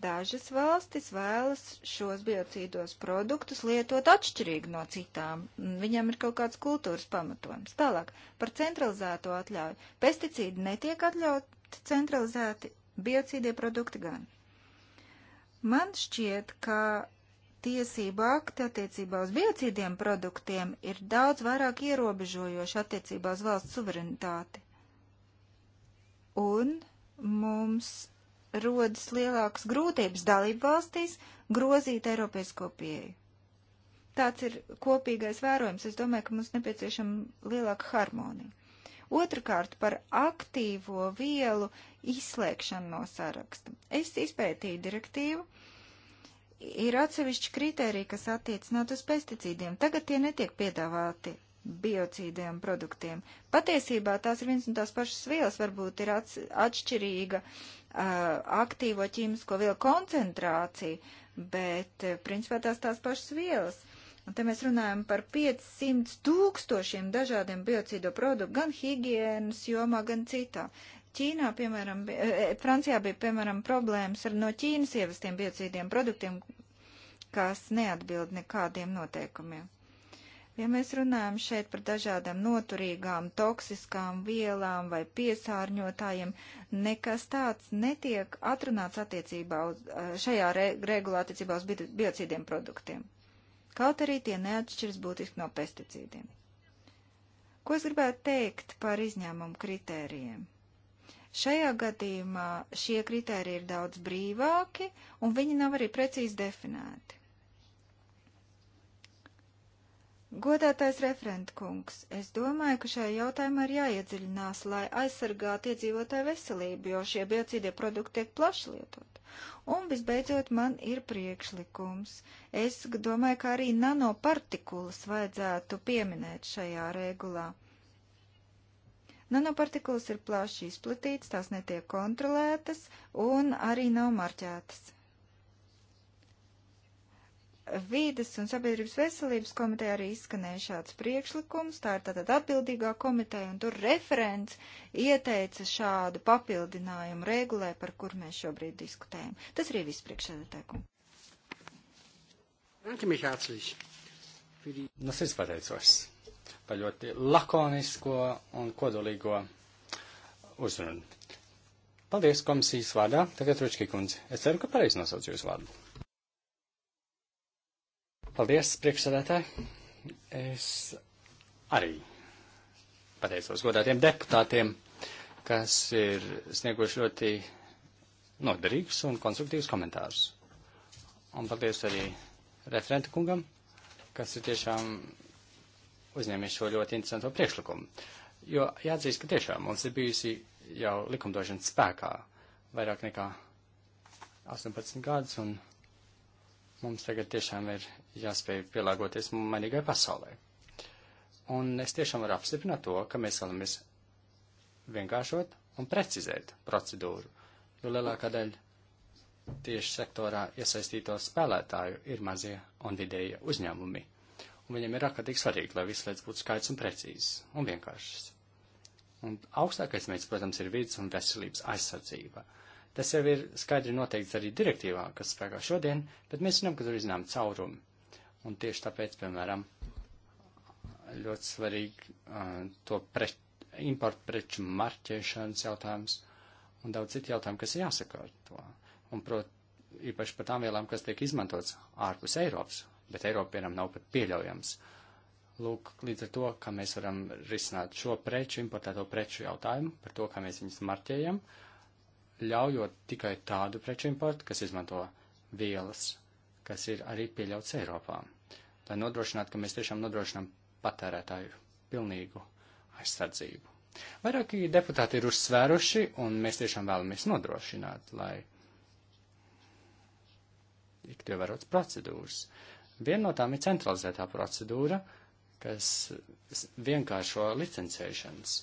C: Dažas valstis vēlas šos biocīdos produktus lietot atšķirīgi no citām. Viņam ir kaut kāds kultūras pamatojums. Tālāk par centralizēto atļauju. Pesticīdi netiek atļauti centralizēti, biocīdie produkti gan. Man šķiet, ka tiesību akti attiecībā uz biocīdiem produktiem ir daudz vairāk ierobežojoši attiecībā uz valsts suverenitāti. Un mums rodas lielākas grūtības dalību valstīs grozīt Eiropiesko pieeju. Tāds ir kopīgais vērojums. Es domāju, ka mums nepieciešama lielāka harmonija. Otrakārt par aktīvo vielu izslēgšanu no saraksta. Es izpētīju direktīvu, uh, ir atsevišķi kriteriji, kas attiecinātu uz pesticīdiem. Tagad tie netiek piedāvāti biocīdiem produktiem. Patiesībā tās ir viens un tās pašas vielas, varbūt ir atšķirīga uh, aktīvo ķīmisko vielu koncentrācija, bet principā tās tās pašas vielas. Un te mēs runājam par 500 tūkstošiem dažādiem biocīdo produktu, gan higienas jomā, gan citā. Ķīnā, piemēram, bija, e, e, Francijā bija, piemēram, problēmas ar no Ķīnas ievestiem biocīdiem produktiem, kas neatbild nekādiem noteikumiem. Ja mēs runājam šeit par dažādām noturīgām, toksiskām vielām vai piesārņotājiem, nekas tāds netiek atrunāts attiecībā uz e, šajā regulā attiecībā uz biocīdiem produktiem. Kaut arī tie neatšķirs būtiski no pesticīdiem. Ko es gribētu teikt par izņēmumu kritērijiem? Šajā gadījumā šie kriteriji ir daudz brīvāki, un viņi nav arī precīzi definēti. Godātais kungs, es domāju, ka šajā jautājumā ir jāiedziļinās, lai aizsargātu iedzīvotāju veselību, jo šie biocīdie produkti tiek plaši lietot. Un visbeidzot, man ir priekšlikums. Es domāju, ka arī nanopartikulas vajadzētu pieminēt šajā regulā. Nanopartikulas ir plaši izplatītas, tās netiek kontrolētas un arī nav marķētas. Vīdes un sabiedrības veselības komiteja arī izskanēja šāds priekšlikums, tā ir tātad atbildīgā komiteja, un tur referents ieteica šādu papildinājumu regulē, par kur mēs šobrīd diskutējam. Tas arī viss priekšsēdētājiem.
A: Danke mich herzlich. No sirds pateicos pa ļoti lakonisko un kodolīgo uzrunu. Paldies komisijas vārdā. Tagad Ručkī kundze. Es ceru, ka pareizi nosaucu jūs vārdu. Paldies, priekšsēdētāji. Es arī pateicos godātiem deputātiem, kas ir snieguši ļoti noderīgus un konstruktīvus komentārus. Un paldies arī referenta kungam, kas ir tiešām uzņēmies šo ļoti interesanto priekšlikumu. Jo jāatzīst, ka tiešām mums ir bijusi jau likumdošana spēkā vairāk nekā 18 gadus, un mums tagad tiešām ir jāspēj pielāgoties mainīgai pasaulē. Un es tiešām varu apstiprināt to, ka mēs vēlamies vienkāršot un precizēt procedūru, jo lielākā daļa tieši sektorā iesaistīto spēlētāju ir mazie un vidēja uzņēmumi. Un viņam ir ārkārtīgi svarīgi, lai viss lietas būtu skaidrs un precīzs un vienkāršs. Un augstākais mērķis, protams, ir vidas un veselības aizsardzība. Tas jau ir skaidri noteikts arī direktīvā, kas spēkā šodien, bet mēs zinām, ka tur ir zinām caurumi. Un tieši tāpēc, piemēram, ļoti svarīgi uh, to pret, importu preču marķēšanas jautājums un daudz citu jautājumu, kas ir jāsakārto. Un, protams, īpaši par tām vielām, kas tiek izmantots ārpus Eiropas, bet Eiropa, piemēram, nav pat pieļaujams. Lūk, līdz ar to, kā mēs varam risināt šo preču, importēto preču jautājumu, par to, kā mēs viņus marķējam, ļaujot tikai tādu preču importu, kas izmanto vielas, kas ir arī pieļauts Eiropā, lai nodrošinātu, ka mēs tiešām nodrošinām patērētāju pilnīgu aizsardzību. Vairāki deputāti ir uzsvēruši, un mēs tiešām vēlamies nodrošināt, lai tik ievērots procedūras. Viena no tām ir centralizētā procedūra, kas vienkāršo licencēšanas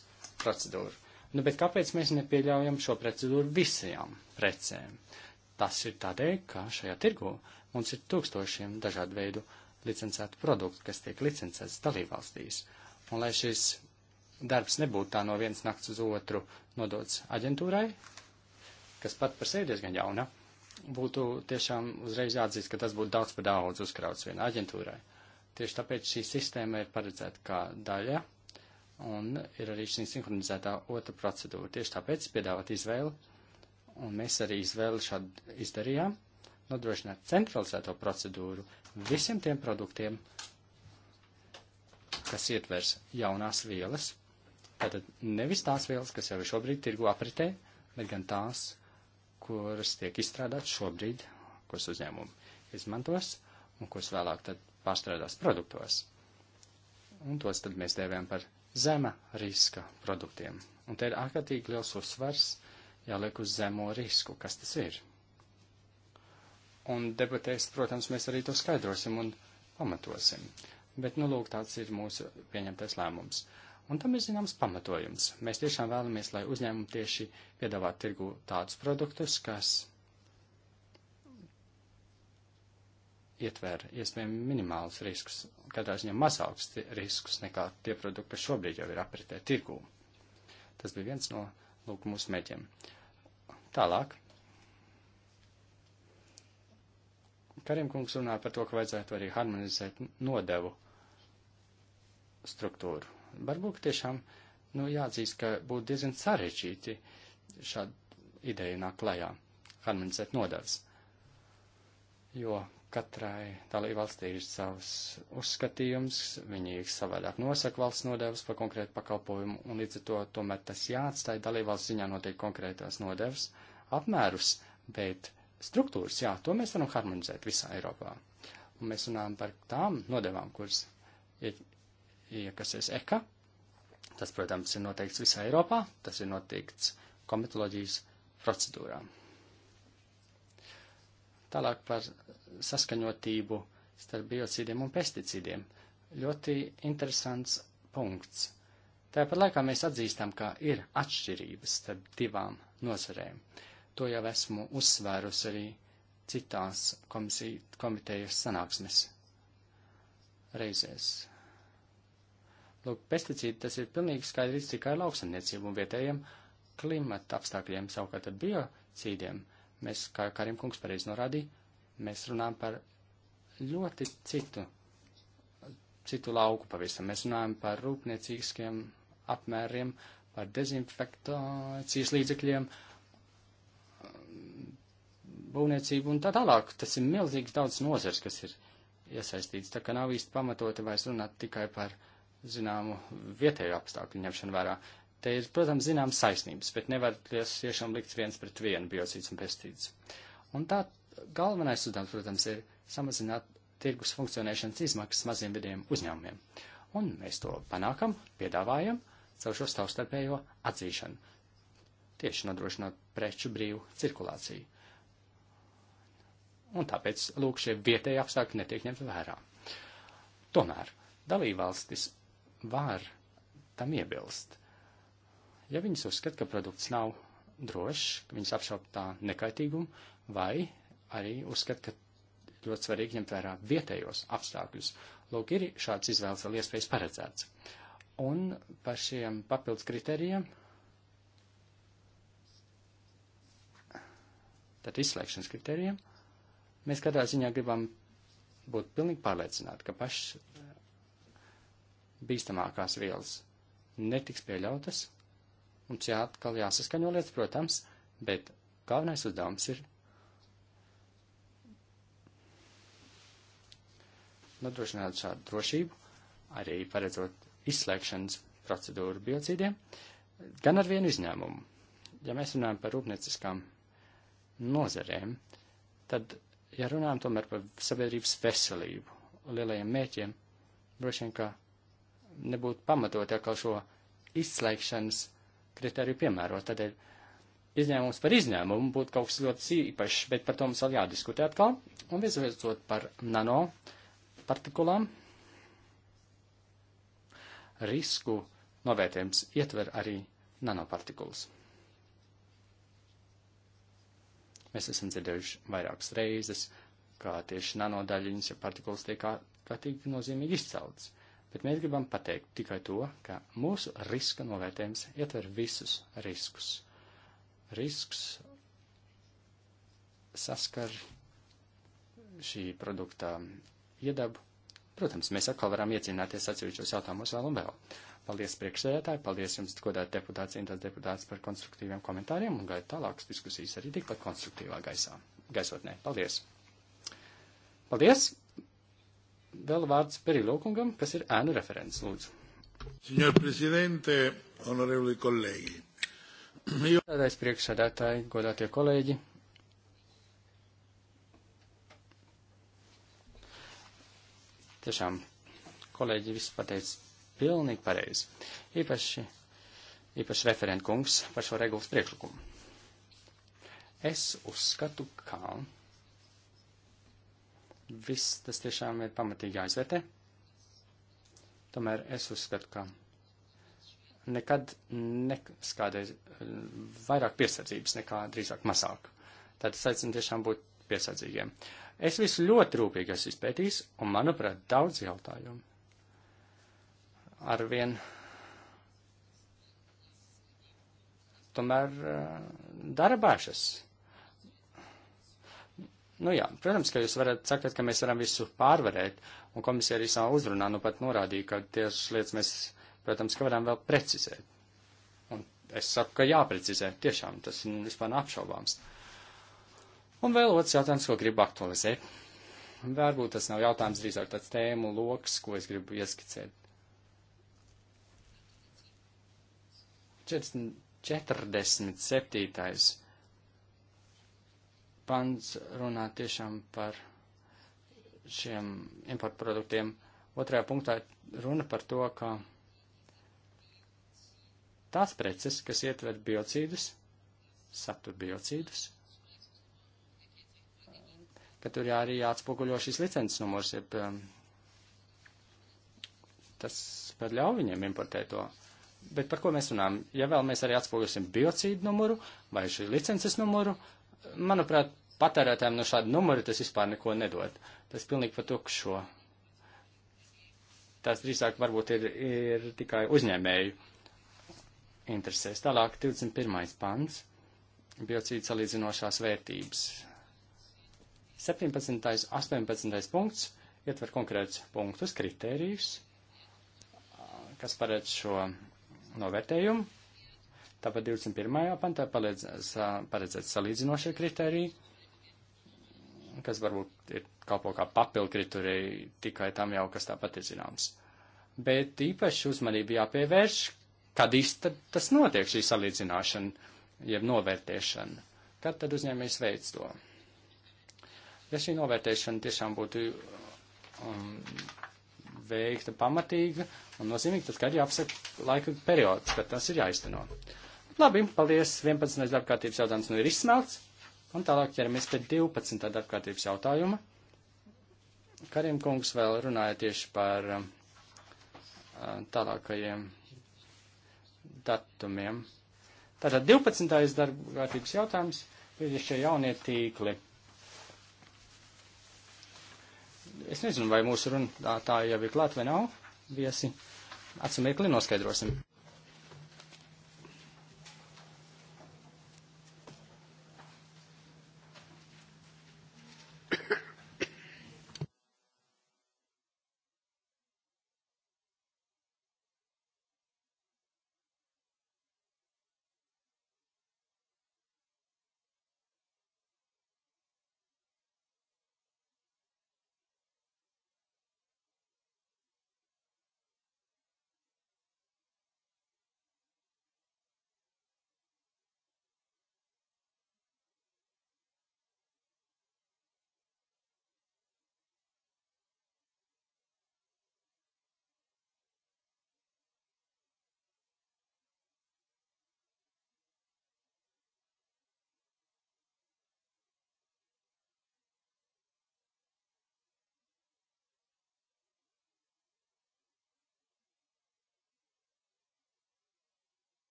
A: procedūru. Nu, bet kāpēc mēs nepieļaujam šo procedūru visajām precēm? Tas ir tādēļ, ka šajā tirgu mums ir tūkstošiem dažādu veidu licencētu produktu, kas tiek licencēts dalībvalstīs. Un lai šis darbs nebūtu tā no vienas nakts uz otru nodots aģentūrai, kas pat par sevi diezgan jauna, būtu tiešām uzreiz jāatzīst, ka tas būtu daudz par daudz uzkrauts vienai aģentūrai. Tieši tāpēc šī sistēma ir paredzēta kā daļa un ir arī šī sinhronizētā otra procedūra. Tieši tāpēc piedāvāt izvēli, un mēs arī izvēli šādu izdarījām, nodrošināt centralizēto procedūru visiem tiem produktiem, kas ietvers jaunās vielas. Tātad nevis tās vielas, kas jau ir šobrīd tirgu apritē, bet gan tās, kuras tiek izstrādāts šobrīd, kuras uzņēmumi izmantos un kuras vēlāk tad pārstrādās produktos. Un tos tad mēs dēvējam par zema riska produktiem. Un te ir ārkārtīgi liels uzsvars jāliek uz zemo risku, kas tas ir. Un debatēs, protams, mēs arī to skaidrosim un pamatosim. Bet, nu, lūk, tāds ir mūsu pieņemtais lēmums. Un tam ir zināms pamatojums. Mēs tiešām vēlamies, lai uzņēmumi tieši piedāvā tirgu tādus produktus, kas ietver iespējami minimālus riskus, kādā ziņā mazāks riskus nekā tie produkti, kas šobrīd jau ir apritē tirgū. Tas bija viens no lūk, mūsu mēģiem. Tālāk. Karim kungs runā par to, ka vajadzētu arī harmonizēt nodevu struktūru varbūt tiešām, nu, jāatzīst, ka būtu diezgan sarežģīti šādu ideja nāk klajā, harmonizēt nodevs. Jo katrai dalību valstī ir savs uzskatījums, viņi savādāk nosaka valsts nodevas par konkrētu pakalpojumu, un līdz ar to tomēr tas jāatstāja dalību valsts ziņā noteikti konkrētās nodevas apmērus, bet struktūras, jā, to mēs varam harmonizēt visā Eiropā. Un mēs runājam par tām nodevām, kuras ir es eka, Tas, protams, ir noteikts visā Eiropā, tas ir noteikts komitoloģijas procedūrā. Tālāk par saskaņotību starp biocīdiem un pesticīdiem. Ļoti interesants punkts. Tāpat laikā mēs atzīstam, ka ir atšķirības starp divām nozarēm. To jau esmu uzsvērus arī citās komisijas, komitejas sanāksmes reizēs. Lūk, pesticīdi tas ir pilnīgi skaidrs cik tikai lauksaimniecību un vietējiem klimata apstākļiem, savukārt ar biocīdiem. Mēs, kā Karim kungs pareizi norādīja, mēs runājam par ļoti citu, citu lauku pavisam. Mēs runājam par rūpniecīgiskiem apmēriem, par dezinfekcijas līdzekļiem, būvniecību un tā tālāk. Tas ir milzīgs daudz nozars, kas ir iesaistīts, tā kā nav īsti pamatoti vairs runāt tikai par zināmu vietēju apstākļu ņemšanu vērā. Te ir, protams, zināmas saistības, bet nevar tiešām likt viens pret vienu biocīds un pestīds. Un tā galvenais uzdevums, protams, ir samazināt tirgus funkcionēšanas izmaksas maziem vidiem uzņēmumiem. Un mēs to panākam, piedāvājam caur šo savstarpējo atzīšanu. Tieši nodrošinot preču brīvu cirkulāciju. Un tāpēc, lūk, šie vietēji apstākļi netiek ņemti vērā. Tomēr dalībvalstis var tam iebilst. Ja viņas uzskata, ka produkts nav drošs, ka viņas apšauba tā nekaitīgumu, vai arī uzskata, ka ļoti svarīgi ņemt vērā vietējos apstākļus. Lūk, ir šāds izvēles vēl iespējas paredzēts. Un par šiem papildus kritērijiem, tad izslēgšanas kritērijiem, mēs kādā ziņā gribam būt pilnīgi pārliecināti, ka pašs bīstamākās vielas netiks pieļautas. un Mums atkal jāsaskaņo lietas, protams, bet galvenais uzdevums ir nodrošināt šādu drošību, arī paredzot izslēgšanas procedūru biocīdiem, gan ar vienu izņēmumu. Ja mēs runājam par rūpnieciskām nozerēm, tad, ja runājam tomēr par sabiedrības veselību, lielajiem mēķiem, droši vien, ka nebūtu pamatot kaut šo izslēgšanas kritēriju piemērot. ir izņēmums par izņēmumu būtu kaut kas ļoti īpašs, bet par to mums vēl jādiskutē atkal. Un visbeidzot par nano partikulām. Risku novērtējums ietver arī nanopartikulas. Mēs esam dzirdējuši vairākas reizes, kā tieši nanodaļiņas, ja partikulas tiek kārtīgi nozīmīgi izceltas. Bet mēs gribam pateikt tikai to, ka mūsu riska novērtējums ietver visus riskus. Risks saskar šī produkta iedabu. Protams, mēs atkal varam iecīnāties atsevišķos jautājumos vēl un vēl. Paldies priekšsēdētāji, paldies jums, godāt deputāts, intās deputāts par konstruktīviem komentāriem un gaidu tālākas diskusijas arī tikpat konstruktīvā gaisā, gaisotnē. Paldies! Paldies! vēl vārds Perilokungam, kas ir ēnu referents, lūdzu.
D: Signor Presidente, onorevoli kolēģi.
A: Tādais priekšsēdētāji, godātie kolēģi. Tiešām, kolēģi viss pateica pilnīgi pareizi. Īpaši, īpaši referentkungs par šo regulas priekšlikumu. Es uzskatu, ka Viss tas tiešām ir pamatīgi aizvērtē. Tomēr es uzskatu, ka nekad nekādreiz vairāk piesardzības nekā drīzāk mazāk. Tad es aicinu tiešām būt piesardzīgiem. Es visu ļoti rūpīgi esmu izpētījis, un, manuprāt, daudz jautājumu. Arvien. Tomēr eh, dara bažas Nu jā, protams, ka jūs varat sakāt, ka mēs varam visu pārvarēt, un komisija arī savā uzrunā nu pat norādīja, ka tieši lietas mēs, protams, ka varam vēl precizēt. Un es saku, ka jāprecizē, tiešām, tas ir vispār neapšaubāms. Un vēl otrs jautājums, ko gribu aktualizēt. Varbūt tas nav jautājums, drīzāk tāds tēmu loks, ko es gribu ieskicēt. 47 pants runā tiešām par šiem um, importu produktiem. Otrajā punktā runa par to, ka tās preces, kas ietver biocīdus, satur biocīdus, ka tur jā, arī jāatspoguļo šis licences numurs, ja tas pat ļauj viņiem importēt to. Bet par ko mēs e runājam? Ja vēl mēs arī atspoguļosim biocīdu numuru vai šī licences numuru, manuprāt, patērētājiem no šāda numura tas vispār neko nedod. Tas pilnīgi pa tukšo. Tas drīzāk varbūt ir, ir tikai uzņēmēju interesēs. Tālāk 21. pants biocīdu salīdzinošās vērtības. 17. 18. punkts ietver konkrēts punktus, kritērijus, kas paredz šo novērtējumu. Tāpat 21. pantā paredzēt salīdzinošie kriteriji, kas varbūt ir kalpo kā papildu kriteriji tikai tam jau, kas tāpat ir zināms. Bet īpaši uzmanību jāpievērš, kad īsti tas notiek šī salīdzināšana, jeb novērtēšana. Kad tad uzņēmējs veids to? Ja šī novērtēšana tiešām būtu um, veikta pamatīga un nozīmīga, tad kad jāapsaka laika periods, kad tas ir jāizteno. Labi, paldies. 11. darbkārtības jautājums nu ir izsmelts. Un tālāk ķeramies pie 12. darbkārtības jautājuma. Karim kungs vēl runāja tieši par um, tālākajiem datumiem. Tātad 12. darbkārtības jautājums ir šie jaunie tīkli. Es nezinu, vai mūsu runātāji jau ir klāt vai nav. Viesi, atsimēkli noskaidrosim.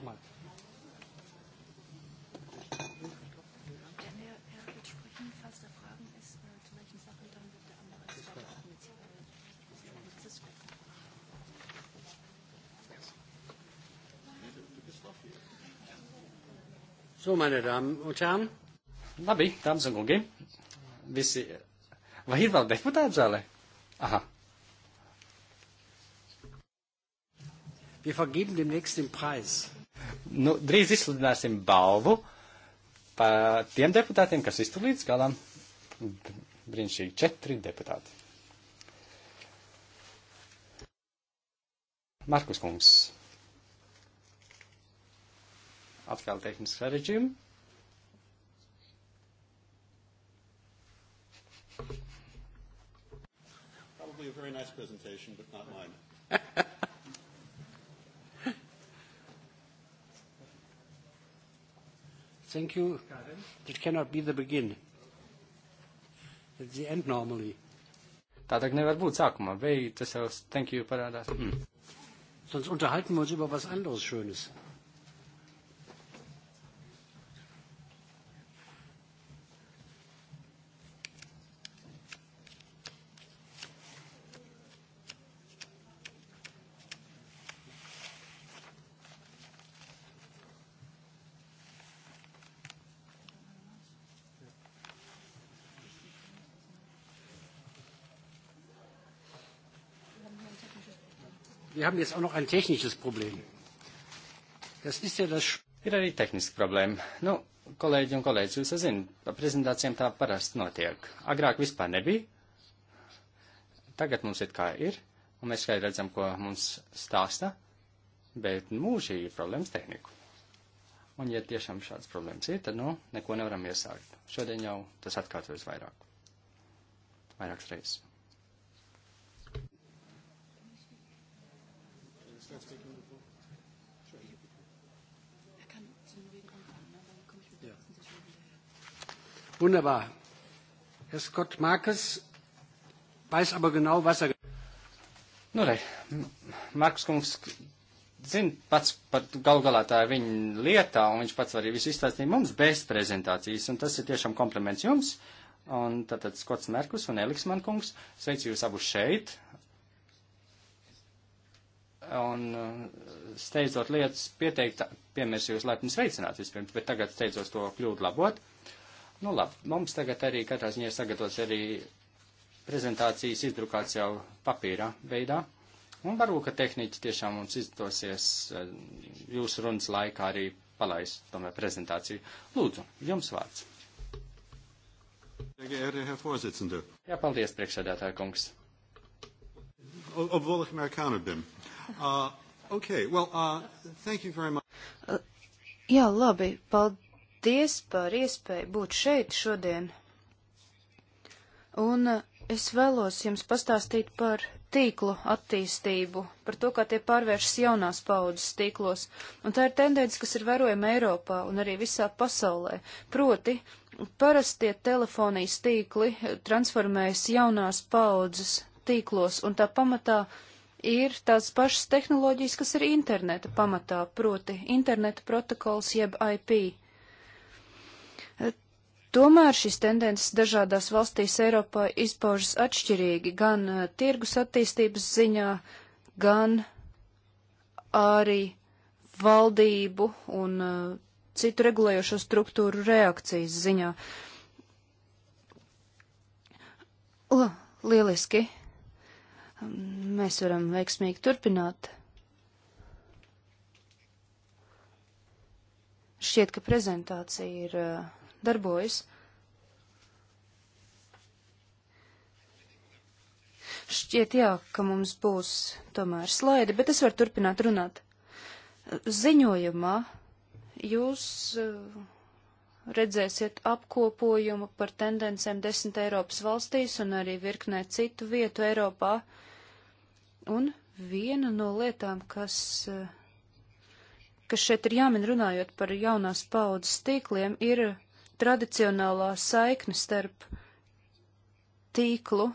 A: nochmal. So, meine Damen und Herren. Labi, dāmas un kungi. Visi. Vai ir vēl deputāti zālē? Aha. Wir vergeben demnächst den Preis nu, drīz izsludināsim balvu par tiem deputātiem, kas iztur līdz galam. Brīnišķīgi četri deputāti. Markus Kungs. Atkal tehniski sarežģījumi.
D: Probably a very nice presentation, but not mine.
A: Thank you. It cannot be the begin. It's the end normally. Tā tā nevar būt sākumā. Beig, tas jau thank you parādās. Mm. Hm. Sonst unterhalten wir uns über was anderes Schönes. wir haben jetzt auch noch ein technisches Problem. Das ist ja das. Ir arī tehniska problēma. Nu, kolēģi un kolēģis, jūs zināt, pa prezentācijām tā parasti notiek. Agrāk vispār nebija. Tagad mums ir kā ir, un mēs skaidri redzam, ko mums stāsta, bet mūžīgi ir problēmas tehniku. Un, ja tiešām šāds problēmas ir, tad, nu, neko nevaram iesākt. Šodien jau tas atkārtojas vairāk. Vairākas reizes. Wunderbar. Herr Scott Marcus weiß aber genau, was er. Nu, no re, niin, Marks kungs zina pats par galu galā tā ir viņa lietā, un viņš pats arī visu izstāstīja mums bez prezentācijas, un tas ir tiešām kompliments jums. Un tātad Skots Merkus un Eliksman kungs, sveicu jūs abus šeit. Un uh, steidzot lietas pieteikt, piemērs jūs laipni sveicināt vispirms, bet tagad steidzos to kļūdu labot. Uh, Nu labi, mums tagad arī katrā ziņā sagatavots arī prezentācijas izdrukāts jau papīra veidā. Un varbūt, ka tehniķi tiešām mums izdosies eh, jūsu runas laikā arī palaist tomēr prezentāciju. Lūdzu, jums vārds. Jā, paldies, priekšsēdētāja kungs. Ah, ah,
B: jā, labi, paldies Paldies par iespēju būt šeit šodien. Un es vēlos jums pastāstīt par tīklu attīstību, par to, kā tie pārvēršas jaunās paudzes tīklos. Un tā ir tendence, kas ir vērojama Eiropā un arī visā pasaulē. Proti, parastie telefonijas tīkli transformējas jaunās paudzes tīklos, un tā pamatā ir tās pašas tehnoloģijas, kas ir interneta pamatā, proti interneta protokols jeb IP. Tomēr šis tendences dažādās valstīs Eiropā izpaužas atšķirīgi gan eh, tirgus attīstības ziņā, gan arī valdību un eh, citu regulējošo struktūru reakcijas ziņā. L lieliski. Mēs varam veiksmīgi turpināt. Šķiet, ka prezentācija ir uh, darbojas. Šķiet, jā, ka mums būs tomēr slaidi, bet es varu turpināt runāt. Ziņojumā jūs eh, redzēsiet apkopojumu par tendencēm desmit Eiropas valstīs un arī virknē citu vietu Eiropā. Un viena no lietām, kas, eh, kas šeit ir jāmin runājot par jaunās paudzes tīkliem, ir tradicionālā saikne starp tīklu,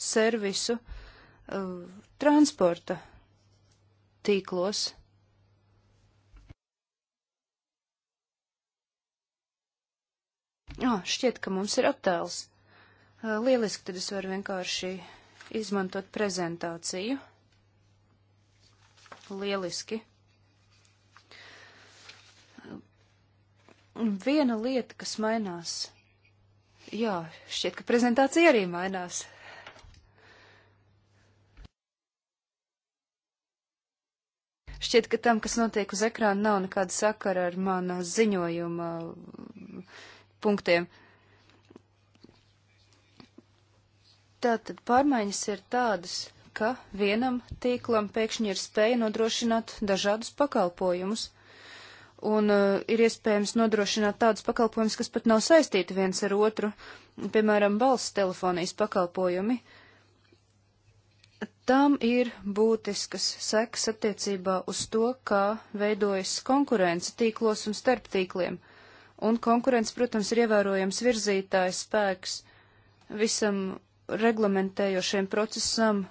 B: servisu, uh, transporta tīklos. Oh, šķiet, ka mums ir attēls. Uh, lieliski, tad es varu vienkārši izmantot prezentāciju. Lieliski. Viena lieta, kas mainās. Jā, šķiet, ka prezentācija arī mainās. Šķiet, ka tam, kas notiek uz ekrāna, nav nekāda sakara ar mana ziņojuma mm, punktiem. Tātad pārmaiņas ir tādas, ka vienam tīklam pēkšņi ir spēja nodrošināt dažādus pakalpojumus un uh, ir iespējams nodrošināt tādus pakalpojumus, kas pat nav saistīti viens ar otru, piemēram, valsts telefonijas pakalpojumi. Tam ir būtiskas sekas attiecībā uz to, kā veidojas konkurence tīklos un starp tīkliem, un konkurence, protams, ir ievērojams virzītājs spēks visam reglamentējošiem procesam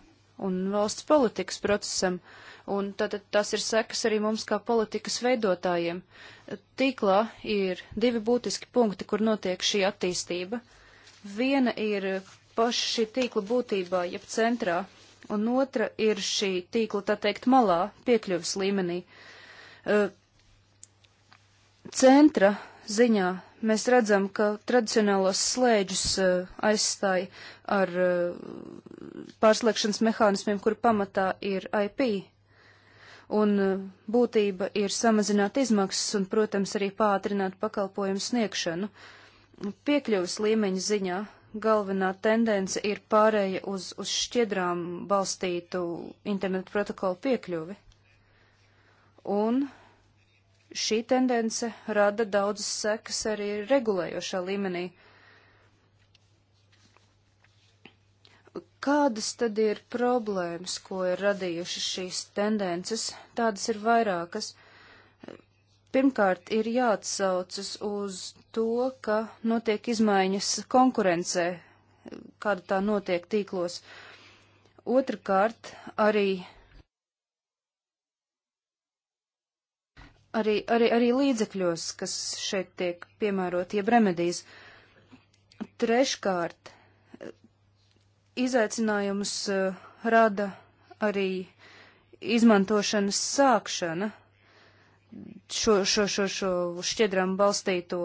B: un valsts politikas procesam. Uh, un tātad tas ir sekas arī mums kā politikas veidotājiem. Tīklā ir divi būtiski punkti, kur notiek šī attīstība. Viena ir paša šī tīkla būtībā, jeb centrā, un otra ir šī tīkla, tā teikt, malā, piekļuvas līmenī. Centra ziņā mēs redzam, ka tradicionālos slēdžus aizstāja ar pārslēgšanas mehānismiem, kur pamatā ir IP un e, būtība ir samazināt izmaksas un, protams, arī pātrināt pakalpojumu sniegšanu. Piekļuvas līmeņa ziņā galvenā tendence ir pārēja uz, uz šķiedrām balstītu internetu protokolu piekļuvi. Un šī tendence rada daudzas sekas arī regulējošā līmenī. Uh, Kādas tad ir problēmas, ko ir radījušas šīs tendences? Tādas ir vairākas. Pirmkārt, ir jāatsaucas uz to, ka notiek izmaiņas konkurencē, kāda tā notiek tīklos. Otrakārt, arī, arī, arī, arī līdzekļos, kas šeit tiek piemērot, jeb remedijas. Treškārt, Izaicinājumus eh, rada arī izmantošanas sākšana šo, šo, šo, šo šķiedram balstīto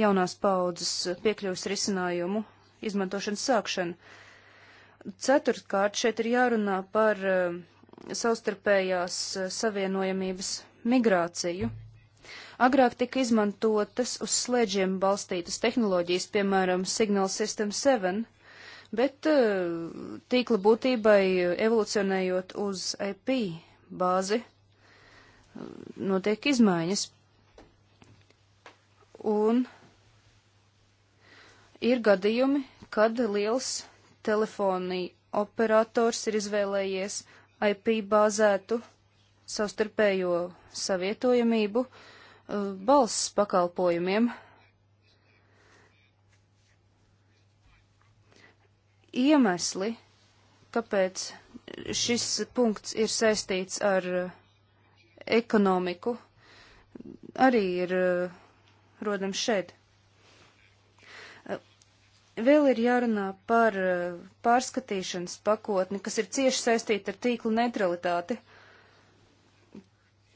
B: jaunās paudzes piekļuvas risinājumu izmantošanas sākšana. Ceturtkārt, šeit ir jārunā par eh, savstarpējās eh, savienojamības migrāciju. Agrāk tika izmantotas uz slēdžiem balstītas tehnoloģijas, piemēram, Signal System 7, bet eh, tīkla būtībai evolucionējot uz IP e bāzi eh, notiek izmaiņas. Un ir gadījumi, kad liels telefonija operators ir izvēlējies IP bāzētu savstarpējo savietojamību eh, balss pakalpojumiem. iemesli, kāpēc šis punkts ir saistīts ar eh, ekonomiku, arī ir eh, rodam šeit. Eh, vēl ir jārunā par pārskatīšanas pakotni, kas ir cieši saistīta ar tīklu neutralitāti.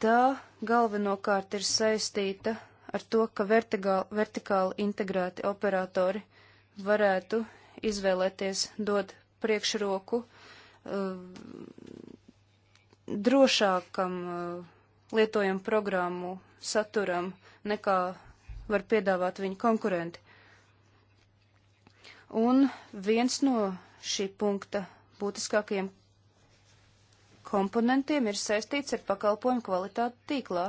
B: Tā galvenokārt ir saistīta ar to, ka vertikāli integrēti operatori varētu izvēlēties dot priekšroku eh, drošākam eh, lietojumu programmu saturam nekā var piedāvāt viņa konkurenti. Un viens no šī punkta būtiskākajiem komponentiem ir saistīts ar pakalpojumu kvalitāti tīklā.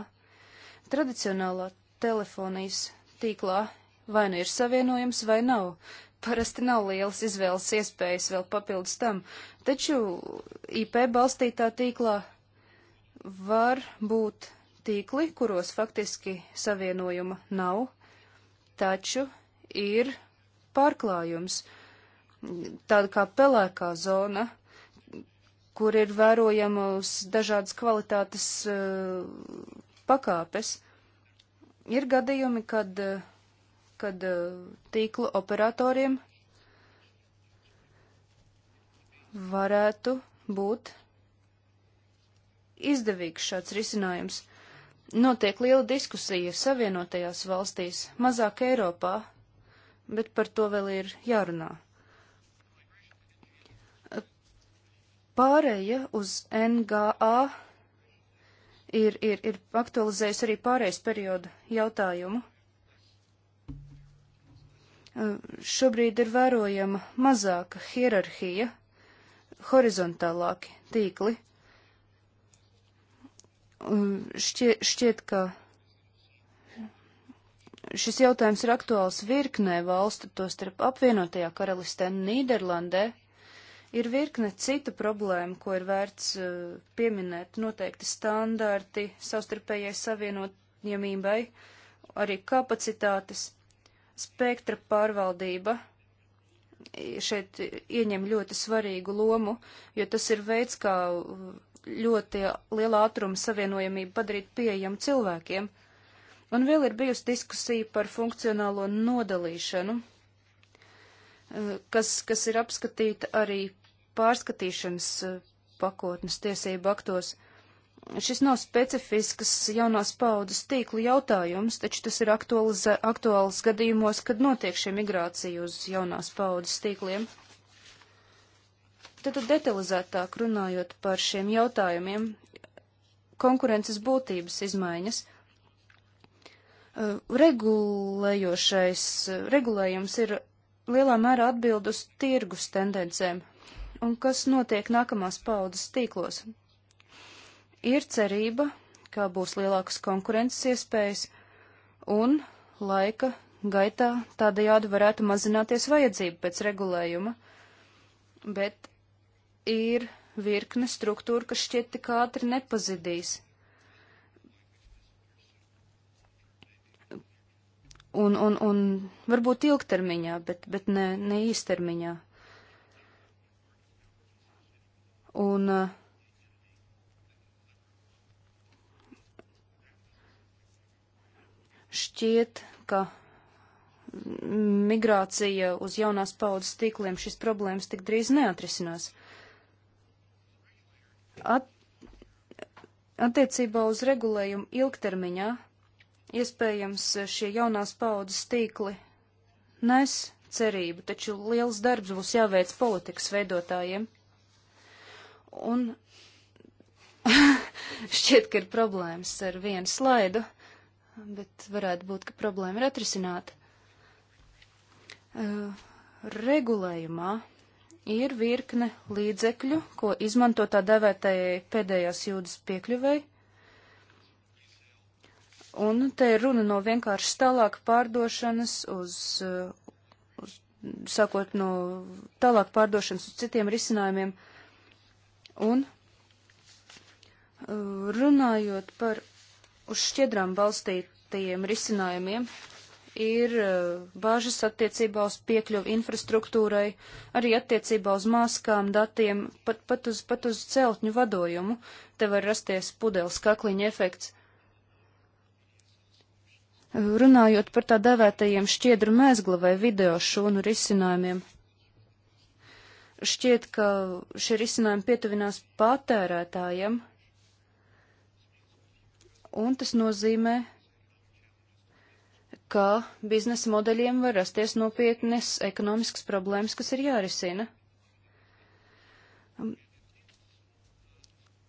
B: Tradicionālā telefonijas tīklā vai nu ir savienojums vai nav, parasti nav liels izvēles iespējas vēl papildus tam, taču IP balstītā tīklā var būt tīkli, kuros faktiski savienojuma nav, taču ir pārklājums, tāda kā pelēkā zona, kur ir uz dažādas kvalitātes uh, pakāpes. Ir gadījumi, kad uh, kad e, tīklu operatoriem varētu būt izdevīgs šāds risinājums. Notiek liela diskusija Savienotajās valstīs, mazāk Eiropā, bet par to vēl ir jārunā. Pārēja uz NGA ir, ir, ir aktualizējusi arī pārējais periodu jautājumu. Šobrīd ir vērojama mazāka hierarhija, horizontālāki tīkli. Šķiet, šķiet, ka šis jautājums ir aktuāls virknē valstu, starp apvienotajā karalistē un Nīderlandē. Ir virkne citu problēmu, ko ir vērts uh, pieminēt, noteikti standarti, savstarpējai savienotņemībai, arī kapacitātes. Spektra pārvaldība šeit ieņem ļoti svarīgu lomu, jo tas ir veids, kā ļoti liela ātruma savienojamība padarīt pieejam cilvēkiem. Un vēl ir bijusi diskusija par funkcionālo nodalīšanu, kas, kas ir apskatīta arī pārskatīšanas pakotnes tiesību aktos šis nav specifisks jaunās paudzes tīklu jautājums, taču tas ir aktuāls, aktuāls gadījumos, kad notiek šie migrācija uz jaunās paudzes tīkliem. Tad detalizētāk runājot par šiem jautājumiem, konkurences būtības izmaiņas. Eh, regulējošais eh, regulējums ir lielā mērā atbildus tirgus tendencēm un kas notiek nākamās paudzes tīklos, Ir cerība, ka būs lielākas konkurences iespējas un laika gaitā tādajādi varētu mazināties vajadzība pēc regulējuma, bet ir virkne struktūra, kas šķiet tik ātri nepazidīs. Un, un, un varbūt ilgtermiņā, bet, bet ne, ne īstermiņā. Un uh, Šķiet, ka migrācija uz jaunās paudzes tīkliem šis problēmas tik drīz neatrisinās. At, attiecībā uz regulējumu ilgtermiņā iespējams šie jaunās paudzes tīkli nes cerību, taču liels darbs būs jāveic politikas veidotājiem. Un šķiet, ka ir problēmas ar vienu slaidu bet varētu būt, ka problēma ir atrisināta. regulējumā ir virkne līdzekļu, ko izmanto tā devētajai pēdējās jūdas piekļuvai. Un te ir runa no vienkārši tālāk pārdošanas uz, uz sākot no tālāk pārdošanas uz citiem risinājumiem. Un runājot par uz šķiedrām balstītajiem risinājumiem ir e, bāžas attiecībā uz piekļuvu infrastruktūrai, arī attiecībā uz māskām, datiem, pat, pat, uz, pat uz celtņu vadojumu. Te var rasties pudeles kakliņa efekts. Runājot par tā dēvētajiem šķiedru mēzgla vai video šūnu risinājumiem, šķiet, ka šie risinājumi pietuvinās patērētājiem – un tas nozīmē, ka biznesa modeļiem var rasties nopietnes ekonomiskas problēmas, kas ir jārisina.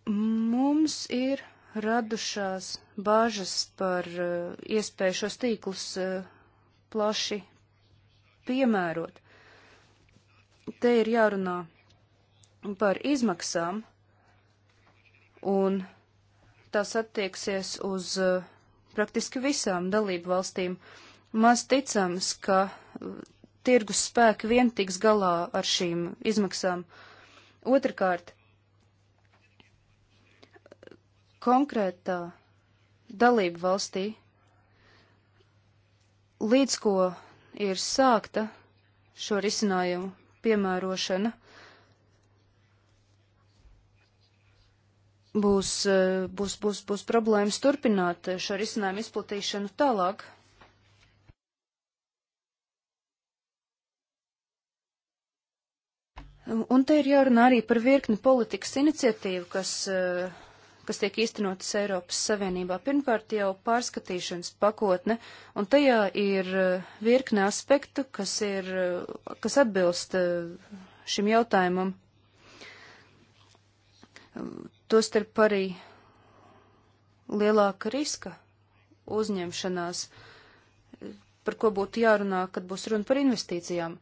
B: Mums ir radušās bāžas par uh, iespēju šos tīklus uh, plaši piemērot. Te ir jārunā par izmaksām, un tas attieksies uz eh, praktiski visām dalību valstīm. Maz ticams, ka eh, tirgus spēki vien tiks galā ar šīm izmaksām. Otrakārt, konkrētā dalību valstī, līdz ko ir sākta šo risinājumu piemērošana, būs, eh, būs, būs, būs problēmas turpināt eh, šo risinājumu izplatīšanu tālāk. Um, un te ir jārunā arī par virkni politikas iniciatīvu, kas, eh, kas tiek īstenotas Eiropas Savienībā. Pirmkārt jau pārskatīšanas pakotne, un tajā ir virkne aspektu, kas, ir, kas atbilst šim jautājumam um, tostarp arī lielāka riska uzņemšanās, par ko būtu jārunā, kad būs runa par investīcijām.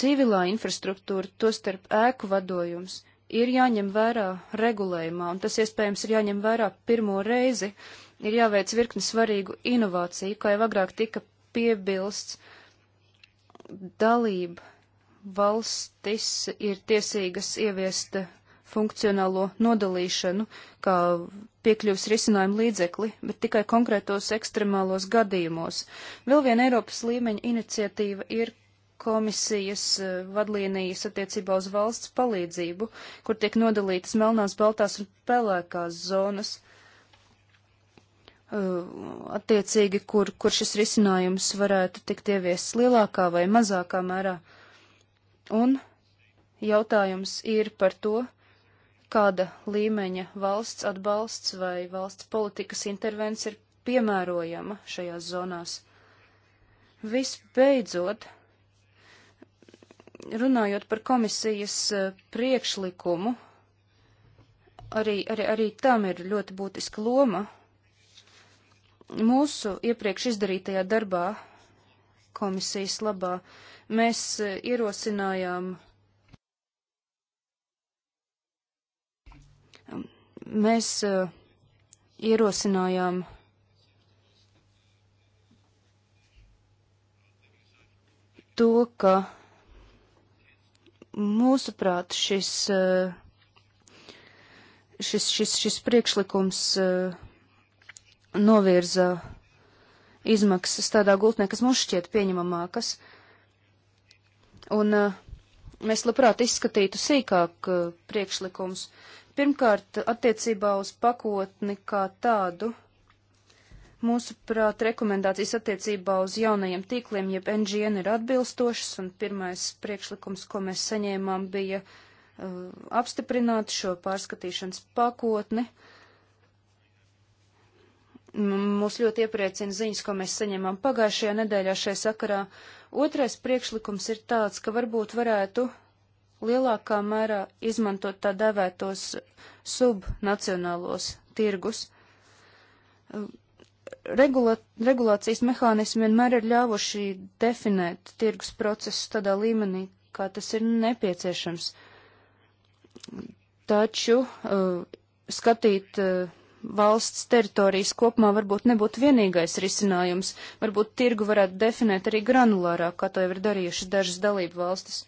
B: Civilā infrastruktūra, tostarp ēku vadojums, ir jāņem vērā regulējumā, un tas iespējams ir jāņem vērā pirmo reizi, ir jāveic virkni svarīgu inovāciju, kā jau agrāk tika piebilsts, dalība valstis ir tiesīgas ieviest funkcionālo nodalīšanu kā piekļuvs risinājumu līdzekli, bet tikai konkrētos ekstremālos gadījumos. Vēl viena Eiropas līmeņa iniciatīva ir komisijas eh, vadlīnijas attiecībā uz valsts palīdzību, kur tiek nodalītas melnās, baltās un pelēkās zonas, eh, attiecīgi, kur, kur šis risinājums varētu tikt ieviests lielākā vai mazākā mērā. Un jautājums ir par to, kāda līmeņa valsts atbalsts vai valsts politikas intervents ir piemērojama šajās zonās. Visbeidzot, runājot par komisijas eh, priekšlikumu, arī, arī, arī tam ir ļoti būtiska loma. Mūsu iepriekš izdarītajā darbā komisijas labā. Mēs e, ierosinājām. Mēs e, ierosinājām. To, ka mūsuprāt šis, e, šis, šis, šis priekšlikums novirza izmaksas tādā gultnē, kas mums šķiet pieņemamākas. Un eh, mēs labprāt izskatītu sīkāk eh, priekšlikums. Pirmkārt, attiecībā uz pakotni kā tādu, mūsuprāt, rekomendācijas attiecībā uz jaunajiem tīkliem, jeb NGN ir atbilstošas, un pirmais priekšlikums, ko mēs saņēmām, bija uh, apstiprināt šo pārskatīšanas pakotni. Uh, Mūs ļoti iepriecina ziņas, ko mēs saņemam pagājušajā nedēļā šai sakarā. Otrais priekšlikums ir tāds, ka varbūt varētu lielākā mērā izmantot tā dēvētos subnacionālos tirgus. Regula, regulācijas mehānismi vienmēr ir ļāvuši definēt tirgus procesus tādā līmenī, kā tas ir nepieciešams. Taču uh, skatīt uh, valsts teritorijas kopumā varbūt nebūtu vienīgais risinājums. Varbūt tirgu varētu definēt arī granulārāk, kā to jau ir darījuši dažas dalību valstis.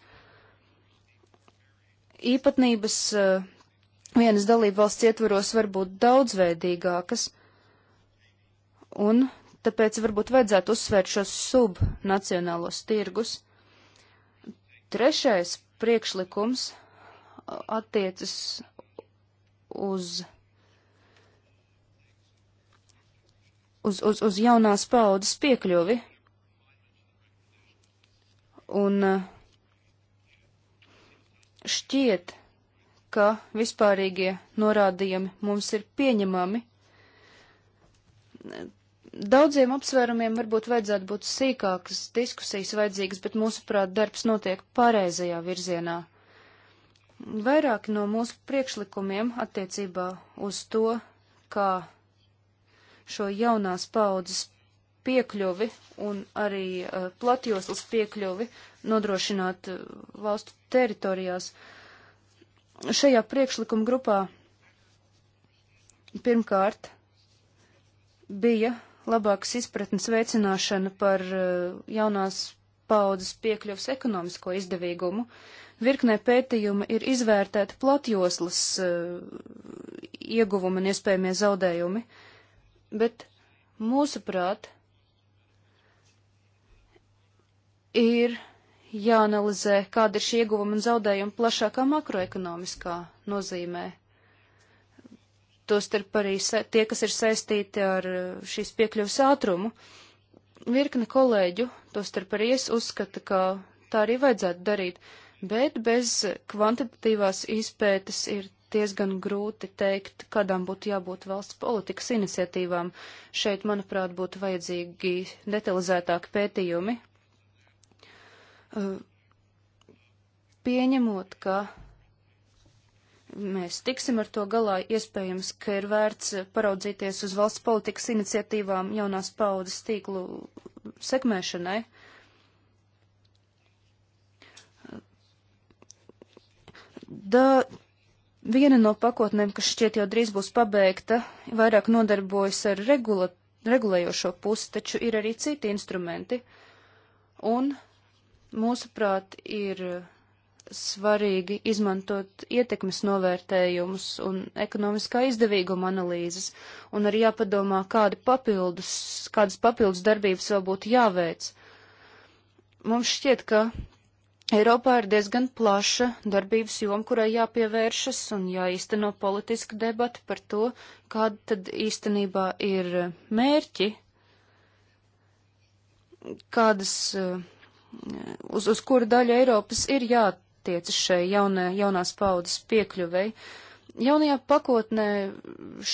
B: Īpatnības eh, vienas dalību valsts ietvaros var būt daudzveidīgākas, un tāpēc varbūt vajadzētu uzsvērt šos subnacionālos tirgus. Trešais priekšlikums attiecas uz uz, uz, uz jaunās paudzes piekļuvi. Un eh, šķiet, ka vispārīgie norādījumi mums ir pieņemami. Daudziem apsvērumiem varbūt vajadzētu būt sīkākas diskusijas vajadzīgas, bet mūsuprāt darbs notiek pareizajā virzienā. Vairāki no mūsu priekšlikumiem attiecībā uz to, kā šo jaunās paudzes piekļuvi un arī uh, platjoslas piekļuvi nodrošināt uh, valstu teritorijās. Šajā priekšlikuma grupā pirmkārt bija labākas izpratnes veicināšana par uh, jaunās paudzes piekļuvas ekonomisko izdevīgumu. Virknē pētījuma ir izvērtēta platjoslas ieguvuma un iespējamie zaudējumi. Uh, bet mūsuprāt ir jāanalizē, kāda ir šī ieguvuma un zaudējuma plašākā makroekonomiskā nozīmē. Tostarp arī tie, kas ir saistīti ar uh, šīs piekļuvas ātrumu. Virkne kolēģu, tostarp arī es uzskatu, ka tā arī vajadzētu darīt, bet bez kvantitatīvās izpētes ir diezgan grūti teikt, kādām būtu jābūt valsts politikas iniciatīvām. Šeit, manuprāt, būtu vajadzīgi detalizētāki pētījumi. Uh, pieņemot, ka mēs tiksim ar to galā, iespējams, ka ir vērts paraudzīties uz valsts politikas iniciatīvām jaunās paudzes tīklu sekmēšanai. Da, Viena no pakotnēm, kas šķiet jau drīz būs pabeigta, vairāk nodarbojas ar regula, regulējošo pusi, taču ir arī citi instrumenti. Un, mūsuprāt, ir svarīgi izmantot ietekmes novērtējumus un ekonomiskā izdevīguma analīzes, un arī jāpadomā, kādi papildus, kādas papildus darbības vēl būtu jāveic. Mums šķiet, ka Eiropā ir diezgan plaša darbības joma, kurai jāpievēršas un jāīsteno politiska debata par to, kāda tad īstenībā ir mērķi, kādas, eh, uz, uz kuru daļu Eiropas ir jātiecas šai jaunē, jaunās paudzes piekļuvei. Jaunajā pakotnē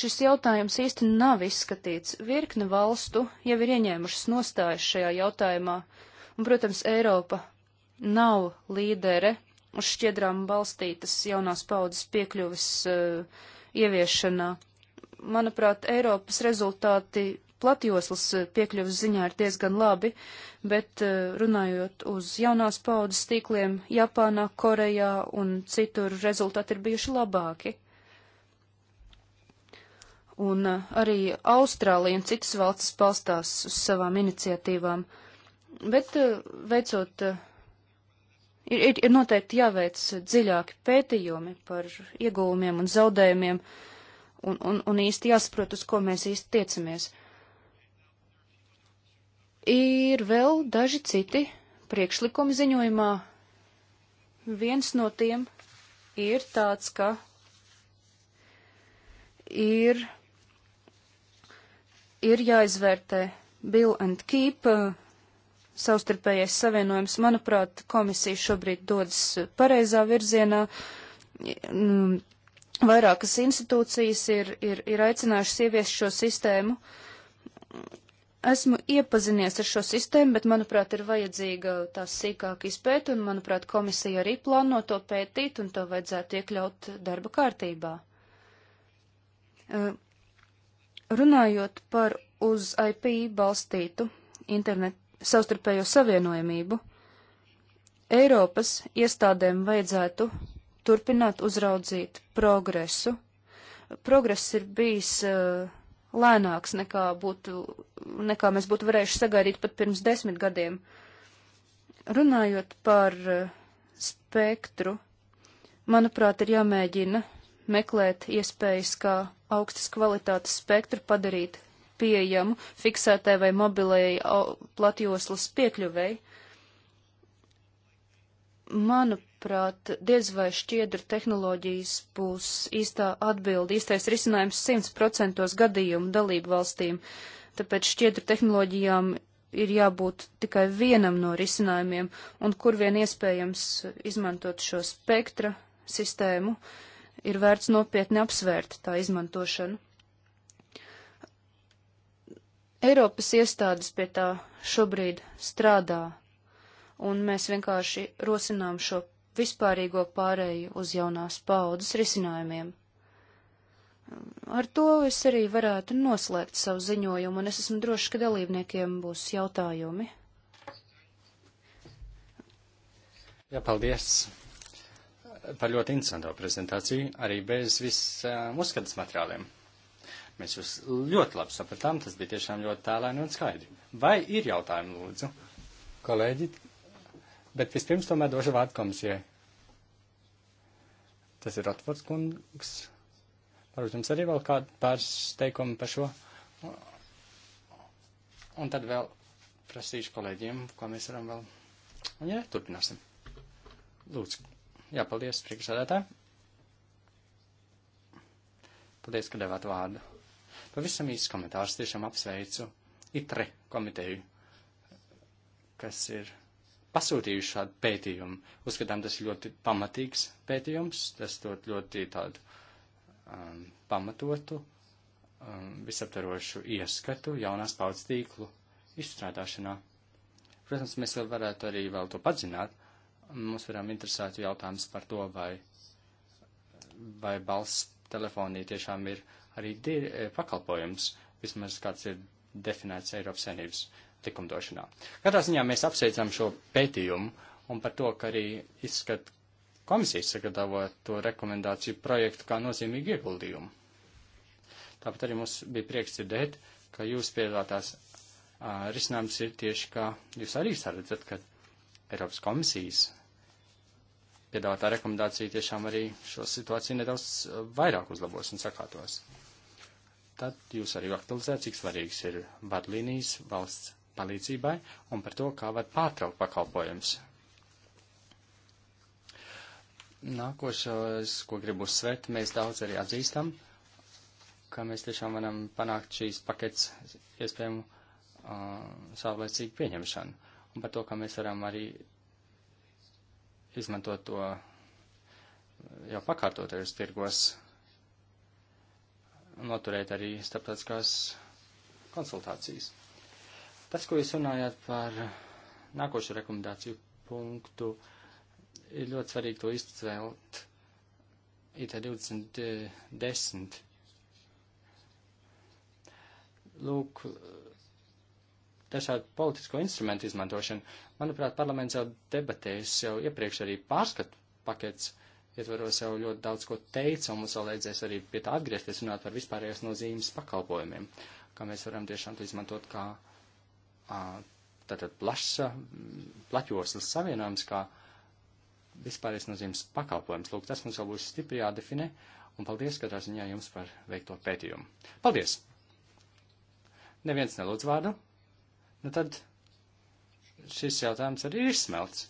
B: šis jautājums īsti nav izskatīts. Virkne valstu jau ir ieņēmušas nostājas šajā jautājumā, un, protams, Eiropa nav līdere uz šķiedrām balstītas jaunās paudzes piekļuvis uh, ieviešanā. Manuprāt, Eiropas rezultāti platjoslas eh, piekļuvas ziņā ir diezgan labi, bet eh, runājot uz jaunās paudzes tīkliem, Japānā, Korejā un citur rezultāti ir bijuši labāki. Un arī Austrālija un citas valstis palstās uz savām iniciatīvām, bet veicot ir, ir, ir noteikti jāveic dziļāki pētījumi par ieguvumiem un zaudējumiem un, un, un īsti jāsaprot, uz ko mēs īsti tiecamies. Ir vēl daži citi priekšlikumi ziņojumā. Viens no tiem ir tāds, ka ir, ir jāizvērtē Bill and Keep savstarpējais savienojums. Manuprāt, komisija šobrīd dodas pareizā virzienā. Mm, vairākas institūcijas ir, ir, ir aicinājušas ieviest šo sistēmu. Esmu iepazinies ar šo sistēmu, bet, manuprāt, ir vajadzīga tā sīkāka izpēta, un, manuprāt, komisija arī plāno to pētīt, un to vajadzētu iekļaut darba kārtībā. Runājot par uz IP balstītu internetu savstarpējo savienojamību. Eiropas iestādēm vajadzētu turpināt uzraudzīt progresu. Progress ir bijis uh, lēnāks nekā, būtu, nekā mēs būtu varējuši sagaidīt pat pirms desmit gadiem. Runājot par uh, spektru, manuprāt, ir jāmēģina meklēt iespējas, kā augstas kvalitātes spektru padarīt pieejamu fiksētai vai mobilai platjoslas piekļuvei. Manuprāt, diez vai šķiedra tehnoloģijas būs īstā atbilde, īstais risinājums 100% gadījumu dalību valstīm, tāpēc šķiedra tehnoloģijām ir jābūt tikai vienam no risinājumiem, un kur vien iespējams izmantot šo spektra sistēmu, ir vērts nopietni apsvērt tā izmantošanu. Eiropas iestādes pie tā šobrīd strādā, un mēs vienkārši rosinām šo vispārīgo pārēju uz jaunās paudzes risinājumiem. Ar to es arī varētu noslēgt savu ziņojumu, un es esmu droši, ka dalībniekiem būs jautājumi.
A: Jā, paldies par ļoti interesanto prezentāciju, arī bez visiem uh, uzskatas materiāliem. Mēs jūs ļoti labi sapratām, tas bija tiešām ļoti tēlēni un skaidri. Vai ir jautājumi, lūdzu, kolēģi? Bet vispirms tomēr došu vārdu komisijai. Tas ir Rotfords kungs. Varbūt jums arī vēl kādu pāris teikumi par šo. Un tad vēl prasīšu kolēģiem, ko mēs varam vēl. Un jā, turpināsim. Lūdzu. Jā, paldies, priekšsēdētāji. Paldies, ka devāt vārdu visam īsts komentārs. Tiešām apsveicu ITRE komiteju, kas ir pasūtījuši šādu pētījumu. Uzskatām, tas ir ļoti pamatīgs pētījums, tas dot ļoti tādu um, pamatotu, um, visaptarošu ieskatu jaunās paudzes tīklu izstrādāšanā. Protams, mēs vēl varētu arī vēl to padzināt. Mums varam interesēt jautājums par to, vai, vai balss telefonī tiešām ir arī eh, pakalpojums, vismaz kāds ir definēts Eiropas saimnības likumdošanā. Katrā ziņā mēs apsveicam šo pētījumu un par to, ka arī izskat komisijas sagatavo to rekomendāciju projektu kā nozīmīgu ieguldījumu. Tāpat arī mums bija prieks dzirdēt, ka jūs piedāvātās risinājums ir tieši, ka jūs arī saredzat, ka Eiropas komisijas piedāvātā rekomendācija tiešām arī šo situāciju nedaudz vairāk uzlabos un sakātos tad jūs arī aktualizējat, cik svarīgs ir vadlīnijas valsts palīdzībai un par to, kā var pārtraukt pakalpojums. Nākošais, ko gribu uzsvērt, mēs daudz arī atzīstam, ka mēs tiešām varam panākt šīs paketes iespējumu uh, savlaicīgu pieņemšanu un par to, ka mēs varam arī izmantot to jau pakārtotajos tirgos noturēt arī starptautiskās konsultācijas. Tas, ko jūs runājāt par nākošo rekomendāciju punktu, ir ļoti svarīgi to izcelt IT 2010. Lūk, dažādu politisko instrumentu izmantošana. Manuprāt, parlaments jau debatēs jau iepriekš arī pārskatu pakets uh, ietvaros jau ļoti daudz ko teica, un mums vēl vajadzēs arī pie tā atgriezties runāt par vispārējās nozīmes pakalpojumiem, kā mēs varam tiešām to izmantot kā tātad plaša, plaķoslas savienojums, kā vispārējās nozīmes pakalpojums. Lūk, tas mums vēl būs stipri jādefinē, un paldies katrā ziņā jums par veikto pētījumu. Paldies! Neviens nelūdz vārdu. Nu tad šis jautājums arī ir izsmelts.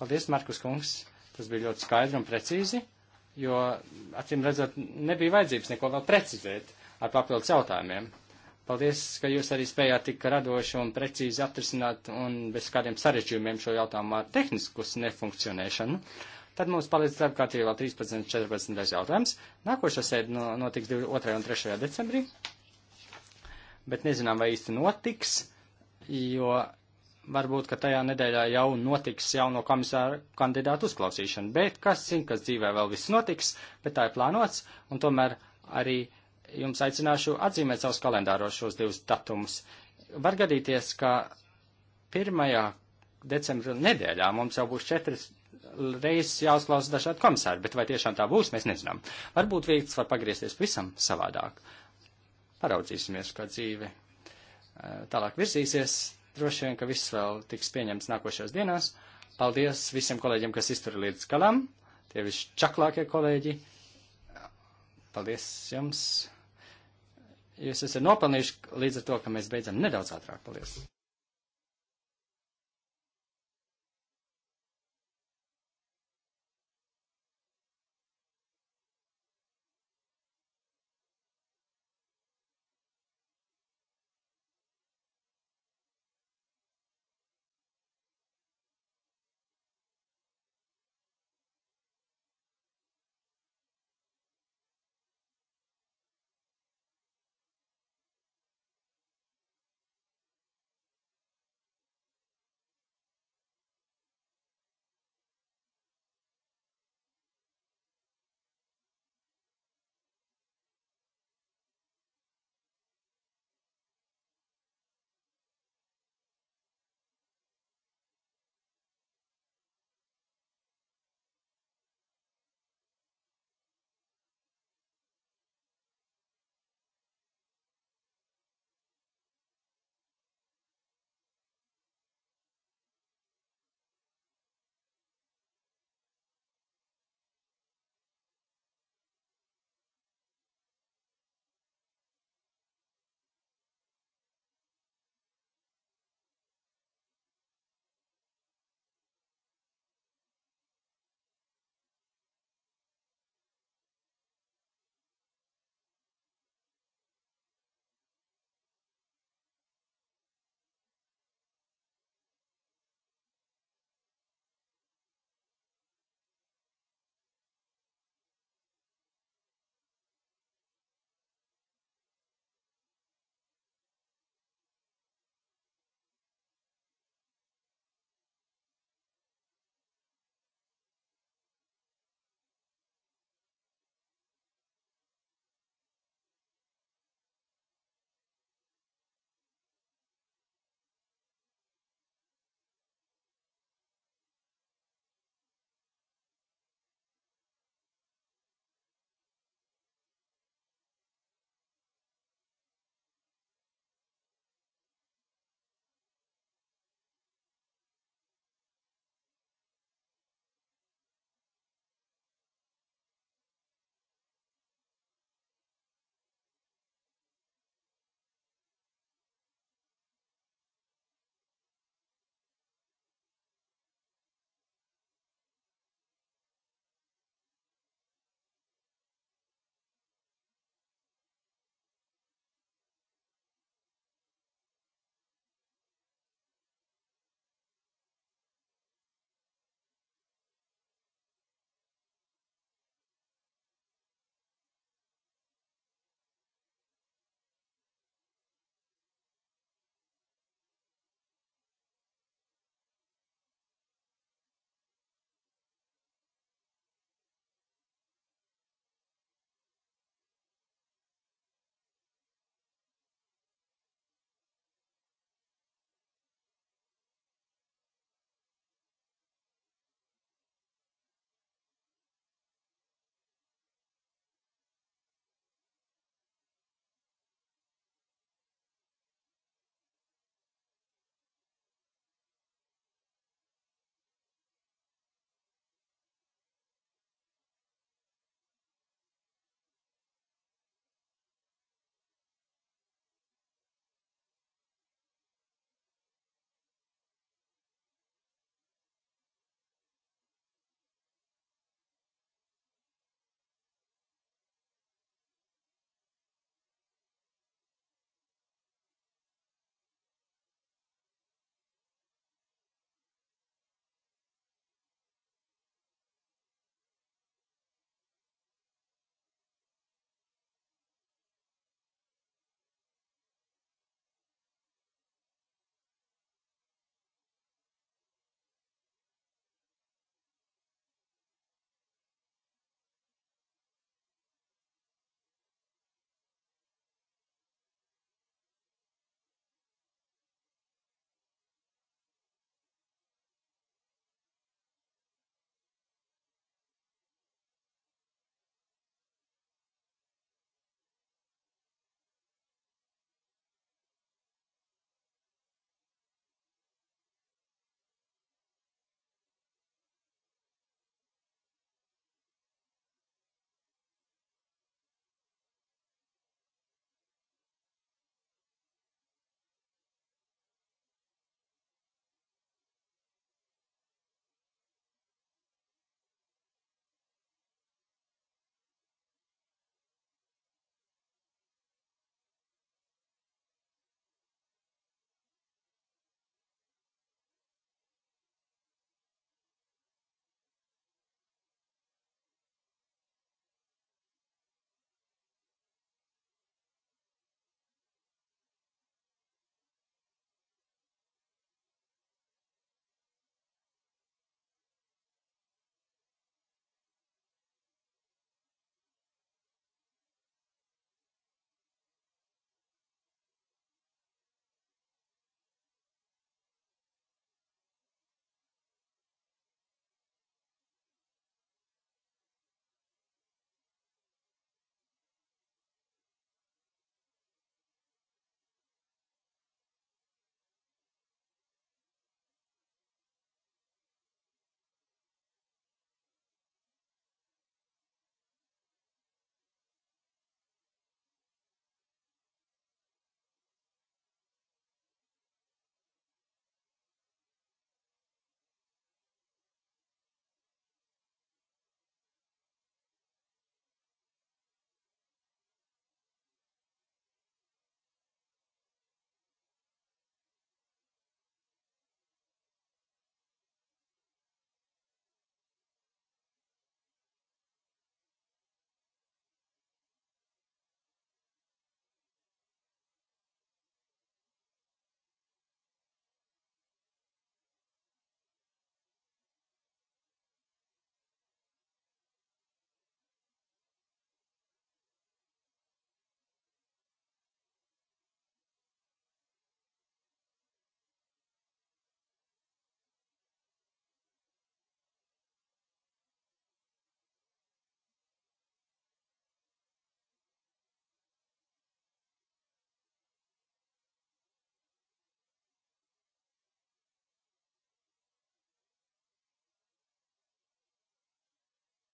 A: Paldies, Markus Kungs! Tas bija ļoti skaidri un precīzi, jo, atcīm redzot, nebija vajadzības neko vēl precizēt ar papildus jautājumiem. Paldies, ka jūs arī spējāt tik radoši un precīzi atrisināt un bez kādiem sarežģījumiem šo jautājumu ar tehniskus nefunkcionēšanu. Tad mums paliec darba kārtībā 13. un 14. jautājums. Nākošais sēde notiks 2. un 3. decembrī, bet nezinām, vai īsti notiks, jo varbūt, ka tajā nedēļā jau notiks jauno komisāru kandidātu uzklausīšana, bet kas zina, kas dzīvē vēl viss notiks, bet tā ir plānots, un tomēr arī jums aicināšu atzīmēt savus kalendāros šos divus datumus. Var gadīties, ka pirmajā decembra nedēļā mums jau būs četras reizes jāuzklausa dažādi komisāri, bet vai tiešām tā būs, mēs nezinām. Varbūt vietas var pagriezties visam savādāk. Paraudzīsimies, kā dzīve eh, tālāk virzīsies Droši vien, ka viss vēl tiks pieņemts nākošajās dienās. Paldies visiem kolēģiem, kas iztur līdz galam. Tie visčaklākie kolēģi. Paldies jums. Jūs esat nopelnījuši līdz ar to, ka mēs beidzam nedaudz ātrāk. Paldies.